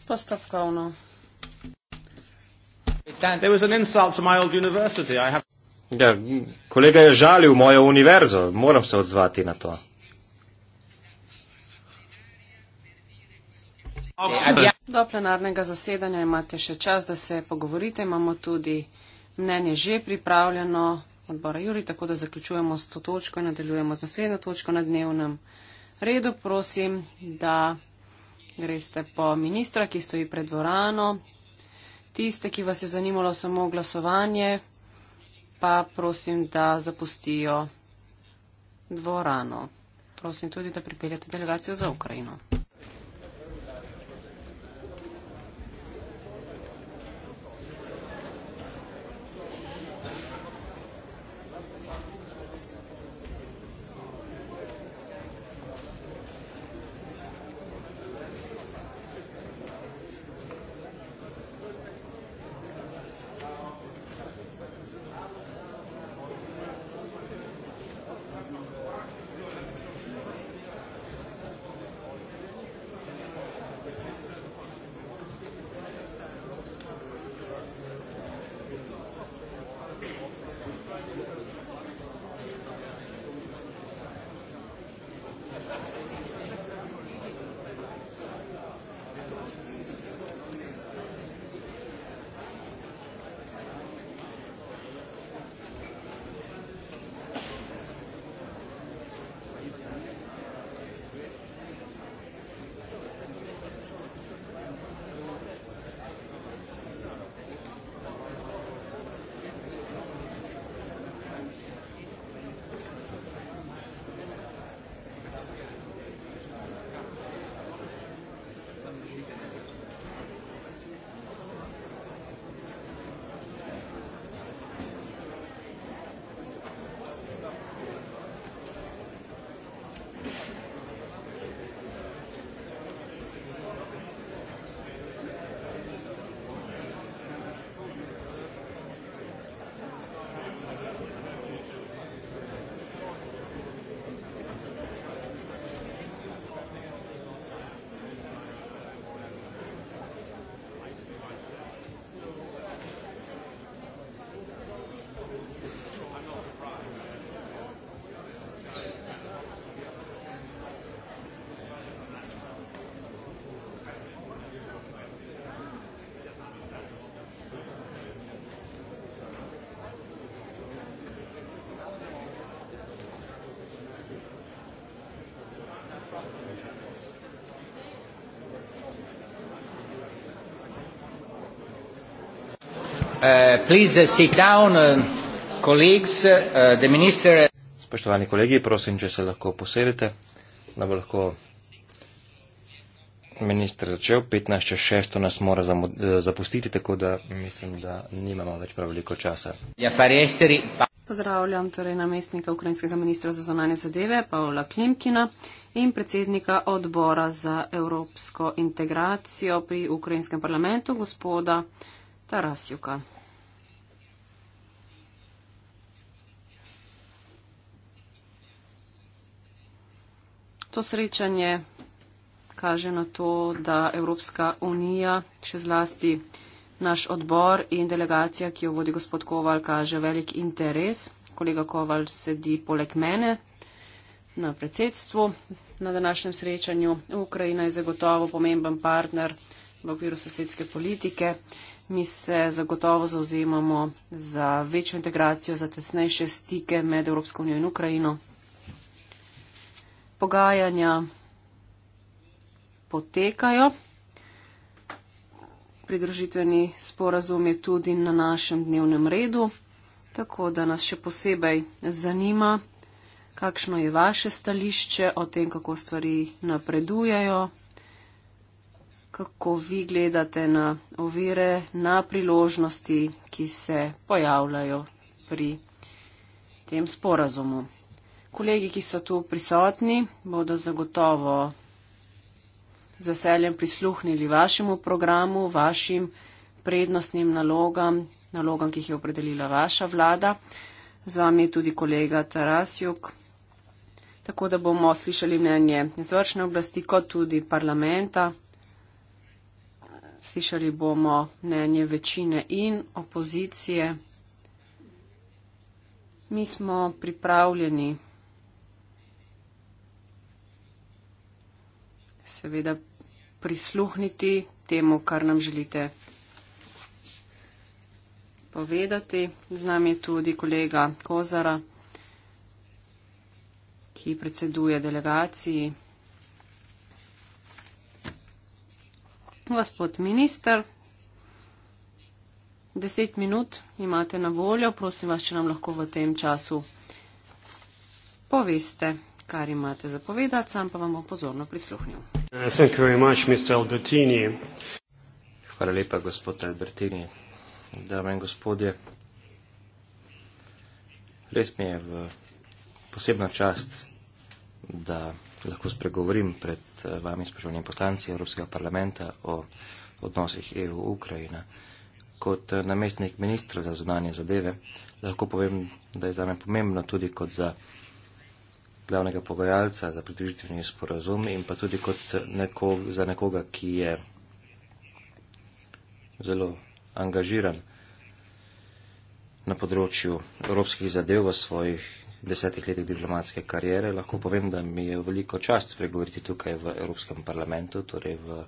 Postopkovno. Ja, kolega je žalil mojo univerzo, moram se odzvati na to. Do plenarnega zasedanja imate še čas, da se pogovorite. Imamo tudi mnenje že pripravljeno odbora Juri, tako da zaključujemo s to točko in nadaljujemo z naslednjo točko na dnevnem redu. Prosim, da greste po ministra, ki stoji pred dvorano. Tiste, ki vas je zanimalo samo glasovanje, pa prosim, da zapustijo dvorano. Prosim tudi, da pripeljete delegacijo za Ukrajino. Eh, please eh, sit down, eh, colleagues, the minister. Spoštovani kolegi, prosim, če se lahko posedete, da bo lahko minister začel. 15.6. nas mora zapustiti, tako da mislim, da nimamo več prav veliko časa. Ja, Pozdravljam torej namestnika ukrajinskega ministra za zonanje zadeve Pavla Klimkina in predsednika odbora za evropsko integracijo pri ukrajinskem parlamentu gospoda. Тарасюка. To srečanje kaže na to, da Evropska unija, še zlasti naš odbor in delegacija, ki jo vodi gospod Koval, kaže velik interes. Kolega Koval sedi poleg mene na predsedstvu na današnjem srečanju. Ukrajina je zagotovo pomemben partner v okviru sosedske politike. Mi se zagotovo zauzemamo za večjo integracijo, za tesnejše stike med Evropsko unijo in Ukrajino. Pogajanja potekajo. Pridružitveni sporazum je tudi na našem dnevnem redu, tako da nas še posebej zanima, kakšno je vaše stališče o tem, kako stvari napredujajo, kako vi gledate na ovire, na priložnosti, ki se pojavljajo pri tem sporazumu. Kolegi, ki so tu prisotni, bodo zagotovo z veseljem prisluhnili vašemu programu, vašim prednostnim nalogam, nalogam, ki jih je opredelila vaša vlada. Z vami je tudi kolega Tarasjuk. Tako da bomo slišali mnenje izvršne oblasti, kot tudi parlamenta slišali bomo mnenje večine in opozicije. Mi smo pripravljeni seveda prisluhniti temu, kar nam želite povedati. Z nami je tudi kolega Kozara, ki predseduje delegaciji. Gospod minister, deset minut imate na voljo, prosim vas, če nam lahko v tem času poveste, kar imate za povedati, sam pa vam bom pozorno prisluhnil. Uh, Hvala lepa, gospod Albertini. Dame in gospodje, res mi je v posebna čast, da lahko spregovorim pred eh, vami, spoštovani poslanci Evropskega parlamenta, o odnosih EU-Ukrajina. Kot eh, namestnik ministra za zunanje zadeve lahko povem, da je za me pomembno tudi kot za glavnega pogajalca za pridružitveni sporazum in pa tudi kot neko, za nekoga, ki je zelo angažiran na področju evropskih zadev v svojih desetih letih diplomatske karijere. Lahko povem, da mi je veliko čast spregovoriti tukaj v Evropskem parlamentu, torej v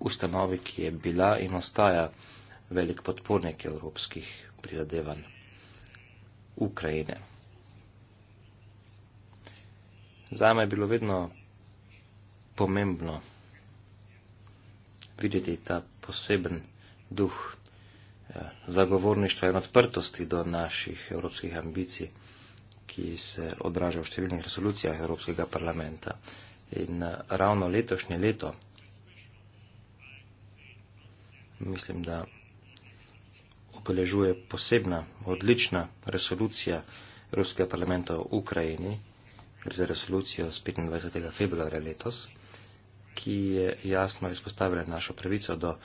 ustanovi, ki je bila in ostaja velik podpornik evropskih prizadevanj Ukrajine. Zame je bilo vedno pomembno videti ta poseben duh zagovorništva in odprtosti do naših evropskih ambicij, ki se odraža v številnih resolucijah Evropskega parlamenta. In eh, ravno letošnje leto, mislim, da obeležuje posebna, odlična resolucija Evropskega parlamenta o Ukrajini, gre za resolucijo z 25. februarja letos, ki je jasno izpostavila našo pravico do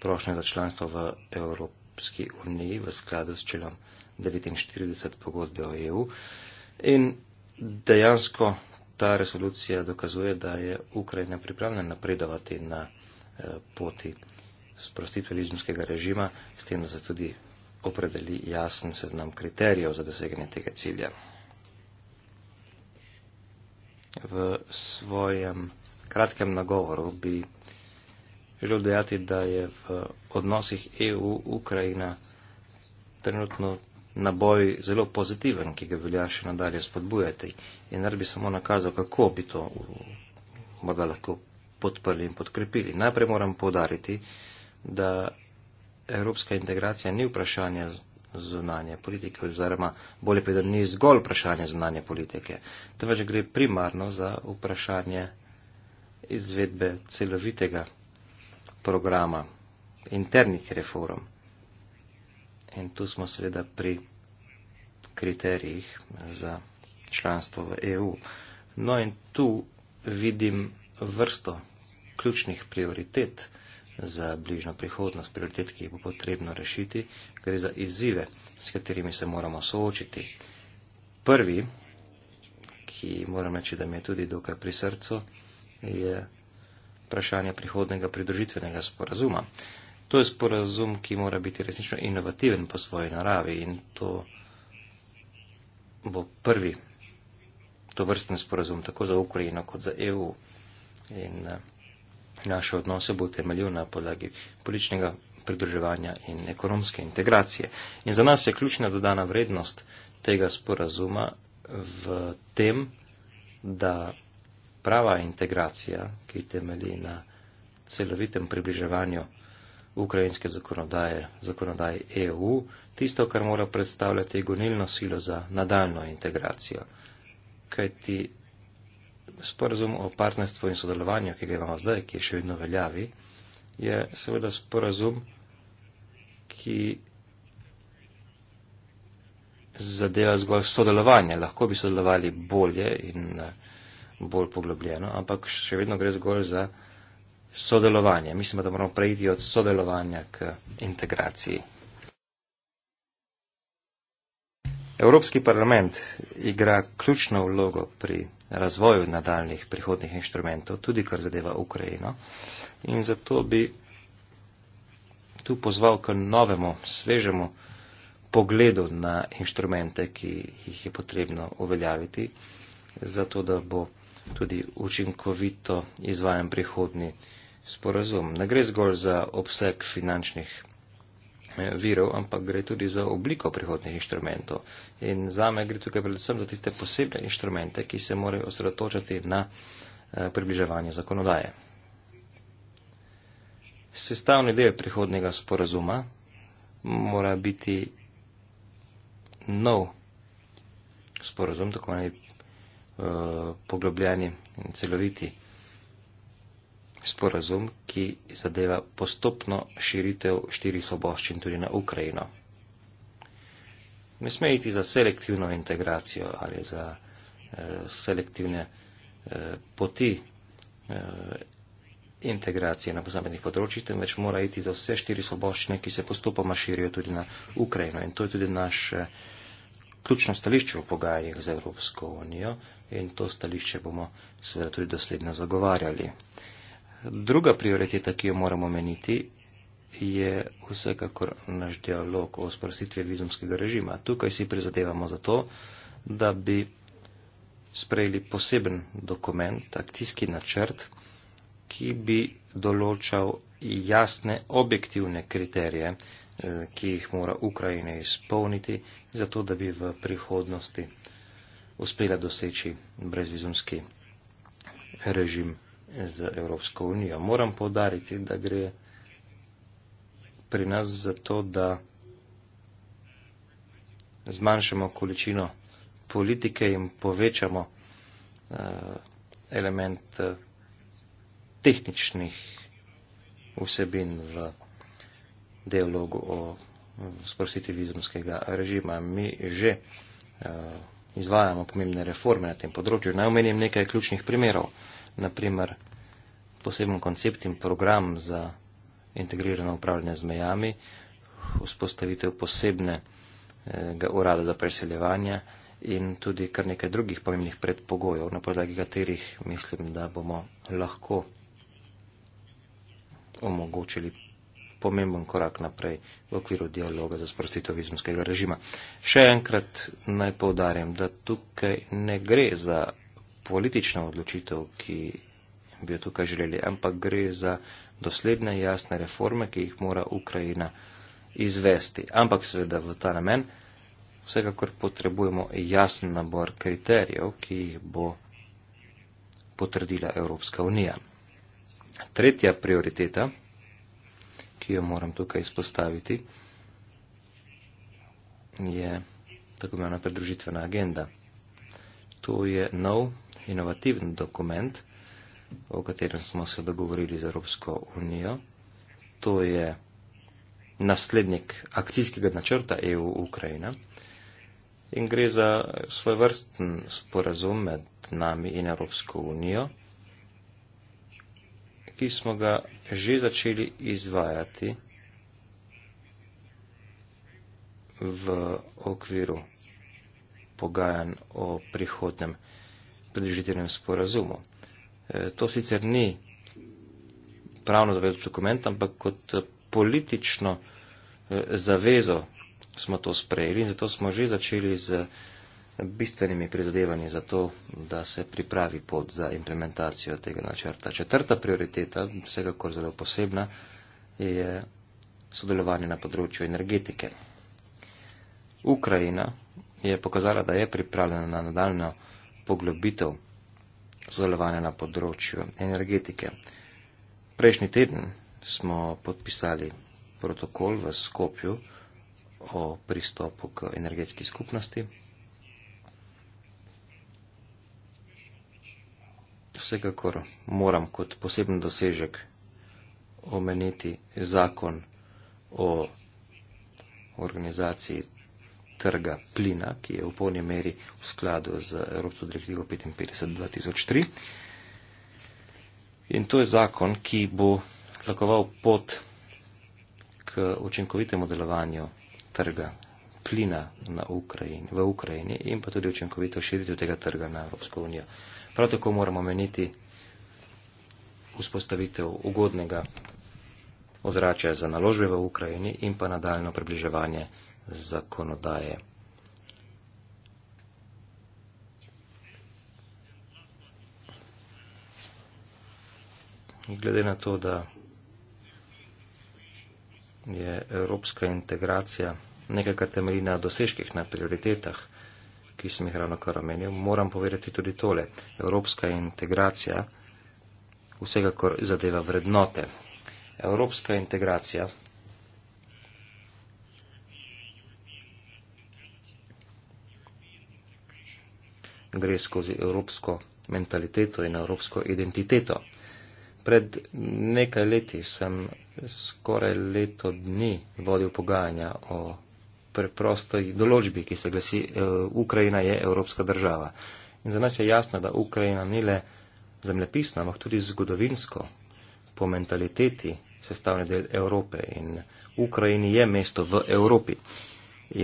prošnje za članstvo v Evropi Evropski uniji v skladu s čelom 49 pogodbe o EU. In dejansko ta resolucija dokazuje, da je Ukrajina pripravljena napredovati na eh, poti sprostitve ližnjskega režima, s tem, da se tudi opredeli jasen seznam kriterijev za doseganje tega cilja. V svojem kratkem nagovoru bi želel dejati, da je v odnosih EU-Ukrajina trenutno naboj zelo pozitiven, ki ga velja še nadalje spodbujati. In rad bi samo nakazal, kako bi to morda lahko podprli in podkrepili. Najprej moram povdariti, da evropska integracija ni vprašanje zunanje politike, oziroma bolje povedal, ni zgolj vprašanje zunanje politike. To več gre primarno za vprašanje izvedbe celovitega programa, internih reform. In tu smo seveda pri kriterijih za članstvo v EU. No in tu vidim vrsto ključnih prioritet za bližno prihodnost, prioritet, ki jih bo potrebno rešiti, gre za izzive, s katerimi se moramo soočiti. Prvi, ki moram reči, da mi je tudi dokaj pri srcu, je vprašanje prihodnega pridružitvenega sporazuma. To je sporazum, ki mora biti resnično inovativen po svoji naravi in to bo prvi to vrsten sporazum tako za Ukrajino kot za EU. In eh, naše odnose bo temeljil na podlagi političnega pridruževanja in ekonomske integracije. In za nas je ključna dodana vrednost tega sporazuma v tem, da prava integracija, ki temelji na celovitem približevanju ukrajinske zakonodaje, zakonodaje EU, tisto, kar mora predstavljati gonilno silo za nadaljno integracijo. Kaj ti sporazum o partnerstvu in sodelovanju, ki ga imamo zdaj, ki je še vedno veljavi, je seveda sporazum, ki zadeva zgolj sodelovanje. Lahko bi sodelovali bolje in eh, bolj poglobljeno, ampak še vedno gre zgolj za sodelovanje. Mislim, da moramo preiti od sodelovanja k integraciji. Evropski parlament igra ključno vlogo pri razvoju nadaljnih prihodnih inštrumentov, tudi kar zadeva Ukrajino. In zato bi tu pozval k novemu, svežemu pogledu na inštrumente, ki jih je potrebno uveljaviti, zato da bo tudi učinkovito izvajan prihodni sporazum. Ne gre zgolj za obseg finančnih eh, virov, ampak gre tudi za obliko prihodnih inštrumentov. In zame gre tukaj predvsem za tiste posebne inštrumente, ki se morajo osredotočati na eh, približevanje zakonodaje. Sestavni del prihodnega sporazuma mora biti nov sporazum, tako naj uh, poglobljeni in celoviti sporazum, ki zadeva postopno širitev štirih svoboščin tudi na Ukrajino. Ne sme iti za selektivno integracijo ali za uh, selektivne uh, poti uh, integracije na posameznih področjih, temveč mora iti za vse štiri svoboščine, ki se postopoma širijo tudi na Ukrajino. In to je tudi naše ključno stališče v pogajanjih z Evropsko unijo, uh, in to stališče bomo seveda tudi dosledno zagovarjali. Druga prioriteta, ki jo moramo meniti, je vsekakor naš dialog o sprostitvi vizumskega režima. Tukaj si prizadevamo za to, da bi sprejeli poseben dokument, akcijski načrt, ki bi določal jasne, objektivne kriterije, eh, ki jih mora Ukrajina izpolniti, zato da bi v prihodnosti uspela doseči brezvizumski režim z Evropsko unijo. Moram povdariti, da gre pri nas za to, da zmanjšamo količino politike in povečamo uh, element uh, tehničnih vsebin v dialogu o sprostiti vizumskega režima. Mi že uh, izvajamo pomembne reforme na tem področju. Naj omenim nekaj ključnih primerov, naprimer poseben koncept in program za integrirano upravljanje z mejami, vzpostavitev posebnega urada za preseljevanje in tudi kar nekaj drugih pomembnih predpogojev, na podlagi katerih mislim, da bomo lahko omogočili pomemben korak naprej v okviru dialoga za sprostitev vizumskega režima. Še enkrat naj povdarjam, da tukaj ne gre za politično odločitev, ki bi jo tukaj želeli, ampak gre za dosledne jasne reforme, ki jih mora Ukrajina izvesti. Ampak seveda v ta namen vsekakor potrebujemo jasen nabor kriterijev, ki jih bo potrdila Evropska unija. Tretja prioriteta ki jo moram tukaj izpostaviti, je tako imena predružitvena agenda. To je nov inovativen dokument, o katerem smo se dogovorili z Evropsko unijo. To je naslednik akcijskega načrta EU Ukrajina in gre za svoj vrsten sporazum med nami in Evropsko unijo, ki smo ga že začeli izvajati v okviru pogajanj o prihodnem predvižiteljem sporazumu. E, to sicer ni pravno zavezo dokument, ampak kot politično e, zavezo smo to sprejeli in zato smo že začeli z bistvenimi prizadevanji za to, da se pripravi pot za implementacijo tega načrta. Četrta prioriteta, vsekakor zelo posebna, je sodelovanje na področju energetike. Ukrajina je pokazala, da je pripravljena na nadaljno poglobitev sodelovanja na področju energetike. Prejšnji teden smo podpisali protokol v Skopju o pristopu k energetski skupnosti. vsekakor moram kot poseben dosežek omeniti zakon o organizaciji trga plina, ki je v polni meri v skladu z Evropsko direktivo 55-2003. In to je zakon, ki bo tlakoval pot k učinkovitemu delovanju trga plina na Ukrajini, v Ukrajini in pa tudi učinkovito širitev tega trga na Evropsko unijo. Prav tako moramo meniti vzpostavitev ugodnega ozračja za naložbe v Ukrajini in pa nadaljno približevanje zakonodaje. Glede na to, da je evropska integracija nekaj, kar temelji na dosežkih, na prioritetah, ki sem jih ravno kar omenil, moram povedati tudi tole. Evropska integracija vsega, kar zadeva vrednote. Evropska integracija gre skozi evropsko mentaliteto in evropsko identiteto. Pred nekaj leti sem skoraj leto dni vodil pogajanja o preprostoj določbi, ki se glasi, uh, Ukrajina je evropska država. In za nas je jasno, da Ukrajina ni le zemljepisna, ampak tudi zgodovinsko, po mentaliteti, sestavni del Evrope. In Ukrajini je mesto v Evropi.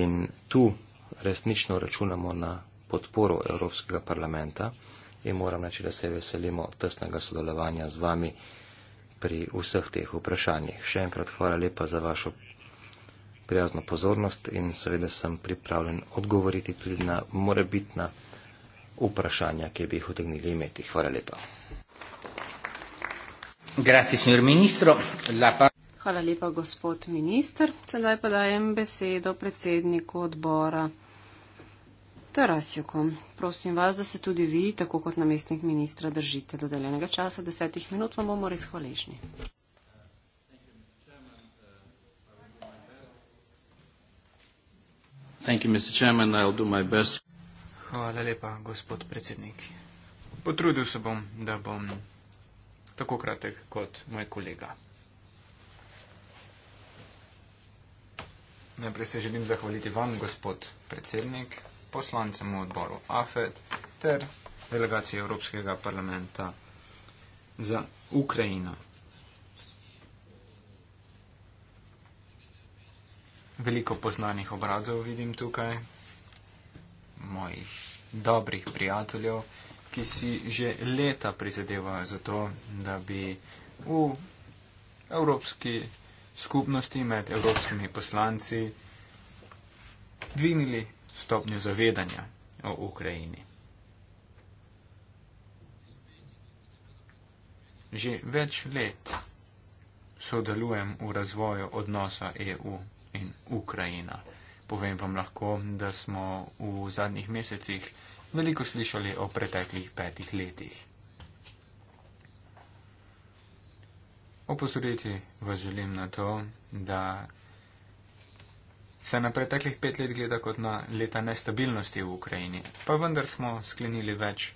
In tu resnično računamo na podporo Evropskega parlamenta in moram reči, da se veselimo tesnega sodelovanja z vami pri vseh teh vprašanjih. Še enkrat hvala lepa za vašo prijazno pozornost in seveda sem pripravljen odgovoriti tudi na morebitna vprašanja, ki bi jih utegnili imeti. Hvala lepa. Grazie, signor ministro. La pa... Hvala lepa, gospod minister. Sedaj pa dajem besedo predsedniku odbora Tarasjuku. Prosim vas, da se tudi vi, tako kot namestnik ministra, držite dodeljenega časa. Desetih minut vam bomo res hvaležni. Thank you, Mr. Chairman. I'll do my best. Hvala lepa, gospod predsednik. Potrudil se bom, da bom tako kratek kot moj kolega. Najprej se želim zahvaliti vam, gospod predsednik, poslancem v odboru AFED ter delegaciji Evropskega parlamenta za Ukrajino. Veliko poznanih obrazov vidim tukaj, mojih dobrih prijateljev, ki si že leta prizadevajo za to, da bi v evropski skupnosti med evropskimi poslanci dvignili stopnjo zavedanja o Ukrajini. Že več let sodelujem v razvoju odnosa EU in Ukrajina. Povem vam lahko, da smo v zadnjih mesecih veliko slišali o preteklih petih letih. Opozoriti vas želim na to, da se na preteklih pet let gleda kot na leta nestabilnosti v Ukrajini, pa vendar smo sklenili več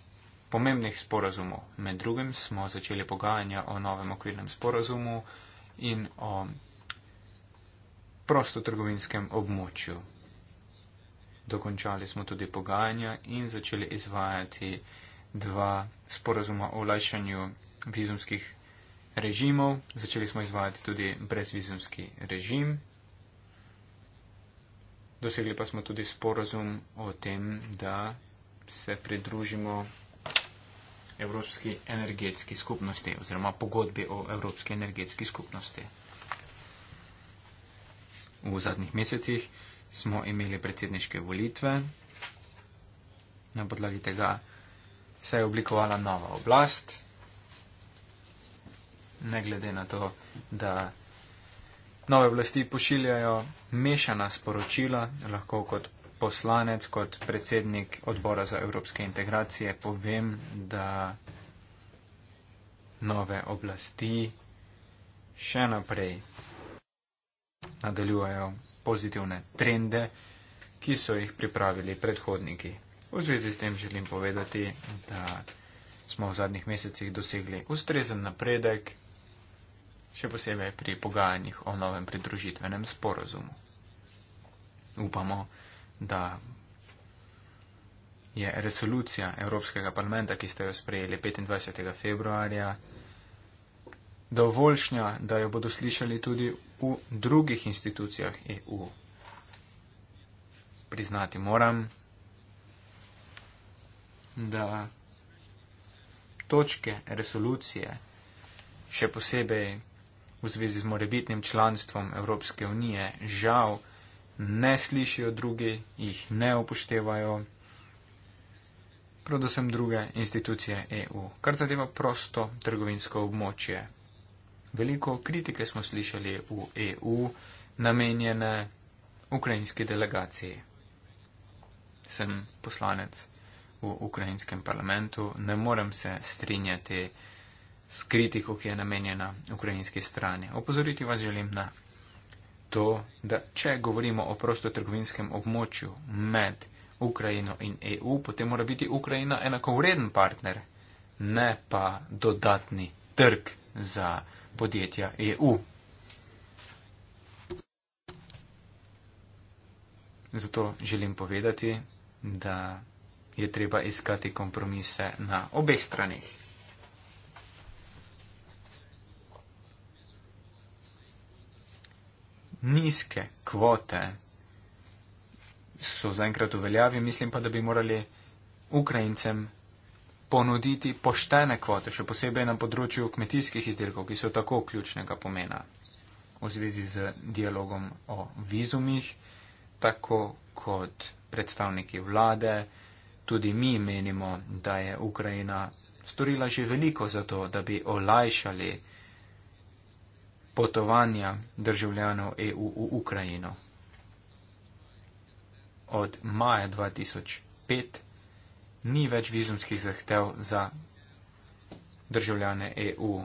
pomembnih sporazumov. Med drugim smo začeli pogajanja o novem okvirnem sporazumu in o prostotrgovinskem območju. Dokončali smo tudi pogajanja in začeli izvajati dva sporazuma o olajšanju vizumskih režimov. Začeli smo izvajati tudi brezvizumski režim. Dosegli pa smo tudi sporazum o tem, da se pridružimo Evropski energetski skupnosti oziroma pogodbi o Evropski energetski skupnosti v zadnjih mesecih smo imeli predsedniške volitve. Na podlagi tega se je oblikovala nova oblast. Ne glede na to, da nove oblasti pošiljajo mešana sporočila, lahko kot poslanec, kot predsednik odbora za evropske integracije povem, da nove oblasti še naprej nadaljujejo pozitivne trende, ki so jih pripravili predhodniki. V zvezi s tem želim povedati, da smo v zadnjih mesecih dosegli ustrezen napredek, še posebej pri pogajanjih o novem pridružitvenem sporozumu. Upamo, da je resolucija Evropskega parlamenta, ki ste jo sprejeli 25. februarja, dovoljšnja, da jo bodo slišali tudi v drugih institucijah EU. Priznati moram, da točke resolucije, še posebej v zvezi z morebitnim članstvom Evropske unije, žal ne slišijo drugi, jih ne upoštevajo, predvsem druge institucije EU. Kar zadeva prosto trgovinsko območje, Veliko kritike smo slišali v EU namenjene ukrajinski delegaciji. Sem poslanec v ukrajinskem parlamentu, ne morem se strinjati s kritiko, ki je namenjena ukrajinski strani. Opozoriti vas želim na to, da če govorimo o prostotrgovinskem območju med Ukrajino in EU, potem mora biti Ukrajina enakovreden partner, ne pa dodatni trg za Ukrajino podjetja EU. Zato želim povedati, da je treba iskati kompromise na obeh stranih. Nizke kvote so zaenkrat uveljavi, mislim pa, da bi morali Ukrajincem ponuditi poštene kvote, še posebej na področju kmetijskih izdelkov, ki so tako ključnega pomena v zvezi z dialogom o vizumih, tako kot predstavniki vlade. Tudi mi menimo, da je Ukrajina storila že veliko za to, da bi olajšali potovanja državljanov EU v Ukrajino. Od maja 2005 ni več vizumskih zahtev za državljane EU.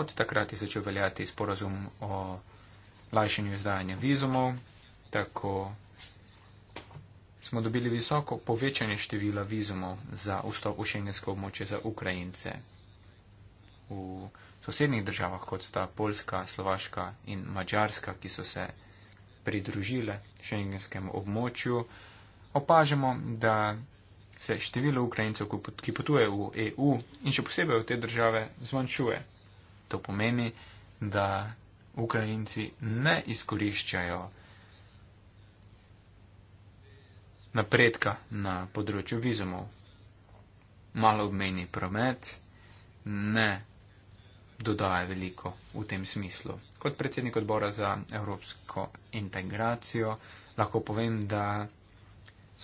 Od takrat je začel veljati sporazum o lajšanju izdajanja vizumov, tako smo dobili visoko povečanje števila vizumov za vstop v šengensko območje za Ukrajince v sosednjih državah, kot sta Poljska, Slovaška in Mačarska, ki so se pridružile šengenskemu območju, opažamo, da se število Ukrajincev, ki potuje v EU in še posebej v te države, zmanjšuje. To pomeni, da Ukrajinci ne izkoriščajo napredka na področju vizumov. Malo obmeni promet, ne dodaja veliko v tem smislu. Kot predsednik odbora za evropsko integracijo lahko povem, da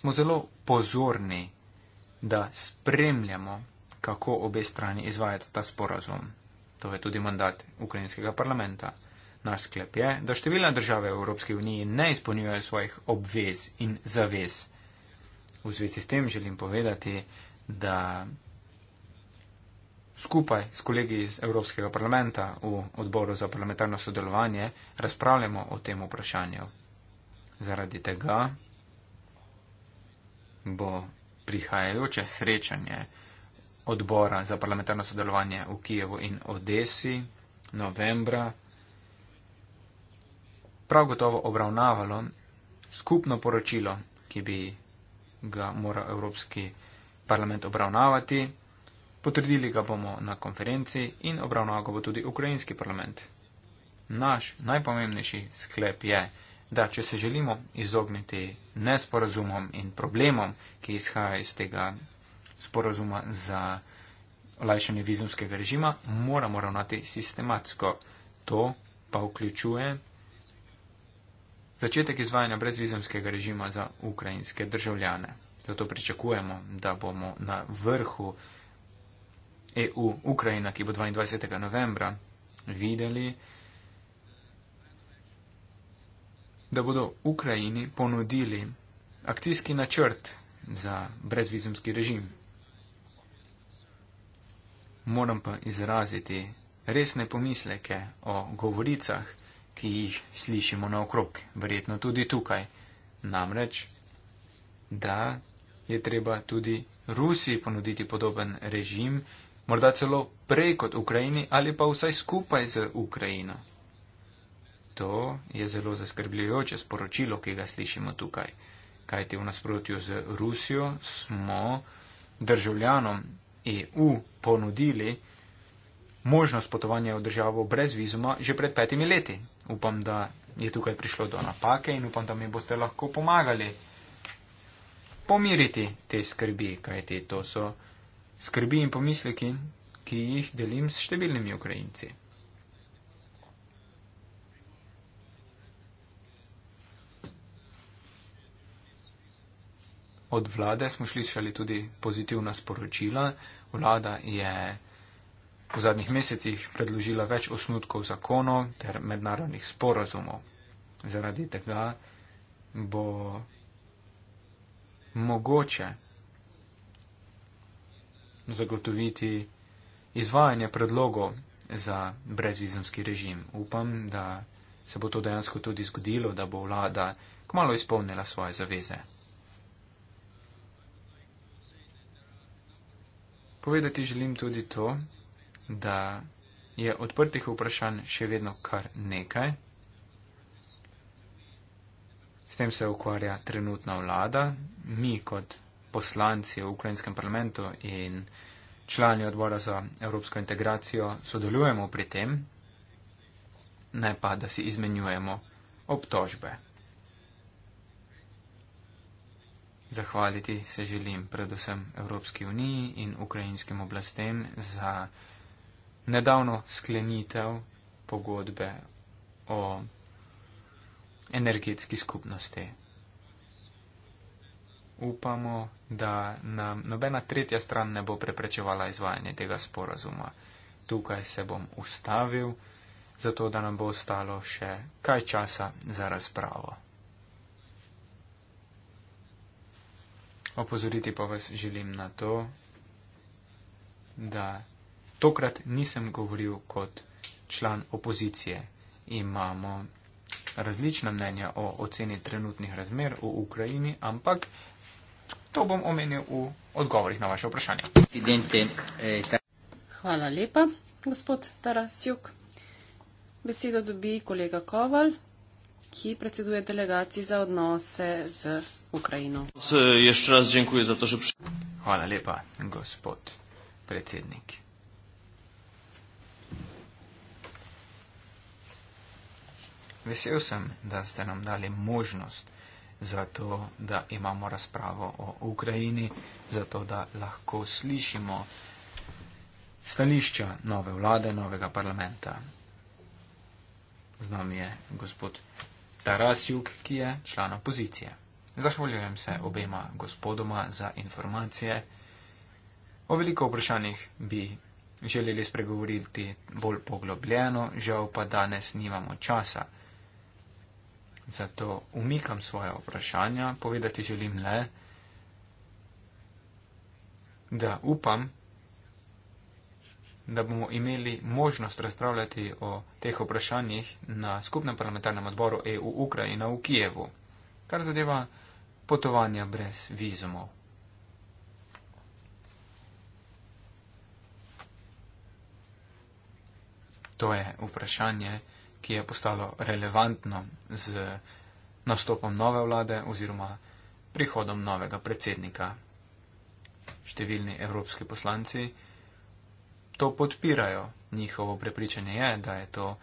smo zelo pozorni da spremljamo, kako obe strani izvajata ta sporazum. To je tudi mandat ukrajinskega parlamenta. Naš sklep je, da številne države Evropske unije ne izpolnjujejo svojih obvez in zavez. V zvezi s tem želim povedati, da skupaj s kolegi iz Evropskega parlamenta v odboru za parlamentarno sodelovanje razpravljamo o tem vprašanju. Zaradi tega bo prihajajoče srečanje odbora za parlamentarno sodelovanje v Kijevu in Odesi novembra prav gotovo obravnavalo skupno poročilo, ki bi ga moral Evropski parlament obravnavati. Potrdili ga bomo na konferenci in obravnaval ga bo tudi Ukrajinski parlament. Naš najpomembnejši sklep je, da če se želimo izogniti nesporazumom in problemom, ki izhaja iz tega sporazuma za olajšanje vizumskega režima, moramo ravnati sistematsko. To pa vključuje začetek izvajanja brezvizumskega režima za ukrajinske državljane. Zato pričakujemo, da bomo na vrhu EU Ukrajina, ki bo 22. novembra, videli, da bodo Ukrajini ponudili akcijski načrt za brezvizumski režim. Moram pa izraziti resne pomisleke o govoricah, ki jih slišimo naokrog, verjetno tudi tukaj. Namreč, da je treba tudi Rusiji ponuditi podoben režim, morda celo prej kot Ukrajini ali pa vsaj skupaj z Ukrajino. To je zelo zaskrbljujoče sporočilo, ki ga slišimo tukaj. Kajti v nasprotju z Rusijo smo državljanom EU ponudili možnost potovanja v državo brez vizuma že pred petimi leti. Upam, da je tukaj prišlo do napake in upam, da mi boste lahko pomagali pomiriti te skrbi, kajti to so skrbi in pomisleki, ki jih delim s številnimi Ukrajinci. od vlade smo slišali tudi pozitivna sporočila. Vlada je v zadnjih mesecih predložila več osnutkov zakonov ter mednarodnih sporazumov. Zaradi tega bo mogoče zagotoviti izvajanje predlogov za brezvizumski režim. Upam, da se bo to dejansko tudi zgodilo, da bo vlada kmalo izpolnila svoje zaveze. Povedati želim tudi to, da je odprtih vprašanj še vedno kar nekaj. S tem se ukvarja trenutna vlada. Mi kot poslanci v ukrajinskem parlamentu in člani odbora za evropsko integracijo sodelujemo pri tem, ne pa da si izmenjujemo obtožbe. Zahvaliti se želim predvsem Evropski uniji in ukrajinskim oblastem za nedavno sklenitev pogodbe o energetski skupnosti. Upamo, da nam nobena tretja stran ne bo preprečevala izvajanje tega sporazuma. Tukaj se bom ustavil, zato da nam bo ostalo še kaj časa za razpravo. Opozoriti pa vas želim na to, da tokrat nisem govoril kot član opozicije. Imamo različna mnenja o oceni trenutnih razmer v Ukrajini, ampak to bom omenil v odgovorih na vaše vprašanje. Hvala lepa, gospod Tarasjuk. Besedo dobi kolega Koval, ki predseduje delegaciji za odnose z Ukrajino. Ještě raz dziękuję za to, že prišli. Hvala lepa, gospod predsednik. Vesel sem, da ste nam dali možnost za to, da imamo razpravo o Ukrajini, za to, da lahko slišimo stališča nove vlade, novega parlamenta. Z nami je gospod Taras Juk, ki je član opozicije. Zahvaljujem se obema gospodoma za informacije. O veliko vprašanjih bi želeli spregovoriti bolj poglobljeno, žal pa danes nimamo časa. Zato umikam svoje vprašanja, povedati želim le, da upam, da bomo imeli možnost razpravljati o teh vprašanjih na skupnem parlamentarnem odboru EU Ukrajina v Kijevu, kar zadeva potovanja brez vizumov. To je vprašanje, ki je postalo relevantno z nastopom nove vlade oziroma prihodom novega predsednika. Številni evropski poslanci to podpirajo. Njihovo prepričanje je, da je to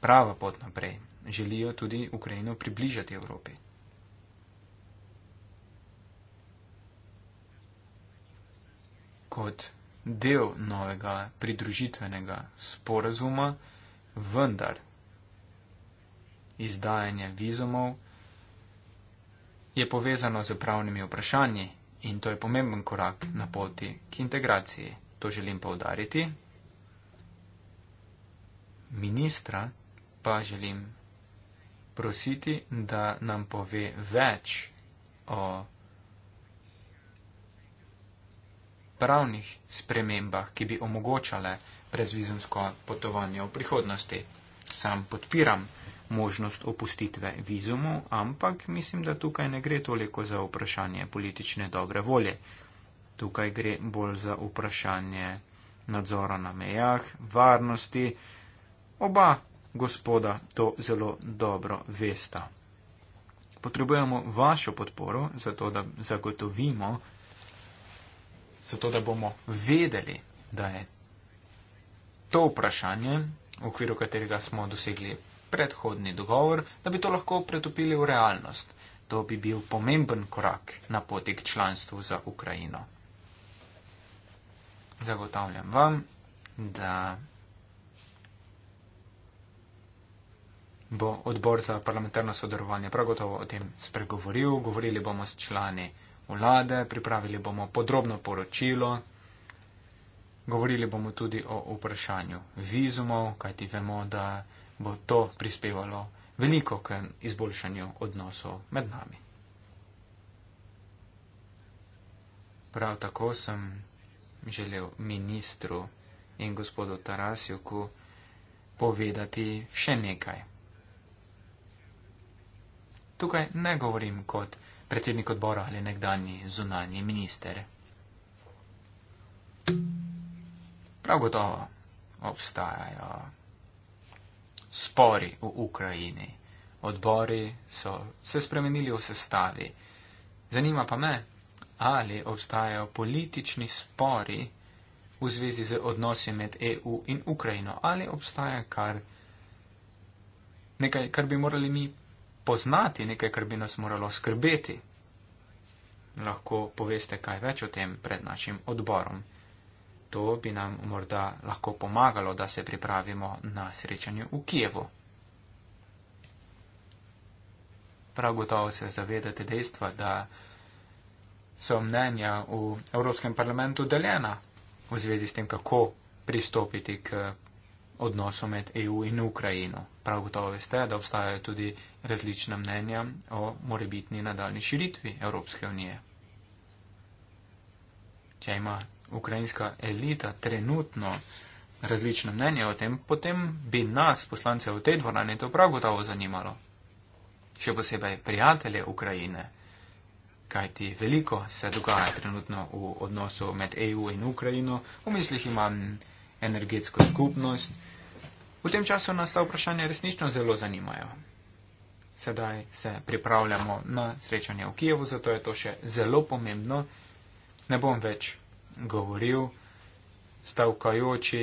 prava pot naprej. Želijo tudi Ukrajino približati Evropi. Kot del novega pridružitvenega sporazuma, vendar izdajanje vizumov je povezano z pravnimi vprašanji in to je pomemben korak na poti k integraciji. To želim poudariti, ministra pa želim prositi, da nam pove več o pravnih spremembah, ki bi omogočale prezvizumsko potovanje v prihodnosti. Sam podpiram možnost opustitve vizumu, ampak mislim, da tukaj ne gre toliko za vprašanje politične dobre volje. Tukaj gre bolj za vprašanje nadzora na mejah, varnosti, Oba gospoda to zelo dobro vesta. Potrebujemo vašo podporo, zato da zagotovimo, zato da bomo vedeli, da je to vprašanje, v okviru katerega smo dosegli predhodni dogovor, da bi to lahko pretopili v realnost. To bi bil pomemben korak na poti k članstvu za Ukrajino. Zagotavljam vam, da. bo odbor za parlamentarno sodelovanje prav gotovo o tem spregovoril. Govorili bomo s člani vlade, pripravili bomo podrobno poročilo. Govorili bomo tudi o vprašanju vizumov, kajti vemo, da bo to prispevalo veliko k izboljšanju odnosov med nami. Prav tako sem želel ministru in gospodu Tarasjuku povedati še nekaj. Tukaj ne govorim kot predsednik odbora ali nekdani zunani minister. Prav gotovo obstajajo spori v Ukrajini. Odbori so se spremenili v sestavi. Zanima pa me, ali obstajajo politični spori v zvezi z odnosi med EU in Ukrajino, ali obstaja kar nekaj, kar bi morali mi poznati nekaj, kar bi nas moralo skrbeti. Lahko poveste kaj več o tem pred našim odborom. To bi nam morda lahko pomagalo, da se pripravimo na srečanje v Kijevu. Prav gotovo se zavedate dejstva, da so mnenja v Evropskem parlamentu deljena v zvezi s tem, kako pristopiti k odnosu med EU in Ukrajino. Prav gotovo veste, da obstajajo tudi različna mnenja o morebitni nadaljni širitvi Evropske unije. Če ima ukrajinska elita trenutno različno mnenje o tem, potem bi nas, poslance v tej dvorani, to prav gotovo zanimalo. Še posebej prijatelje Ukrajine, kajti veliko se dogaja trenutno v odnosu med EU in Ukrajino, v mislih imam energetsko skupnost, V tem času nas ta vprašanja resnično zelo zanimajo. Sedaj se pripravljamo na srečanje v Kijevu, zato je to še zelo pomembno. Ne bom več govoril, stavkajoči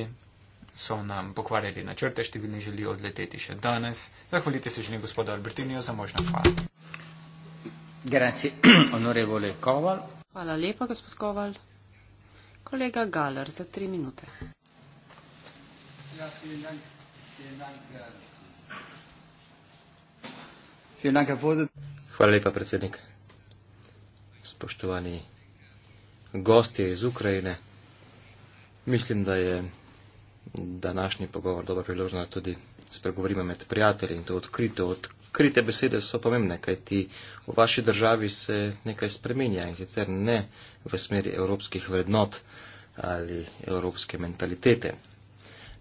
so nam pokvarjali načrte, številni želijo odleteti še danes. Zahvalite se želim gospoda Albertinijo za možno hvala. Hvala lepa, gospod Koval. Kolega Galer, za tri minute. Ja, Hvala lepa, predsednik. Spoštovani gostje iz Ukrajine, mislim, da je današnji pogovor dobra priložnost, da tudi spregovorimo med prijatelji in to odkrito. Odkrite besede so pomembne, kajti v vaši državi se nekaj spremenja in sicer ne v smeri evropskih vrednot ali evropske mentalitete.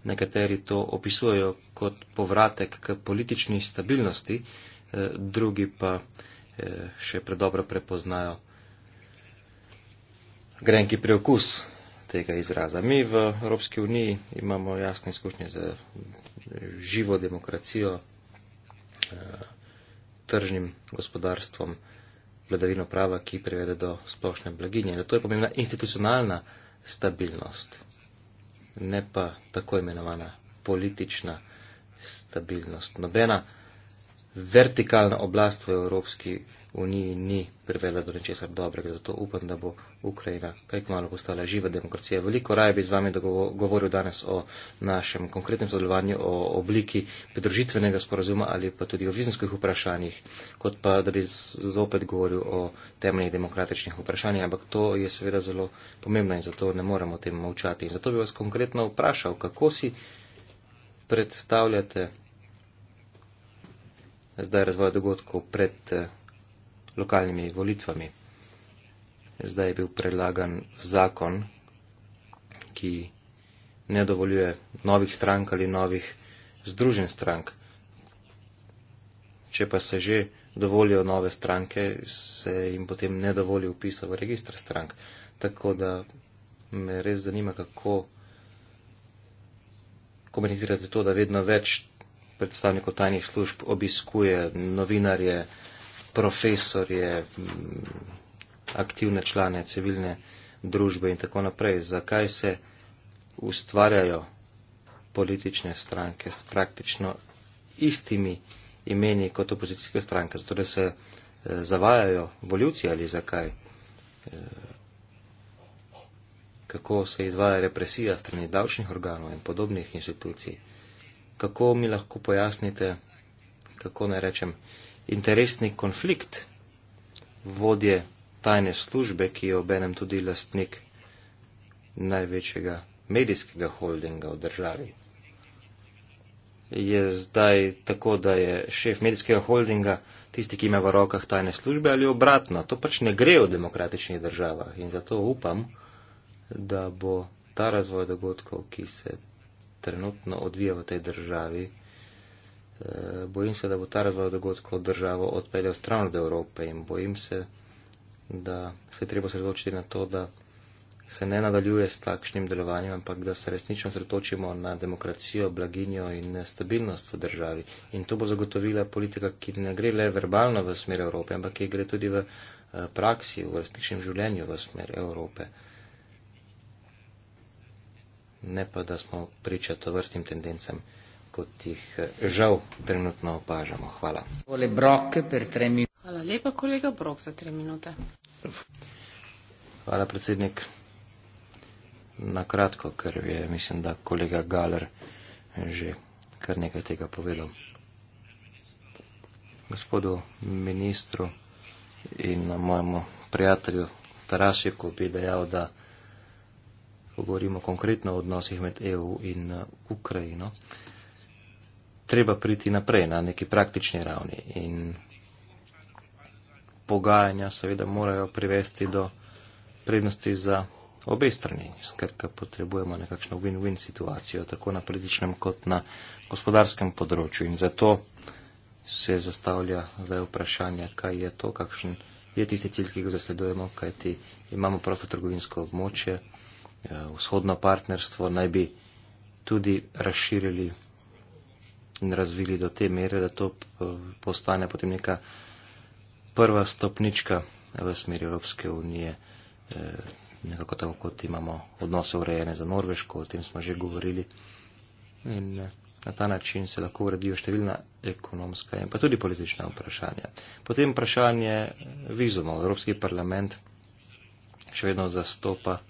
Nekateri to opisujejo kot povratek k politični stabilnosti, eh, drugi pa eh, še predobro prepoznajo grenki preokus tega izraza. Mi v Evropski uniji imamo jasne izkušnje z živo demokracijo, eh, tržnim gospodarstvom, vladavino prava, ki privede do splošne blaginje. Zato je pomembna institucionalna stabilnost ne pa tako imenovana politična stabilnost. Nobena vertikalna oblast v Evropski uniji ni privedla do nečesar dobrega. Zato upam, da bo Ukrajina kaj kmalo postala živa demokracija. Veliko raje bi z vami govoril danes o našem konkretnem sodelovanju, o obliki pridružitvenega sporazuma ali pa tudi o vizijskih vprašanjih, kot pa da bi zopet govoril o temeljnih demokratičnih vprašanjih. Ampak to je seveda zelo pomembno in zato ne moremo o tem molčati. In zato bi vas konkretno vprašal, kako si predstavljate zdaj razvoj dogodkov pred. Eh, lokalnimi volitvami. Zdaj je bil predlagan zakon, ki ne dovoljuje novih strank ali novih združen strank. Če pa se že dovolijo nove stranke, se jim potem ne dovolji upisa v registr strank. Tako da me res zanima, kako komentirate to, da vedno več predstavnikov tajnih služb obiskuje novinarje, profesor je mm, aktivne člane civilne družbe in tako naprej. Zakaj se ustvarjajo politične stranke s praktično istimi imeni kot opozicijske stranke? Zato da se eh, zavajajo voljivci ali zakaj? Eh, kako se izvaja represija strani davčnih organov in podobnih institucij? Kako mi lahko pojasnite, kako naj rečem, interesni konflikt vodje tajne službe, ki je obenem tudi lastnik največjega medijskega holdinga v državi. Je zdaj tako, da je šef medijskega holdinga tisti, ki ima v rokah tajne službe ali obratno. To pač ne gre v demokratičnih državah in zato upam, da bo ta razvoj dogodkov, ki se trenutno odvija v tej državi, Eh, bojim se, da bo ta razvoj dogodkov državo odpeljal stran od Evrope in bojim se, da se je treba sredočiti na to, da se ne nadaljuje s takšnim delovanjem, ampak da se resnično sredočimo na demokracijo, blaginjo in stabilnost v državi. In to bo zagotovila politika, ki ne gre le verbalno v smer Evrope, ampak ki gre tudi v eh, praksi, v resničnem življenju v smer Evrope. Ne pa, da smo priča to vrstnim tendencem kot jih eh, žal trenutno opažamo. Hvala. Hvala lepa, kolega Brok, za tri minute. Hvala, predsednik. Na kratko, ker je, mislim, da kolega Galer eh, že kar nekaj tega povedal. Gospodu ministru in mojemu prijatelju Tarasiku bi dejal, da govorimo konkretno o odnosih med EU in eh, Ukrajino treba priti naprej na neki praktični ravni in pogajanja seveda morajo privesti do prednosti za obe strani, skratka potrebujemo nekakšno win-win situacijo tako na političnem kot na gospodarskem področju in zato se zastavlja zdaj vprašanje, kaj je to, kakšen je tisti cilj, ki ga zasledujemo, kajti imamo prosto trgovinsko območje, eh, vzhodno partnerstvo naj bi tudi razširili in razvili do te mere, da to eh, postane potem neka prva stopnička v smeri Evropske unije, eh, nekako tako kot imamo odnose urejene za Norveško, o tem smo že govorili. In eh, na ta način se lahko uredijo številna ekonomska in pa tudi politična vprašanja. Potem vprašanje vizumov. Evropski parlament še vedno zastopa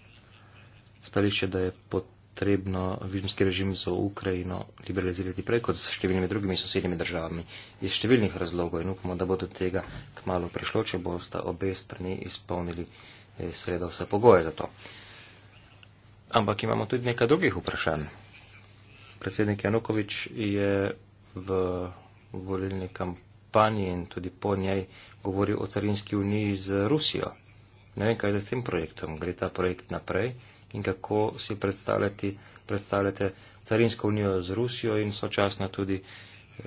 stališče, da je potrebno potrebno vizumski režim za Ukrajino liberalizirati prej kot s številnimi drugimi sosednjimi državami iz številnih razlogov in upamo, da bo do tega kmalo prišlo, če boste obe strani izpolnili eh, seveda vse pogoje za to. Ampak imamo tudi nekaj drugih vprašanj. Predsednik Janukovič je v volilni kampanji in tudi po njej govoril o carinski uniji z Rusijo. Ne vem, kaj je s tem projektom. Gre ta projekt naprej? in kako si predstavljati, predstavljate carinsko unijo z Rusijo in sočasno tudi eh,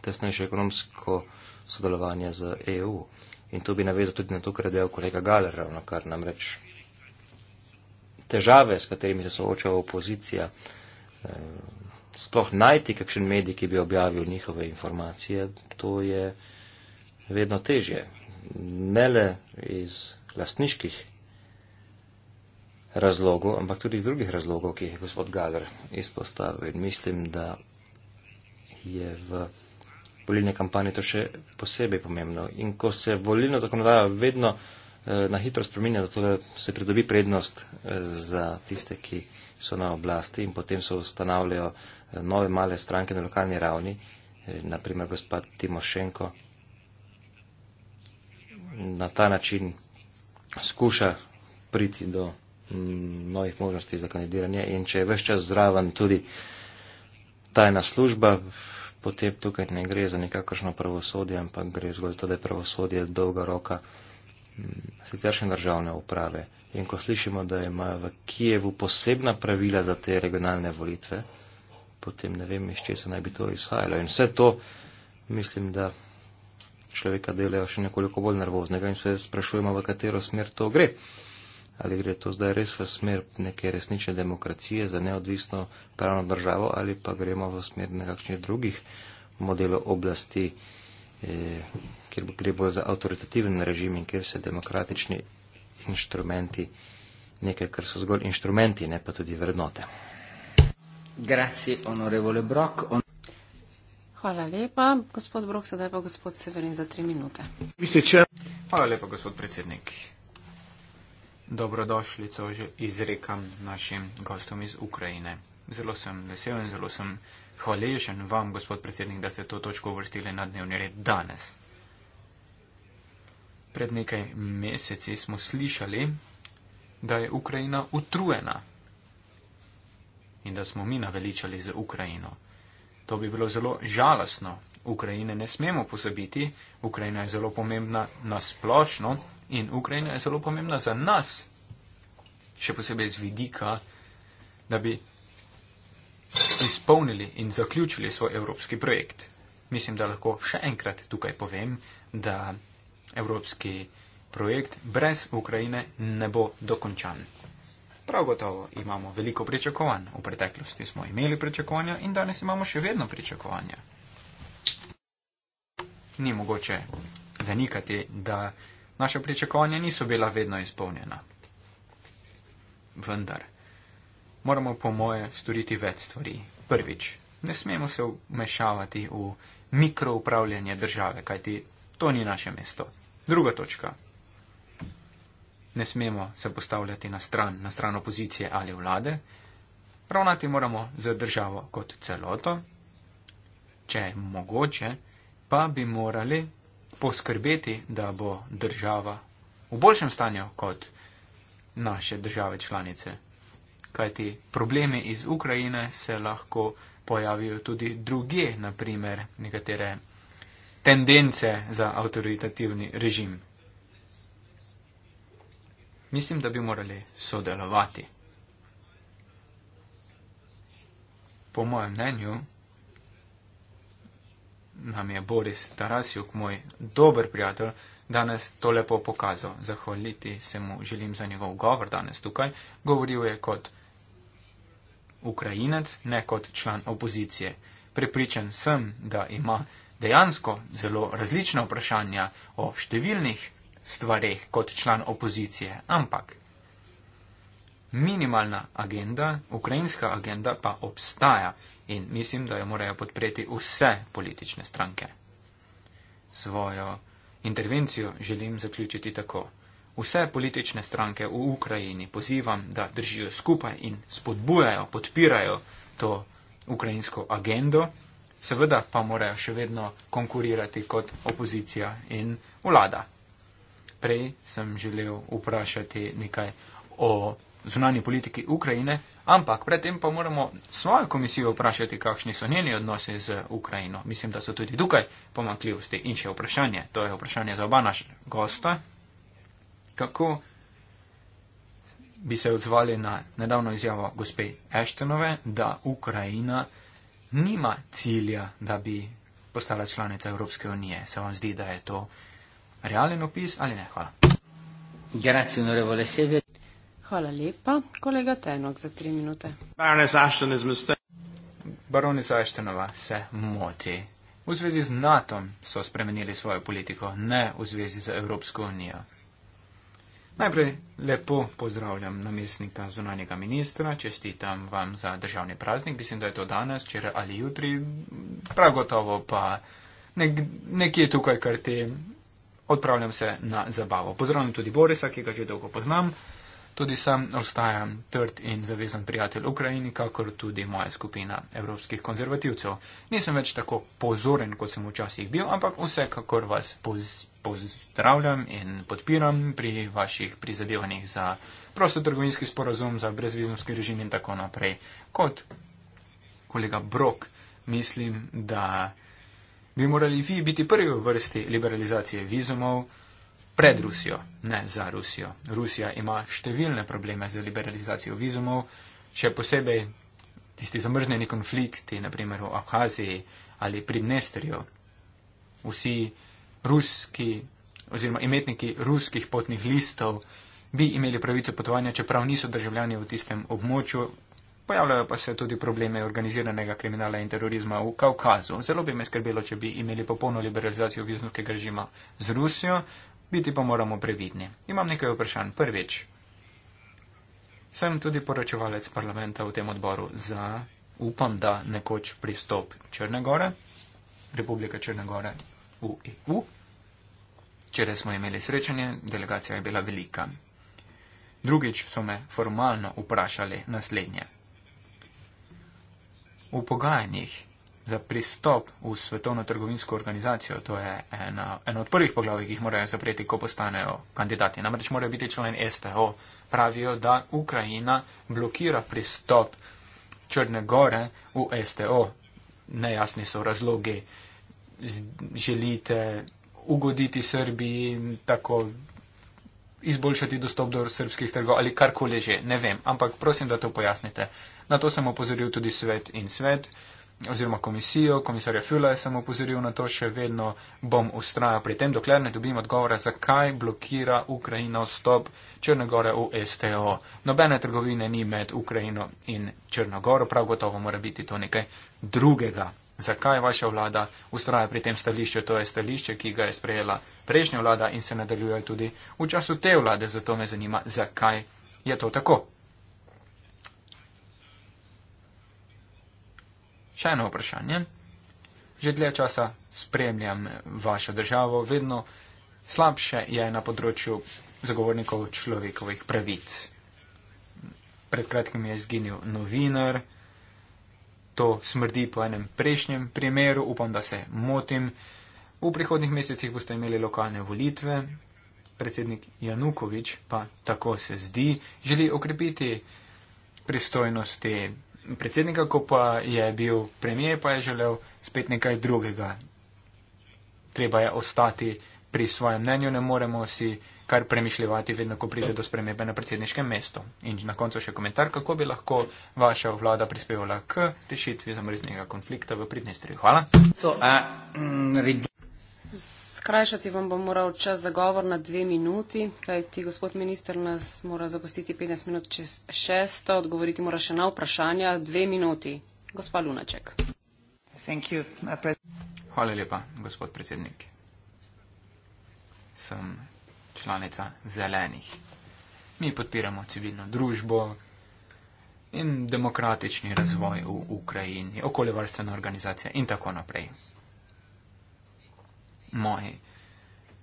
tesnejše ekonomsko sodelovanje z EU. In to bi navezal tudi na to, kar je dejal kolega Galer ravno kar namreč. Težave, s katerimi se soočava opozicija, eh, sploh najti kakšen medij, ki bi objavil njihove informacije, to je vedno težje. Ne le iz lastniških razlogov, ampak tudi iz drugih razlogov, ki jih je gospod Galer izpostavil. In mislim, da je v volilni kampanji to še posebej pomembno. In ko se volilna zakonodaja vedno eh, na hitro spreminja, zato da se pridobi prednost eh, za tiste, ki so na oblasti in potem se ustanavljajo eh, nove male stranke na lokalni ravni, eh, naprimer gospod Timošenko, na ta način skuša priti do novih možnosti za kandidiranje in če je vse čas zraven tudi tajna služba, potem tukaj ne gre za nekakršno pravosodje, ampak gre zgolj to, da je pravosodje dolga roka mm, siceršnje državne uprave. In ko slišimo, da imajo v Kijevu posebna pravila za te regionalne volitve, potem ne vem, iz česa naj bi to izhajalo. In vse to, mislim, da človeka delajo še nekoliko bolj nervoznega in se sprašujemo, v katero smer to gre ali gre to zdaj res v smer neke resnične demokracije za neodvisno pravno državo ali pa gremo v smer nekakšnih drugih modelov oblasti, eh, kjer gre bolj za avtoritativen režim in kjer se demokratični inštrumenti, nekaj, kar so zgolj inštrumenti, ne pa tudi vrednote. Grazie, onorevole Brock. On Hvala lepa, gospod Brok, sedaj pa gospod Severin za tri minute. Hvala lepa, gospod predsednik dobrodošlico že izrekam našim gostom iz Ukrajine. Zelo sem vesel in zelo sem hvaležen vam, gospod predsednik, da ste to točko uvrstili na dnevni red danes. Pred nekaj meseci smo slišali, da je Ukrajina utrujena in da smo mi naveličali za Ukrajino. To bi bilo zelo žalostno. Ukrajine ne smemo pozabiti. Ukrajina je zelo pomembna nasplošno in Ukrajina je zelo pomembna za nas, še posebej z vidika, da bi izpolnili in zaključili svoj evropski projekt. Mislim, da lahko še enkrat tukaj povem, da evropski projekt brez Ukrajine ne bo dokončan. Prav gotovo imamo veliko pričakovanj. V preteklosti smo imeli pričakovanja in danes imamo še vedno pričakovanja. Ni mogoče zanikati, da Naše pričakovanja niso bila vedno izpolnjena. Vendar moramo, po moje, storiti več stvari. Prvič, ne smemo se vmešavati v mikroupravljanje države, kajti to ni naše mesto. Druga točka. Ne smemo se postavljati na stran, na stran opozicije ali vlade. Ravnati moramo za državo kot celoto. Če je mogoče, pa bi morali poskrbeti, da bo država v boljšem stanju kot naše države članice. Kajti problemi iz Ukrajine se lahko pojavijo tudi druge, naprimer nekatere tendence za avtoritativni režim. Mislim, da bi morali sodelovati. Po mojem mnenju, nam je Boris Tarasjuk, moj dober prijatelj, danes to lepo pokazal. Zahvaliti se mu želim za njegov govor danes tukaj. Govoril je kot Ukrajinec, ne kot član opozicije. Pripričan sem, da ima dejansko zelo različna vprašanja o številnih stvarih kot član opozicije, ampak minimalna agenda, ukrajinska agenda pa obstaja in mislim, da jo morajo podpreti vse politične stranke. Svojo intervencijo želim zaključiti tako. Vse politične stranke v Ukrajini pozivam, da držijo skupaj in spodbujajo, podpirajo to ukrajinsko agendo, seveda pa morajo še vedno konkurirati kot opozicija in vlada. Prej sem želel vprašati nekaj o zunanji politiki Ukrajine, Ampak predtem pa moramo svojo komisijo vprašati, kakšni so njeni odnosi z Ukrajino. Mislim, da so tudi tukaj pomankljivosti. In še vprašanje, to je vprašanje za oba naša gosta, kako bi se odzvali na nedavno izjavo gospe Eštenove, da Ukrajina nima cilja, da bi postala članica Evropske unije. Se vam zdi, da je to realen opis ali ne? Hvala. Grazie, Hvala lepa, kolega Tenok, za tri minute. Baronica Aštenova se moti. V zvezi z NATO so spremenili svojo politiko, ne v zvezi z Evropsko unijo. Najprej lepo pozdravljam namestnika zunanjega ministra, čestitam vam za državni praznik, mislim, da je to danes, včeraj ali jutri, prav gotovo pa nek, nekje tukaj, kar te odpravljam se na zabavo. Pozdravljam tudi Borisa, ki ga že dolgo poznam. Tudi sam ostajam trd in zavezan prijatelj Ukrajini, kakor tudi moja skupina evropskih konzervativcev. Nisem več tako pozoren, kot sem včasih bil, ampak vsekakor vas poz pozdravljam in podpiram pri vaših prizadevanjih za prostotrgovinski sporazum, za brezvizumski režim in tako naprej. Kot kolega Brok, mislim, da bi morali vi biti prvi v vrsti liberalizacije vizumov pred Rusijo, ne za Rusijo. Rusija ima številne probleme z liberalizacijo vizumov, še posebej tisti zamrznjeni konflikti, naprimer v Abhaziji ali pri Dnestrju. Vsi ruski oziroma imetniki ruskih potnih listov bi imeli pravico potovanja, čeprav niso državljani v tistem območju. Pojavljajo pa se tudi probleme organiziranega kriminala in terorizma v Kaukazu. Zelo bi me skrbelo, če bi imeli popolno liberalizacijo viznokega režima z Rusijo, biti pa moramo previdni. Imam nekaj vprašanj. Prvič, sem tudi poročevalec parlamenta v tem odboru za, upam, da nekoč pristop Črne Gore, Republika Črne Gore v EU. Včeraj smo imeli srečanje, delegacija je bila velika. Drugič so me formalno vprašali naslednje. V pogajanjih za pristop v Svetovno trgovinsko organizacijo. To je ena, ena od prvih poglavij, ki jih morajo zapreti, ko postanejo kandidati. Namreč morajo biti člen STO. Pravijo, da Ukrajina blokira pristop Črne Gore v STO. Nejasni so razlogi. Želite ugoditi Srbiji in tako izboljšati dostop do srpskih trgov ali karkoli že, ne vem, ampak prosim, da to pojasnite. Na to sem opozoril tudi svet in svet, uh, oziroma komisijo, komisarja Füla je samo upozoril na to, še vedno bom ustrajal pri tem, dokler ne dobim odgovora, zakaj blokira Ukrajina vstop Črnogore v STO. Nobene trgovine ni med Ukrajino in Črnogoro, prav gotovo mora biti to nekaj drugega. Zakaj vaša vlada ustraja pri tem stališču? To je stališče, ki ga je sprejela prejšnja vlada in se nadaljuje tudi v času te vlade. Zato me zanima, zakaj je to tako. še eno vprašanje. Že dlje časa spremljam vašo državo, vedno slabše je na področju zagovornikov človekovih pravic. Pred kratkim je izginil novinar, to smrdi po enem prejšnjem primeru, upam, da se motim. V prihodnih mesecih boste imeli lokalne volitve, predsednik Janukovič pa tako se zdi, želi okrepiti pristojnosti predsednika, ko pa je bil premije, pa je želel spet nekaj drugega. Treba je ostati pri svojem mnenju, ne moremo si kar premišljivati, vedno ko pride do spremembe na predsedniškem mestu. In na koncu še komentar, kako bi lahko vaša vlada prispevala k rešitvi zamrznega konflikta v Pridnestri. Hvala. To, a, mm, Skrajšati vam bom moral čas za govor na dve minuti, kajti gospod minister nas mora zapustiti 15 minut čez šesto, odgovoriti mora še na vprašanja. Dve minuti. Gospa Lunaček. You, uh, Hvala lepa, gospod predsednik. Sem članica zelenih. Mi podpiramo civilno družbo in demokratični razvoj v Ukrajini, okoljevarstvena organizacija in tako naprej moj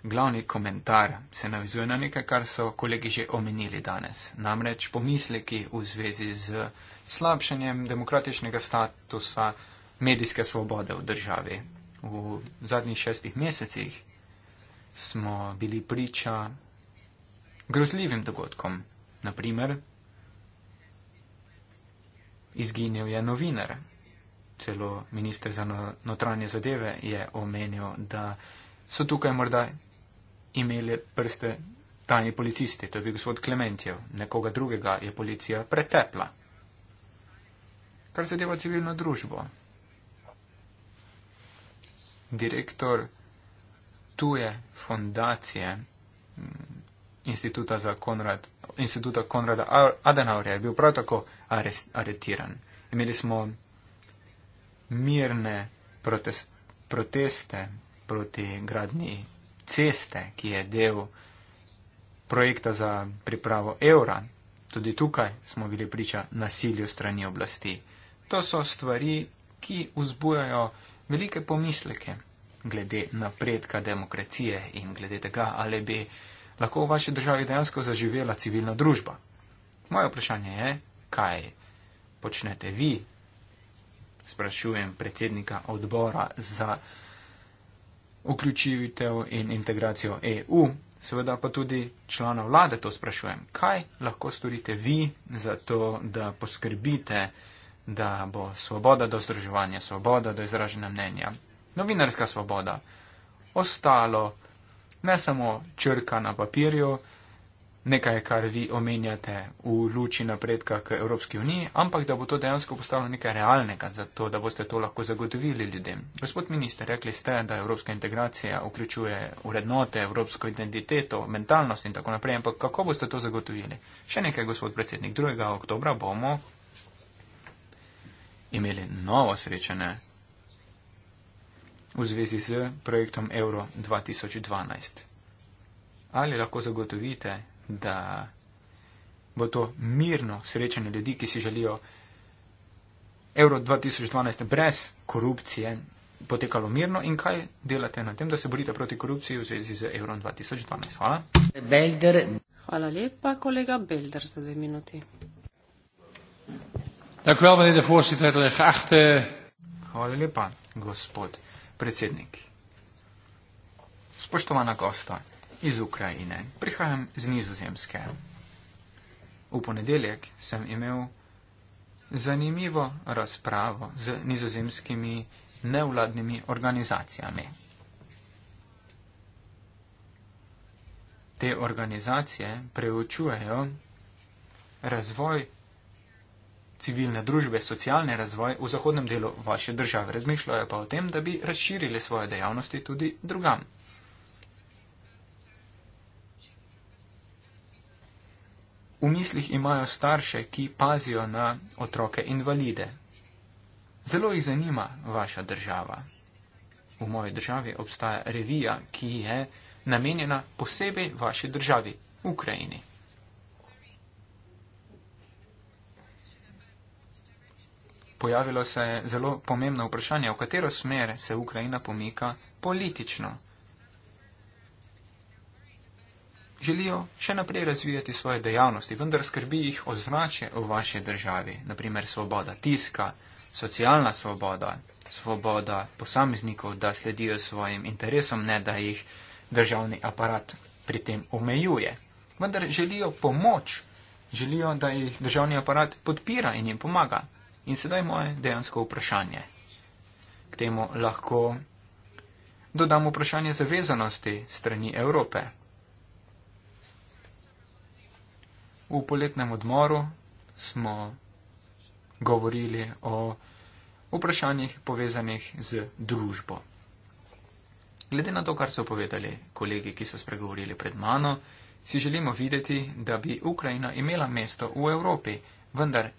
glavni komentar se navizuje na nekaj, kar so kolegi že omenili danes. Namreč pomisleki v zvezi z slabšanjem demokratičnega statusa medijske svobode v državi. V zadnjih šestih mesecih smo bili priča grozljivim dogodkom. Naprimer, izginil je novinar. Celo ministr za no-, notranje zadeve je omenil, da so tukaj morda imeli prste tajni policisti, to je bil gospod Klementjev, nekoga drugega je policija pretepla. Kar zadeva civilno družbo. Direktor tuje fundacije mm, Inštituta, Konrad, inštituta Konrada Adenaurja je bil prav tako arest, aretiran. Imeli smo mirne protest, proteste proti gradni ceste, ki je del projekta za pripravo evra. Tudi tukaj smo bili priča nasilju strani oblasti. To so stvari, ki vzbujajo velike pomisleke glede napredka demokracije in glede tega, ali bi lahko v vaši državi dejansko zaživela civilna družba. Moje vprašanje je, kaj počnete vi? Sprašujem predsednika odbora za vključivitev in integracijo EU. Seveda pa tudi člana vlade to sprašujem. Kaj lahko storite vi za to, da poskrbite, da bo svoboda do združevanja, svoboda do izražena mnenja, novinarska svoboda, ostalo ne samo črka na papirju, nekaj, kar vi omenjate v luči napredka k Evropski uniji, ampak da bo to dejansko postalo nekaj realnega, zato da boste to lahko zagotovili ljudem. Gospod minister, rekli ste, da evropska integracija vključuje urednote, evropsko identiteto, mentalnost in tako naprej, ampak kako boste to zagotovili? Še nekaj, gospod predsednik, 2. oktobra bomo imeli novo srečanje v zvezi z projektom Euro 2012. Ali lahko zagotovite da bo to mirno srečanje ljudi, ki si želijo Euro 2012 brez korupcije potekalo mirno in kaj delate na tem, da se borite proti korupciji v zvezi z Euro 2012. Hvala. Belder. Hvala lepa, kolega Belder, za dve minuti. Wel, Geachte... Hvala lepa, gospod predsednik. Spoštovana gosta iz Ukrajine. Prihajam z nizozemske. V ponedeljek sem imel zanimivo razpravo z nizozemskimi nevladnimi organizacijami. Te organizacije preučujejo razvoj civilne družbe, socialni razvoj v zahodnem delu vaše države. Razmišljajo pa o tem, da bi razširili svoje dejavnosti tudi drugam. V mislih imajo starše, ki pazijo na otroke invalide. Zelo jih zanima vaša država. V moji državi obstaja revija, ki je namenjena posebej vaši državi, Ukrajini. Pojavilo se je zelo pomembno vprašanje, v katero smer se Ukrajina pomika politično. želijo še naprej razvijati svoje dejavnosti, vendar skrbi jih označe v vaši državi, naprimer svoboda tiska, socialna svoboda, svoboda posameznikov, da sledijo svojim interesom, ne da jih državni aparat pri tem omejuje. Vendar želijo pomoč, želijo, da jih državni aparat podpira in jim pomaga. In sedaj moje dejansko vprašanje. K temu lahko dodam vprašanje zavezanosti strani Evrope. V poletnem odmoru smo govorili o vprašanjih povezanih z družbo. Glede na to, kar so povedali kolegi, ki so spregovorili pred mano, si želimo videti, da bi Ukrajina imela mesto v Evropi, vendar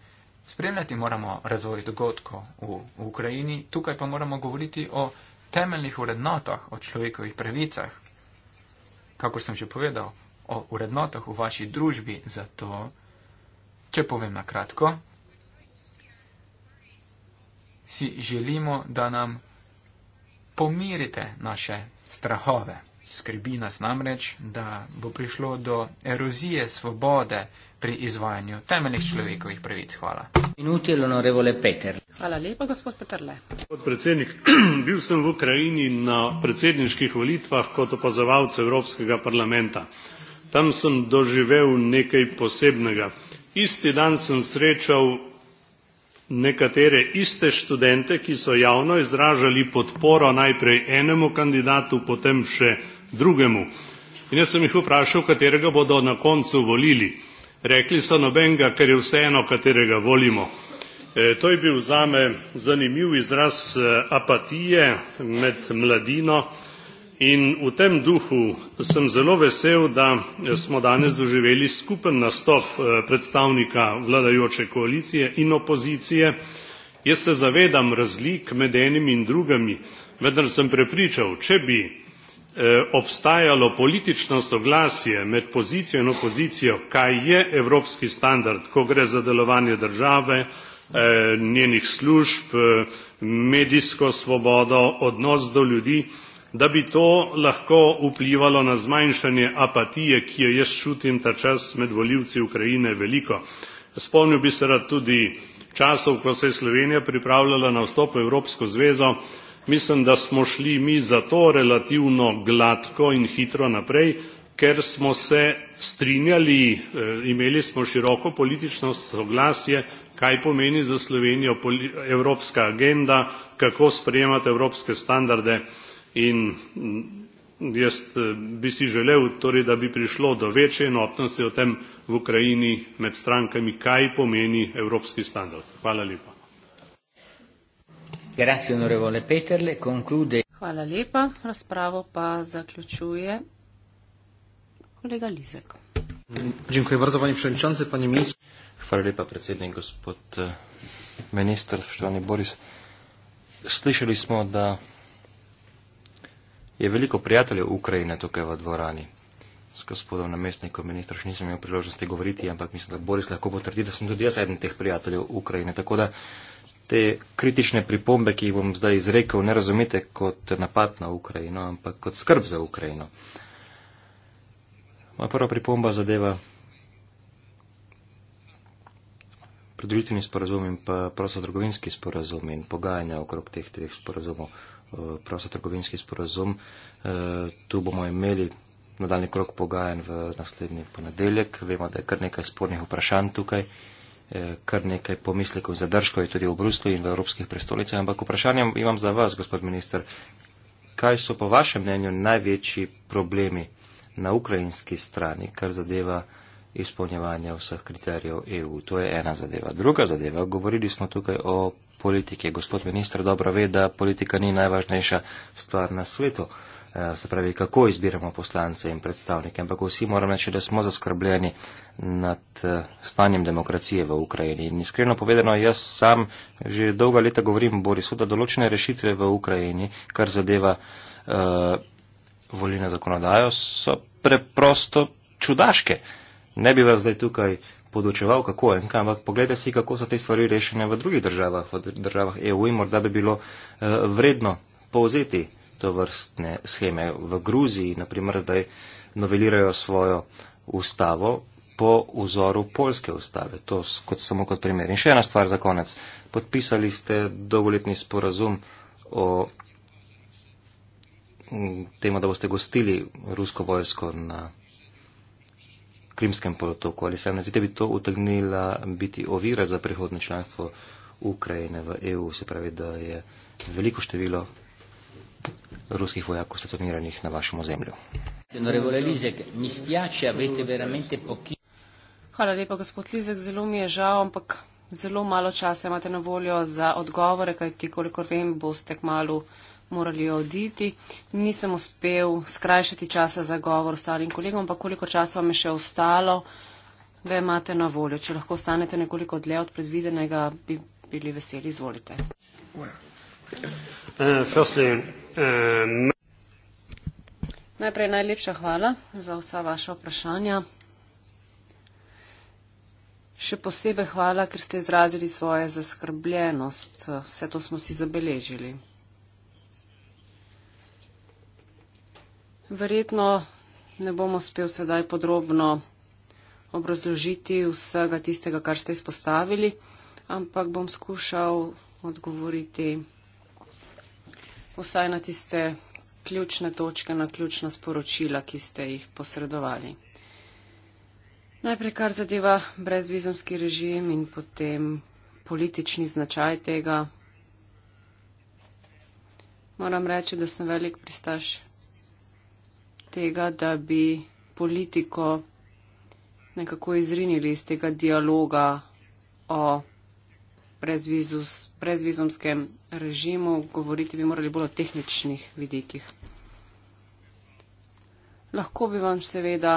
spremljati moramo razvoj dogodkov v Ukrajini, tukaj pa moramo govoriti o temeljnih vrednotah, o človekovih pravicah. Kakor sem že povedal, o urednotah v vaši družbi za to, če povem na kratko, si želimo, da nam pomirite naše strahove. Skrbi nas namreč, da bo prišlo do erozije svobode pri izvajanju temeljnih človekovih pravic. Hvala. Hvala lepa, gospod Petrle. Gospod predsednik, bil sem v Ukrajini na predsedniških volitvah kot opazovalc Evropskega parlamenta tam sem doživel nekaj posebnega. Isti dan sem srečal nekatere iste študente, ki so javno izražali podporo najprej enemu kandidatu, potem še drugemu. In jaz sem jih vprašal, katerega bodo na koncu volili. Rekli so nobenega, ker je vseeno, katerega volimo. E, to je bil zame zanimiv izraz e, apatije med mladino. In v tem duhu sem zelo vesel, da eh, smo danes doživeli skupen nastop eh, predstavnika vladajoče koalicije in opozicije. Jaz se zavedam razlik med enim in drugimi, vendar sem prepričal, če bi eh, obstajalo politično soglasje med pozicijo in opozicijo, kaj je evropski standard, ko gre za delovanje države, njenih služb, medijsko svobodo, odnos do ljudi, da bi to lahko vplivalo na zmanjšanje apatije, ki jo jaz čutim ta čas med voljivci Ukrajine veliko. Spomnil bi se rad tudi časov, ko se je Slovenija pripravljala na vstop v Evropsko zvezo. Mislim, da smo šli mi zato relativno gladko in hitro naprej, ker smo se strinjali, eh, imeli smo široko politično soglasje, kaj pomeni za Slovenijo evropska agenda, kako sprejemati evropske standarde. In mm, jaz eh, bi si želel, torej, da bi prišlo do večje enotnosti o tem v Ukrajini med strankami, kaj pomeni evropski standard. Hvala lepa. Hvala lepa. Razpravo pa zaključuje kolega Lizek. Hvala lepa, predsednik, gospod eh, minister, spoštovani Boris. Slišali smo, da je veliko prijateljev Ukrajine tukaj v dvorani. S gospodom namestnikom ministra še nisem imel priložnosti govoriti, ampak mislim, da Boris lahko potrdi, da sem tudi jaz eden teh prijateljev Ukrajine. Tako da te kritične pripombe, ki jih bom zdaj izrekel, ne razumete kot napad na Ukrajino, ampak kot skrb za Ukrajino. Moja prva pripomba zadeva predvidljivni sporazum in pa prostotrgovinski sporazum in pogajanja okrog teh dveh sporazumov pravzaprav trgovinski sporazum. Eh, tu bomo imeli nadaljni krok pogajanj v naslednji ponedeljek. Vemo, da je kar nekaj spornih vprašanj tukaj, eh, kar nekaj pomislekov zadržkov je tudi v Bruslu in v evropskih prestolicah. Ampak vprašanje imam za vas, gospod minister. Kaj so po vašem mnenju največji problemi na ukrajinski strani, kar zadeva izpolnjevanje vseh kriterijev EU? To je ena zadeva. Druga zadeva, govorili smo tukaj o politike. Gospod ministr dobro ve, da politika ni najvažnejša stvar na svetu. Eh, se pravi, kako izbiramo poslance in predstavnike, ampak vsi moramo reči, da smo zaskrbljeni nad eh, stanjem demokracije v Ukrajini. In iskreno povedano, jaz sam že dolga leta govorim, Borisu, da določene rešitve v Ukrajini, kar zadeva uh, volilno zakonodajo, so preprosto čudaške. Ne bi vas zdaj tukaj podočeval, kako in kaj, ampak pogledaj si, kako so te stvari rešene v drugih državah, v državah EU in morda bi bilo eh, vredno povzeti to vrstne scheme. V Gruziji, naprimer, zdaj novelirajo svojo ustavo po vzoru polske ustave. To kot, samo kot primer. In še ena stvar za konec. Podpisali ste dolgoletni sporazum o temu, da boste gostili rusko vojsko na Krimskem polotoku. Ali se vam ne zdi, da bi to utegnila biti ovira za prihodno članstvo Ukrajine v EU, se pravi, da je veliko število ruskih vojakov stacioniranih na vašem ozemlju? Hvala lepa, gospod Lizek, zelo mi je žal, ampak zelo malo časa imate na voljo za odgovore, kajti, kolikor vem, boste k malu morali oditi. Nisem uspel skrajšati časa za govor ostalim kolegom, ampak koliko časa vam je še ostalo, da imate na voljo. Če lahko stanete nekoliko dlje od predvidenega, bi bili veseli. Izvolite. Najprej najlepša hvala za vsa vaša vprašanja. Še posebej hvala, ker ste izrazili svojo zaskrbljenost. Vse to smo si zabeležili. Verjetno ne bom uspel sedaj podrobno obrazložiti vsega tistega, kar ste izpostavili, ampak bom skušal odgovoriti vsaj na tiste ključne točke, na ključna sporočila, ki ste jih posredovali. Najprej, kar zadeva brezvizumski režim in potem politični značaj tega. Moram reči, da sem velik pristaš tega, da bi politiko nekako izrinili iz tega dialoga o brezvizumskem režimu, govoriti bi morali bolj o tehničnih vidikih. Lahko bi vam seveda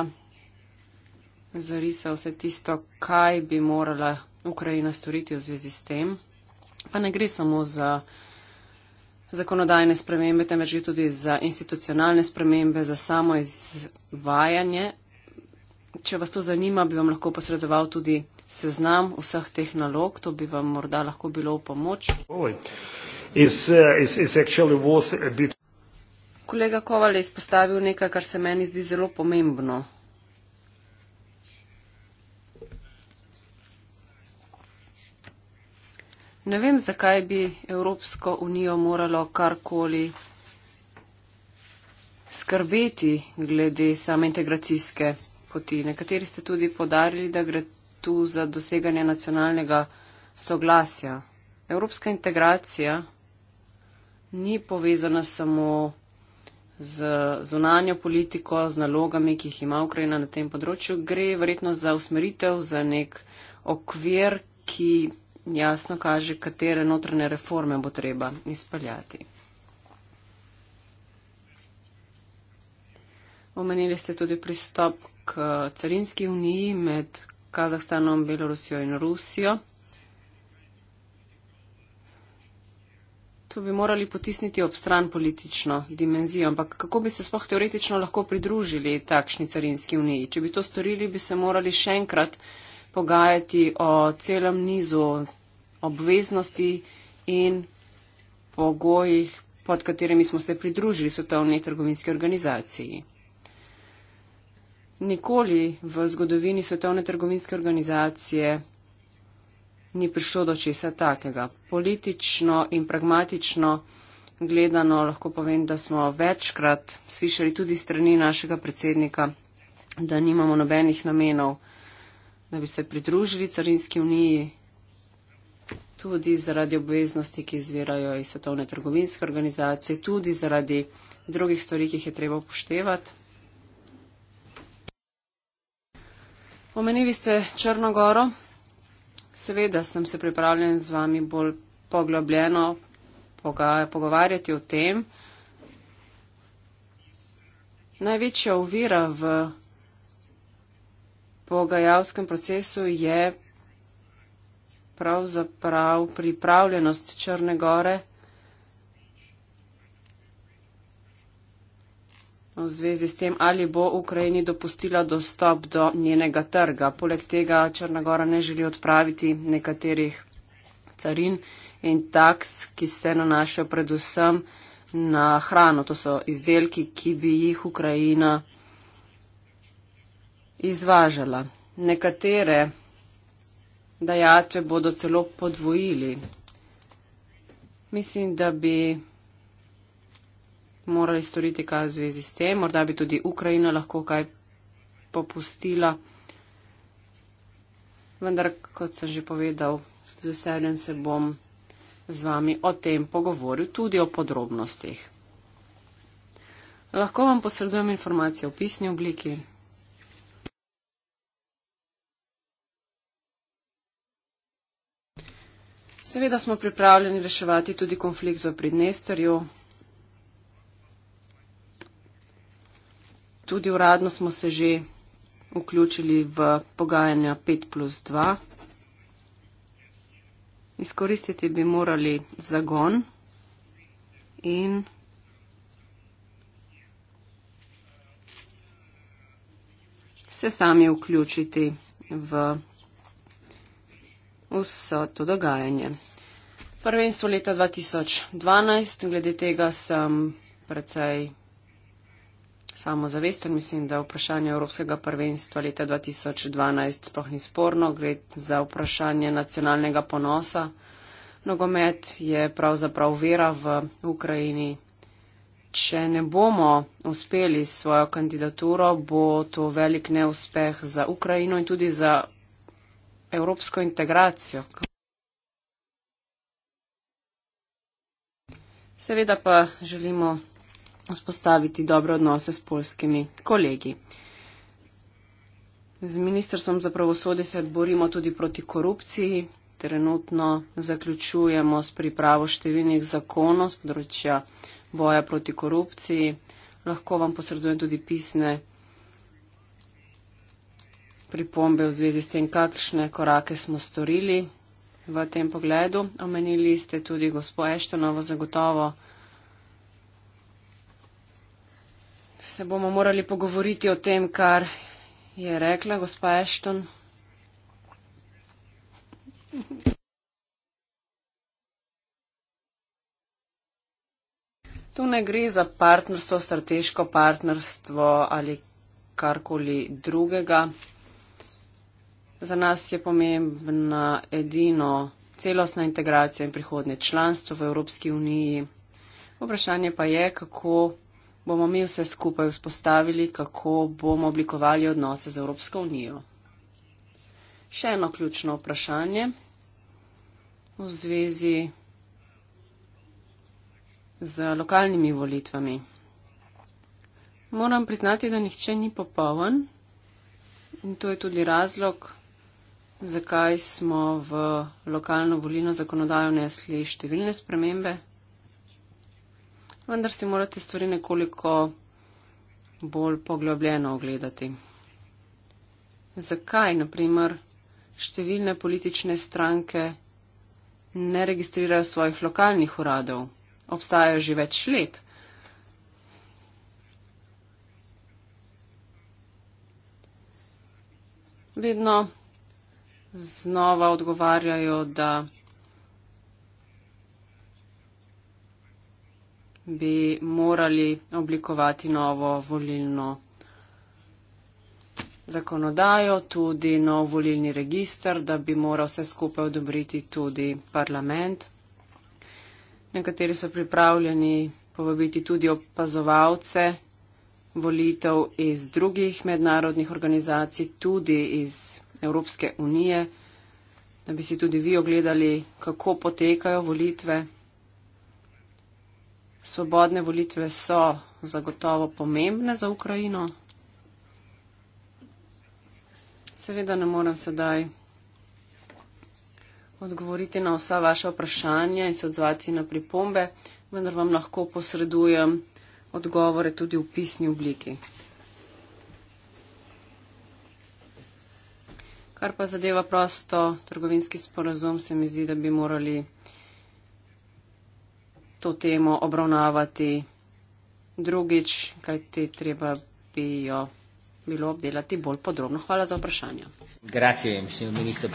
zarisal vse tisto, kaj bi morala Ukrajina storiti v zvezi s tem, pa ne gre samo za zakonodajne spremembe, temveč gre tudi za institucionalne spremembe, za samo izvajanje. Če vas to zanima, bi vam lahko posredoval tudi seznam vseh teh nalog, to bi vam morda lahko bilo v pomoč. Eh, Kolega Koval je izpostavil nekaj, kar se meni zdi zelo pomembno. Ne vem, zakaj bi Evropsko unijo moralo karkoli skrbeti glede same integracijske poti. Nekateri ste tudi podarili, da gre tu za doseganje nacionalnega soglasja. Evropska integracija ni povezana samo z zunanjo politiko, z nalogami, ki jih ima Ukrajina na tem področju. Gre verjetno za usmeritev, za nek okvir, ki jasno kaže, katere notranje reforme bo treba izpeljati. Omenili ste tudi pristop k carinski uniji med Kazahstanom, Belorusijo in Rusijo. To bi morali potisniti ob stran politično dimenzijo, ampak kako bi se spoh teoretično lahko pridružili takšni carinski uniji? Če bi to storili, bi se morali še enkrat pogajati o celem nizu obveznosti in pogojih, pod katerimi smo se pridružili Svetovni trgovinski organizaciji. Nikoli v zgodovini Svetovne trgovinske organizacije ni prišlo do česa takega. Politično in pragmatično gledano lahko povem, da smo večkrat slišali tudi strani našega predsednika, da nimamo nobenih namenov, da bi se pridružili Carinski uniji tudi zaradi obveznosti, ki izvirajo iz svetovne trgovinske organizacije, tudi zaradi drugih stvari, ki jih je treba upoštevati. Omenili ste Črnogoro. Seveda sem se pripravljen z vami bolj poglobljeno pogovarjati o tem. Največja uvira v pogajalskem procesu je pravzaprav pripravljenost Črne gore v zvezi s tem, ali bo Ukrajini dopustila dostop do njenega trga. Poleg tega Črna gora ne želi odpraviti nekaterih carin in taks, ki se nanašajo predvsem na hrano. To so izdelki, ki bi jih Ukrajina izvažala. Nekatere dajatve bodo celo podvojili. Mislim, da bi morali storiti kaj v zvezi s tem, morda bi tudi Ukrajina lahko kaj popustila. Vendar, kot sem že povedal, z veseljem se bom z vami o tem pogovoril, tudi o podrobnostih. Lahko vam posredujem informacije v pisni obliki, Seveda smo pripravljeni reševati tudi konflikt v Pridnesterju. Tudi uradno smo se že vključili v pogajanja 5 plus 2. Izkoristiti bi morali zagon in se sami vključiti v vso to dogajanje. Prvenstvo leta 2012, glede tega sem precej samozavesten, mislim, da vprašanje Evropskega prvenstva leta 2012 sploh ni sporno, gre za vprašanje nacionalnega ponosa. Nogomet je pravzaprav vera v Ukrajini. Če ne bomo uspeli s svojo kandidaturo, bo to velik neuspeh za Ukrajino in tudi za evropsko integracijo. Seveda pa želimo vzpostaviti dobre odnose s polskimi kolegi. Z Ministrstvom za pravosodje se borimo tudi proti korupciji. Trenutno zaključujemo s pripravo številnih zakonov z področja boja proti korupciji. Lahko vam posredujem tudi pisne pripombe v zvezi s tem, kakšne korake smo storili v tem pogledu. Omenili ste tudi gospo Eštonovo zagotovo. Se bomo morali pogovoriti o tem, kar je rekla gospa Ešton. Tu ne gre za partnerstvo, strateško partnerstvo ali karkoli drugega. Za nas je pomembna edino celostna integracija in prihodnje članstvo v Evropski uniji. Vprašanje pa je, kako bomo mi vse skupaj vzpostavili, kako bomo oblikovali odnose z Evropsko unijo. Še eno ključno vprašanje v zvezi z lokalnimi volitvami. Moram priznati, da nihče ni popoln in to je tudi razlog, zakaj smo v lokalno volilno zakonodajo nesli številne spremembe. Vendar si morate stvari nekoliko bolj poglobljeno ogledati. Zakaj, naprimer, številne politične stranke ne registrirajo svojih lokalnih uradov? Obstajajo že več let. Vedno znova odgovarjajo, da bi morali oblikovati novo volilno zakonodajo, tudi nov volilni registr, da bi moral vse skupaj odobriti tudi parlament. Nekateri so pripravljeni povabiti tudi opazovalce volitev iz drugih mednarodnih organizacij, tudi iz Evropske unije, da bi si tudi vi ogledali, kako potekajo volitve. Svobodne volitve so zagotovo pomembne za Ukrajino. Seveda ne morem sedaj odgovoriti na vsa vaša vprašanja in se odzvati na pripombe, vendar vam lahko posredujem odgovore tudi v pisni obliki. Kar pa zadeva prosto trgovinski sporozum, se mi zdi, da bi morali to temo obravnavati drugič, kajti treba bi jo bilo obdelati bolj podrobno. Hvala za vprašanje. Grazie, ministr,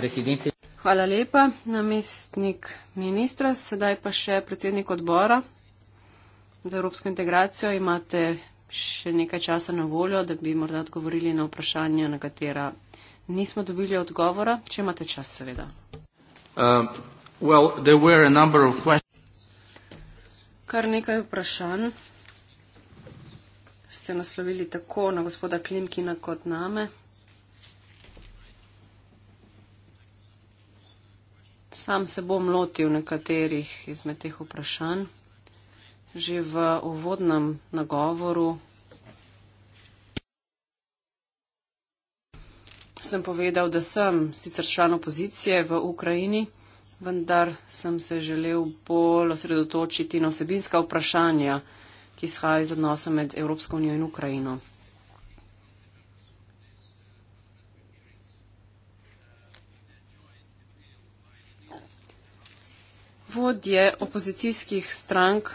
Hvala lepa, namestnik ministra. Sedaj pa še predsednik odbora za evropsko integracijo. Imate še nekaj časa na voljo, da bi morda odgovorili na vprašanje, na katera nismo dobili odgovora, če imate čas, seveda. Uh, well, there were a number of questions. Kar nekaj vprašanj ste naslovili tako na gospoda Klimkina kot name. Sam se bom lotil nekaterih izmed teh vprašanj. Že v uvodnem nagovoru sem povedal, da sem sicer član opozicije v Ukrajini, vendar sem se želel bolj osredotočiti na osebinska vprašanja, ki izhajajo iz odnosa med Evropsko unijo in Ukrajino. Vodje opozicijskih strank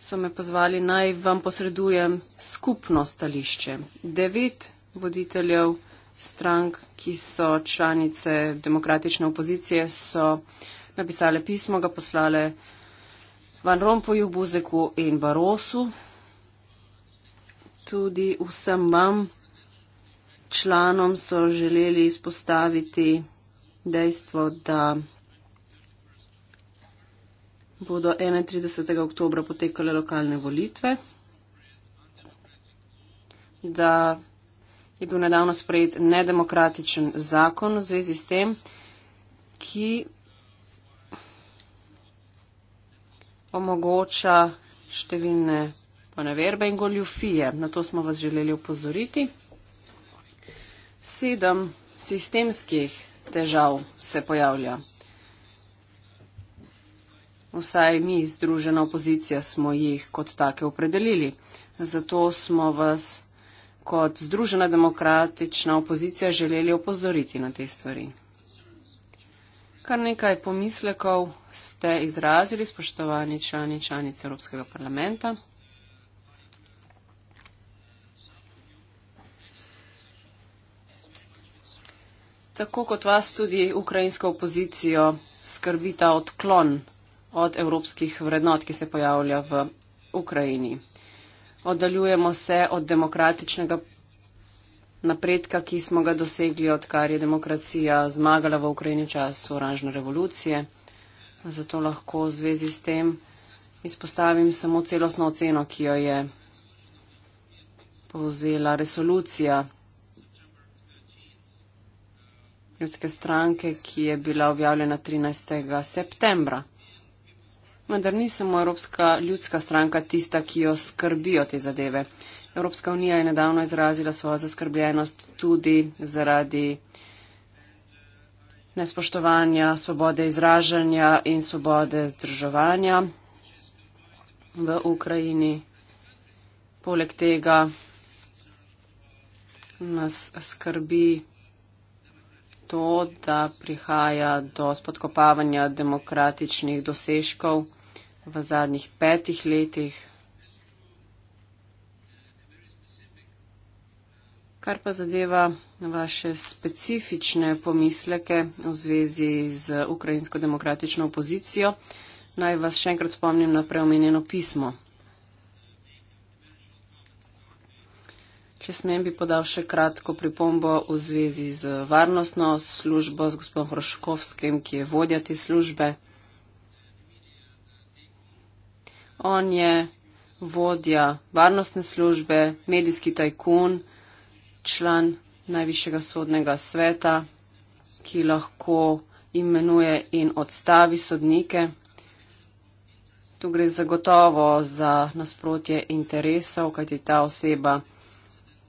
so me pozvali, naj vam posredujem skupno stališče. Devet voditeljev strank, ki so članice demokratične opozicije, so napisale pismo, ga poslale Van Rompuju, Buzeku in Barosu. Tudi vsem vam članom so želeli izpostaviti dejstvo, da bodo 31. oktober potekale lokalne volitve, da je bil nedavno sprejet nedemokratičen zakon v zvezi s tem, ki omogoča številne poneverbe in goljufije. Na to smo vas želeli upozoriti. Sedem sistemskih težav se pojavlja. Vsaj mi, združena opozicija, smo jih kot take opredelili. Zato smo vas kot združena demokratična opozicija želeli opozoriti na te stvari. Kar nekaj pomislekov ste izrazili, spoštovani člani in članice Evropskega parlamenta. Tako kot vas tudi ukrajinsko opozicijo skrbita odklon od evropskih vrednot, ki se pojavlja v Ukrajini oddaljujemo se od demokratičnega napredka, ki smo ga dosegli, odkar je demokracija zmagala v Ukrajini času oranžne revolucije. Zato lahko v zvezi s tem izpostavim samo celostno oceno, ki jo je povzela resolucija ljudske stranke, ki je bila objavljena 13. septembra vendar ni samo Evropska ljudska stranka tista, ki jo skrbijo te zadeve. Evropska unija je nedavno izrazila svojo zaskrbljenost tudi zaradi nespoštovanja svobode izražanja in svobode združevanja v Ukrajini. Poleg tega nas skrbi to, da prihaja do spodkopavanja demokratičnih dosežkov v zadnjih petih letih. Kar pa zadeva vaše specifične pomisleke v zvezi z ukrajinsko demokratično opozicijo, naj vas še enkrat spomnim na preomenjeno pismo. Če smem, bi podal še kratko pripombo v zvezi z varnostno službo, z gospodom Hroškovskim, ki je vodja te službe. On je vodja varnostne službe, medijski tajkun, član najvišjega sodnega sveta, ki lahko imenuje in odstavi sodnike. Tu gre zagotovo za nasprotje interesov, kajti ta oseba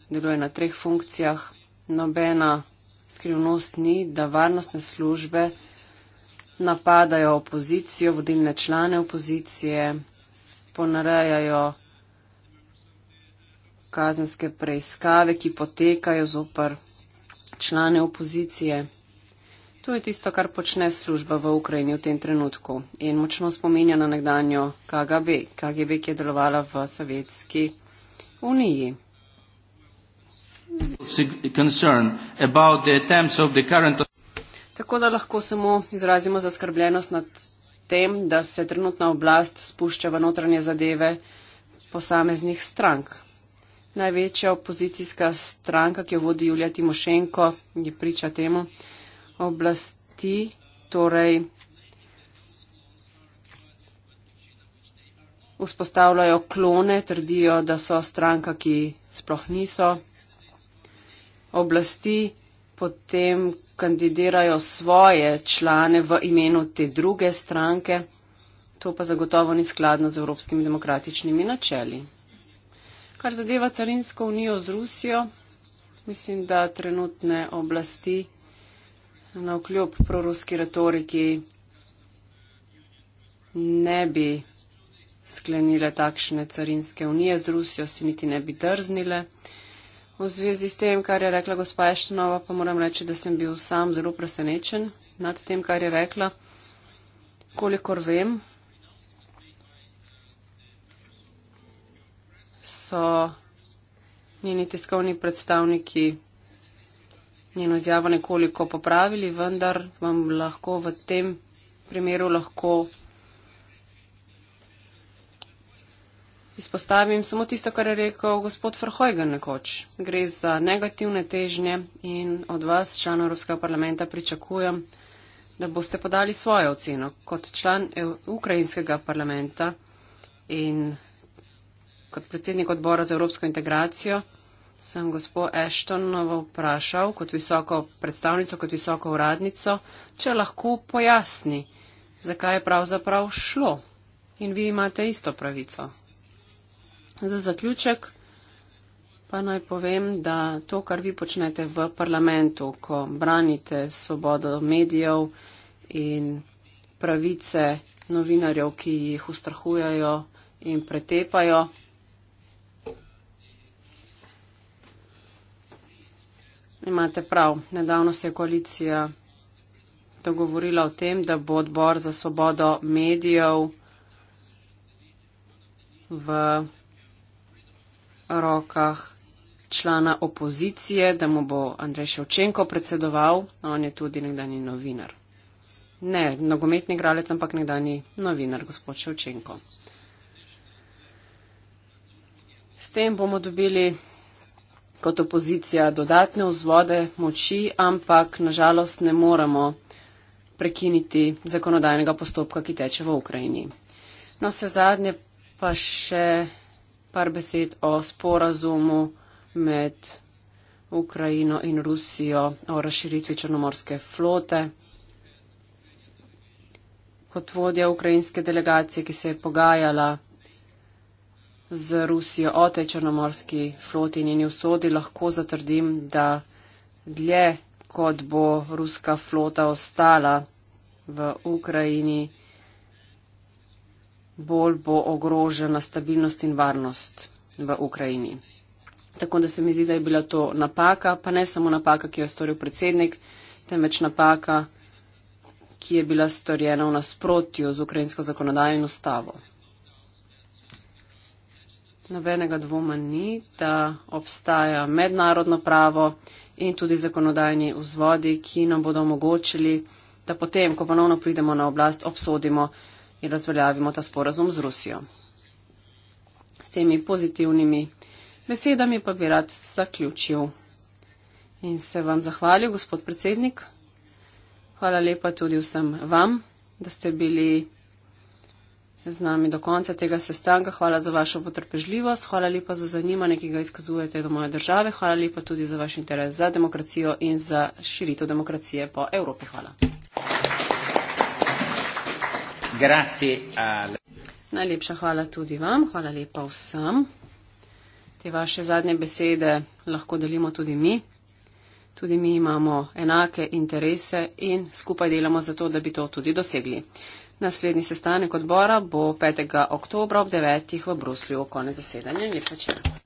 deluje na treh funkcijah. Nobena skrivnost ni, da varnostne službe napadajo opozicijo, vodilne člane opozicije, ponarejajo kazenske preiskave, ki potekajo zoper člane opozicije. To je tisto, kar počne služba v Ukrajini v tem trenutku in močno spominja na nekdanjo KGB, KGB, ki je delovala v Sovjetski uniji. Tako da lahko samo izrazimo zaskrbljenost nad tem, da se trenutna oblast spušča v notranje zadeve posameznih strank. Največja opozicijska stranka, ki jo vodi Julija Timošenko, je priča temu oblasti, torej vzpostavljajo klone, trdijo, da so stranka, ki sploh niso oblasti, potem kandidirajo svoje člane v imenu te druge stranke, to pa zagotovo ni skladno z evropskimi demokratičnimi načeli. Kar zadeva carinsko unijo z Rusijo, mislim, da trenutne oblasti na vkljub proruski retoriki ne bi sklenile takšne carinske unije z Rusijo, si niti ne bi drznile. V zvezi s tem, kar je rekla gospa Eštenova, pa moram reči, da sem bil sam zelo presenečen nad tem, kar je rekla. Kolikor vem, so njeni tiskovni predstavniki njeno izjavo nekoliko popravili, vendar vam lahko v tem primeru lahko izpostavim samo tisto, kar je rekel gospod Frhojgen nekoč. Gre za negativne težnje in od vas, članov Evropskega parlamenta, pričakujem, da boste podali svojo oceno kot član Ukrajinskega parlamenta in kot predsednik odbora za Evropsko integracijo. Sem gospod Eštonovo vprašal kot visoko predstavnico, kot visoko uradnico, če lahko pojasni, zakaj je pravzaprav šlo. In vi imate isto pravico. Za zaključek pa naj povem, da to, kar vi počnete v parlamentu, ko branite svobodo medijev in pravice novinarjev, ki jih ustrahujajo in pretepajo, imate prav. Nedavno se je koalicija dogovorila o tem, da bo odbor za svobodo medijev v rokah člana opozicije, da mu bo Andrej Ševčenko predsedoval, on je tudi nekdani novinar. Ne, nogometni igralec, ampak nekdani novinar, gospod Ševčenko. S tem bomo dobili kot opozicija dodatne vzvode moči, ampak nažalost ne moremo prekiniti zakonodajnega postopka, ki teče v Ukrajini. No, se zadnje pa še par besed o sporazumu med Ukrajino in Rusijo o razširitvi Črnomorske flote. Kot vodja ukrajinske delegacije, ki se je pogajala z Rusijo o tej Črnomorski floti in njeni usodi, lahko zatrdim, da dlje kot bo ruska flota ostala v Ukrajini, bolj bo ogrožena stabilnost in varnost v Ukrajini. Tako da se mi zdi, da je bila to napaka, pa ne samo napaka, ki jo je storil predsednik, temveč napaka, ki je bila storjena v nasprotju z ukrajinsko zakonodajo in ustavo. Nobenega dvoma ni, da obstaja mednarodno pravo in tudi zakonodajni vzvodi, ki nam bodo omogočili, da potem, ko ponovno pridemo na oblast, obsodimo in razveljavimo ta sporazum z Rusijo. S temi pozitivnimi besedami pa bi rad zaključil in se vam zahvalil, gospod predsednik. Hvala lepa tudi vsem vam, da ste bili z nami do konca tega sestanka. Hvala za vašo potrpežljivost, hvala lepa za zanimanje, ki ga izkazujete do moje države. Hvala lepa tudi za vaš interes za demokracijo in za širitev demokracije po Evropi. Hvala grazie a lei. Najlepša hvala tudi vam, hvala lepa vsem. Te vaše zadnje besede lahko delimo tudi mi. Tudi mi imamo enake interese in skupaj delamo za to, da bi to tudi dosegli. Naslednji sestanek odbora bo 5. oktober ob 9. v Bruslju, konec zasedanja. Lepa čeprav.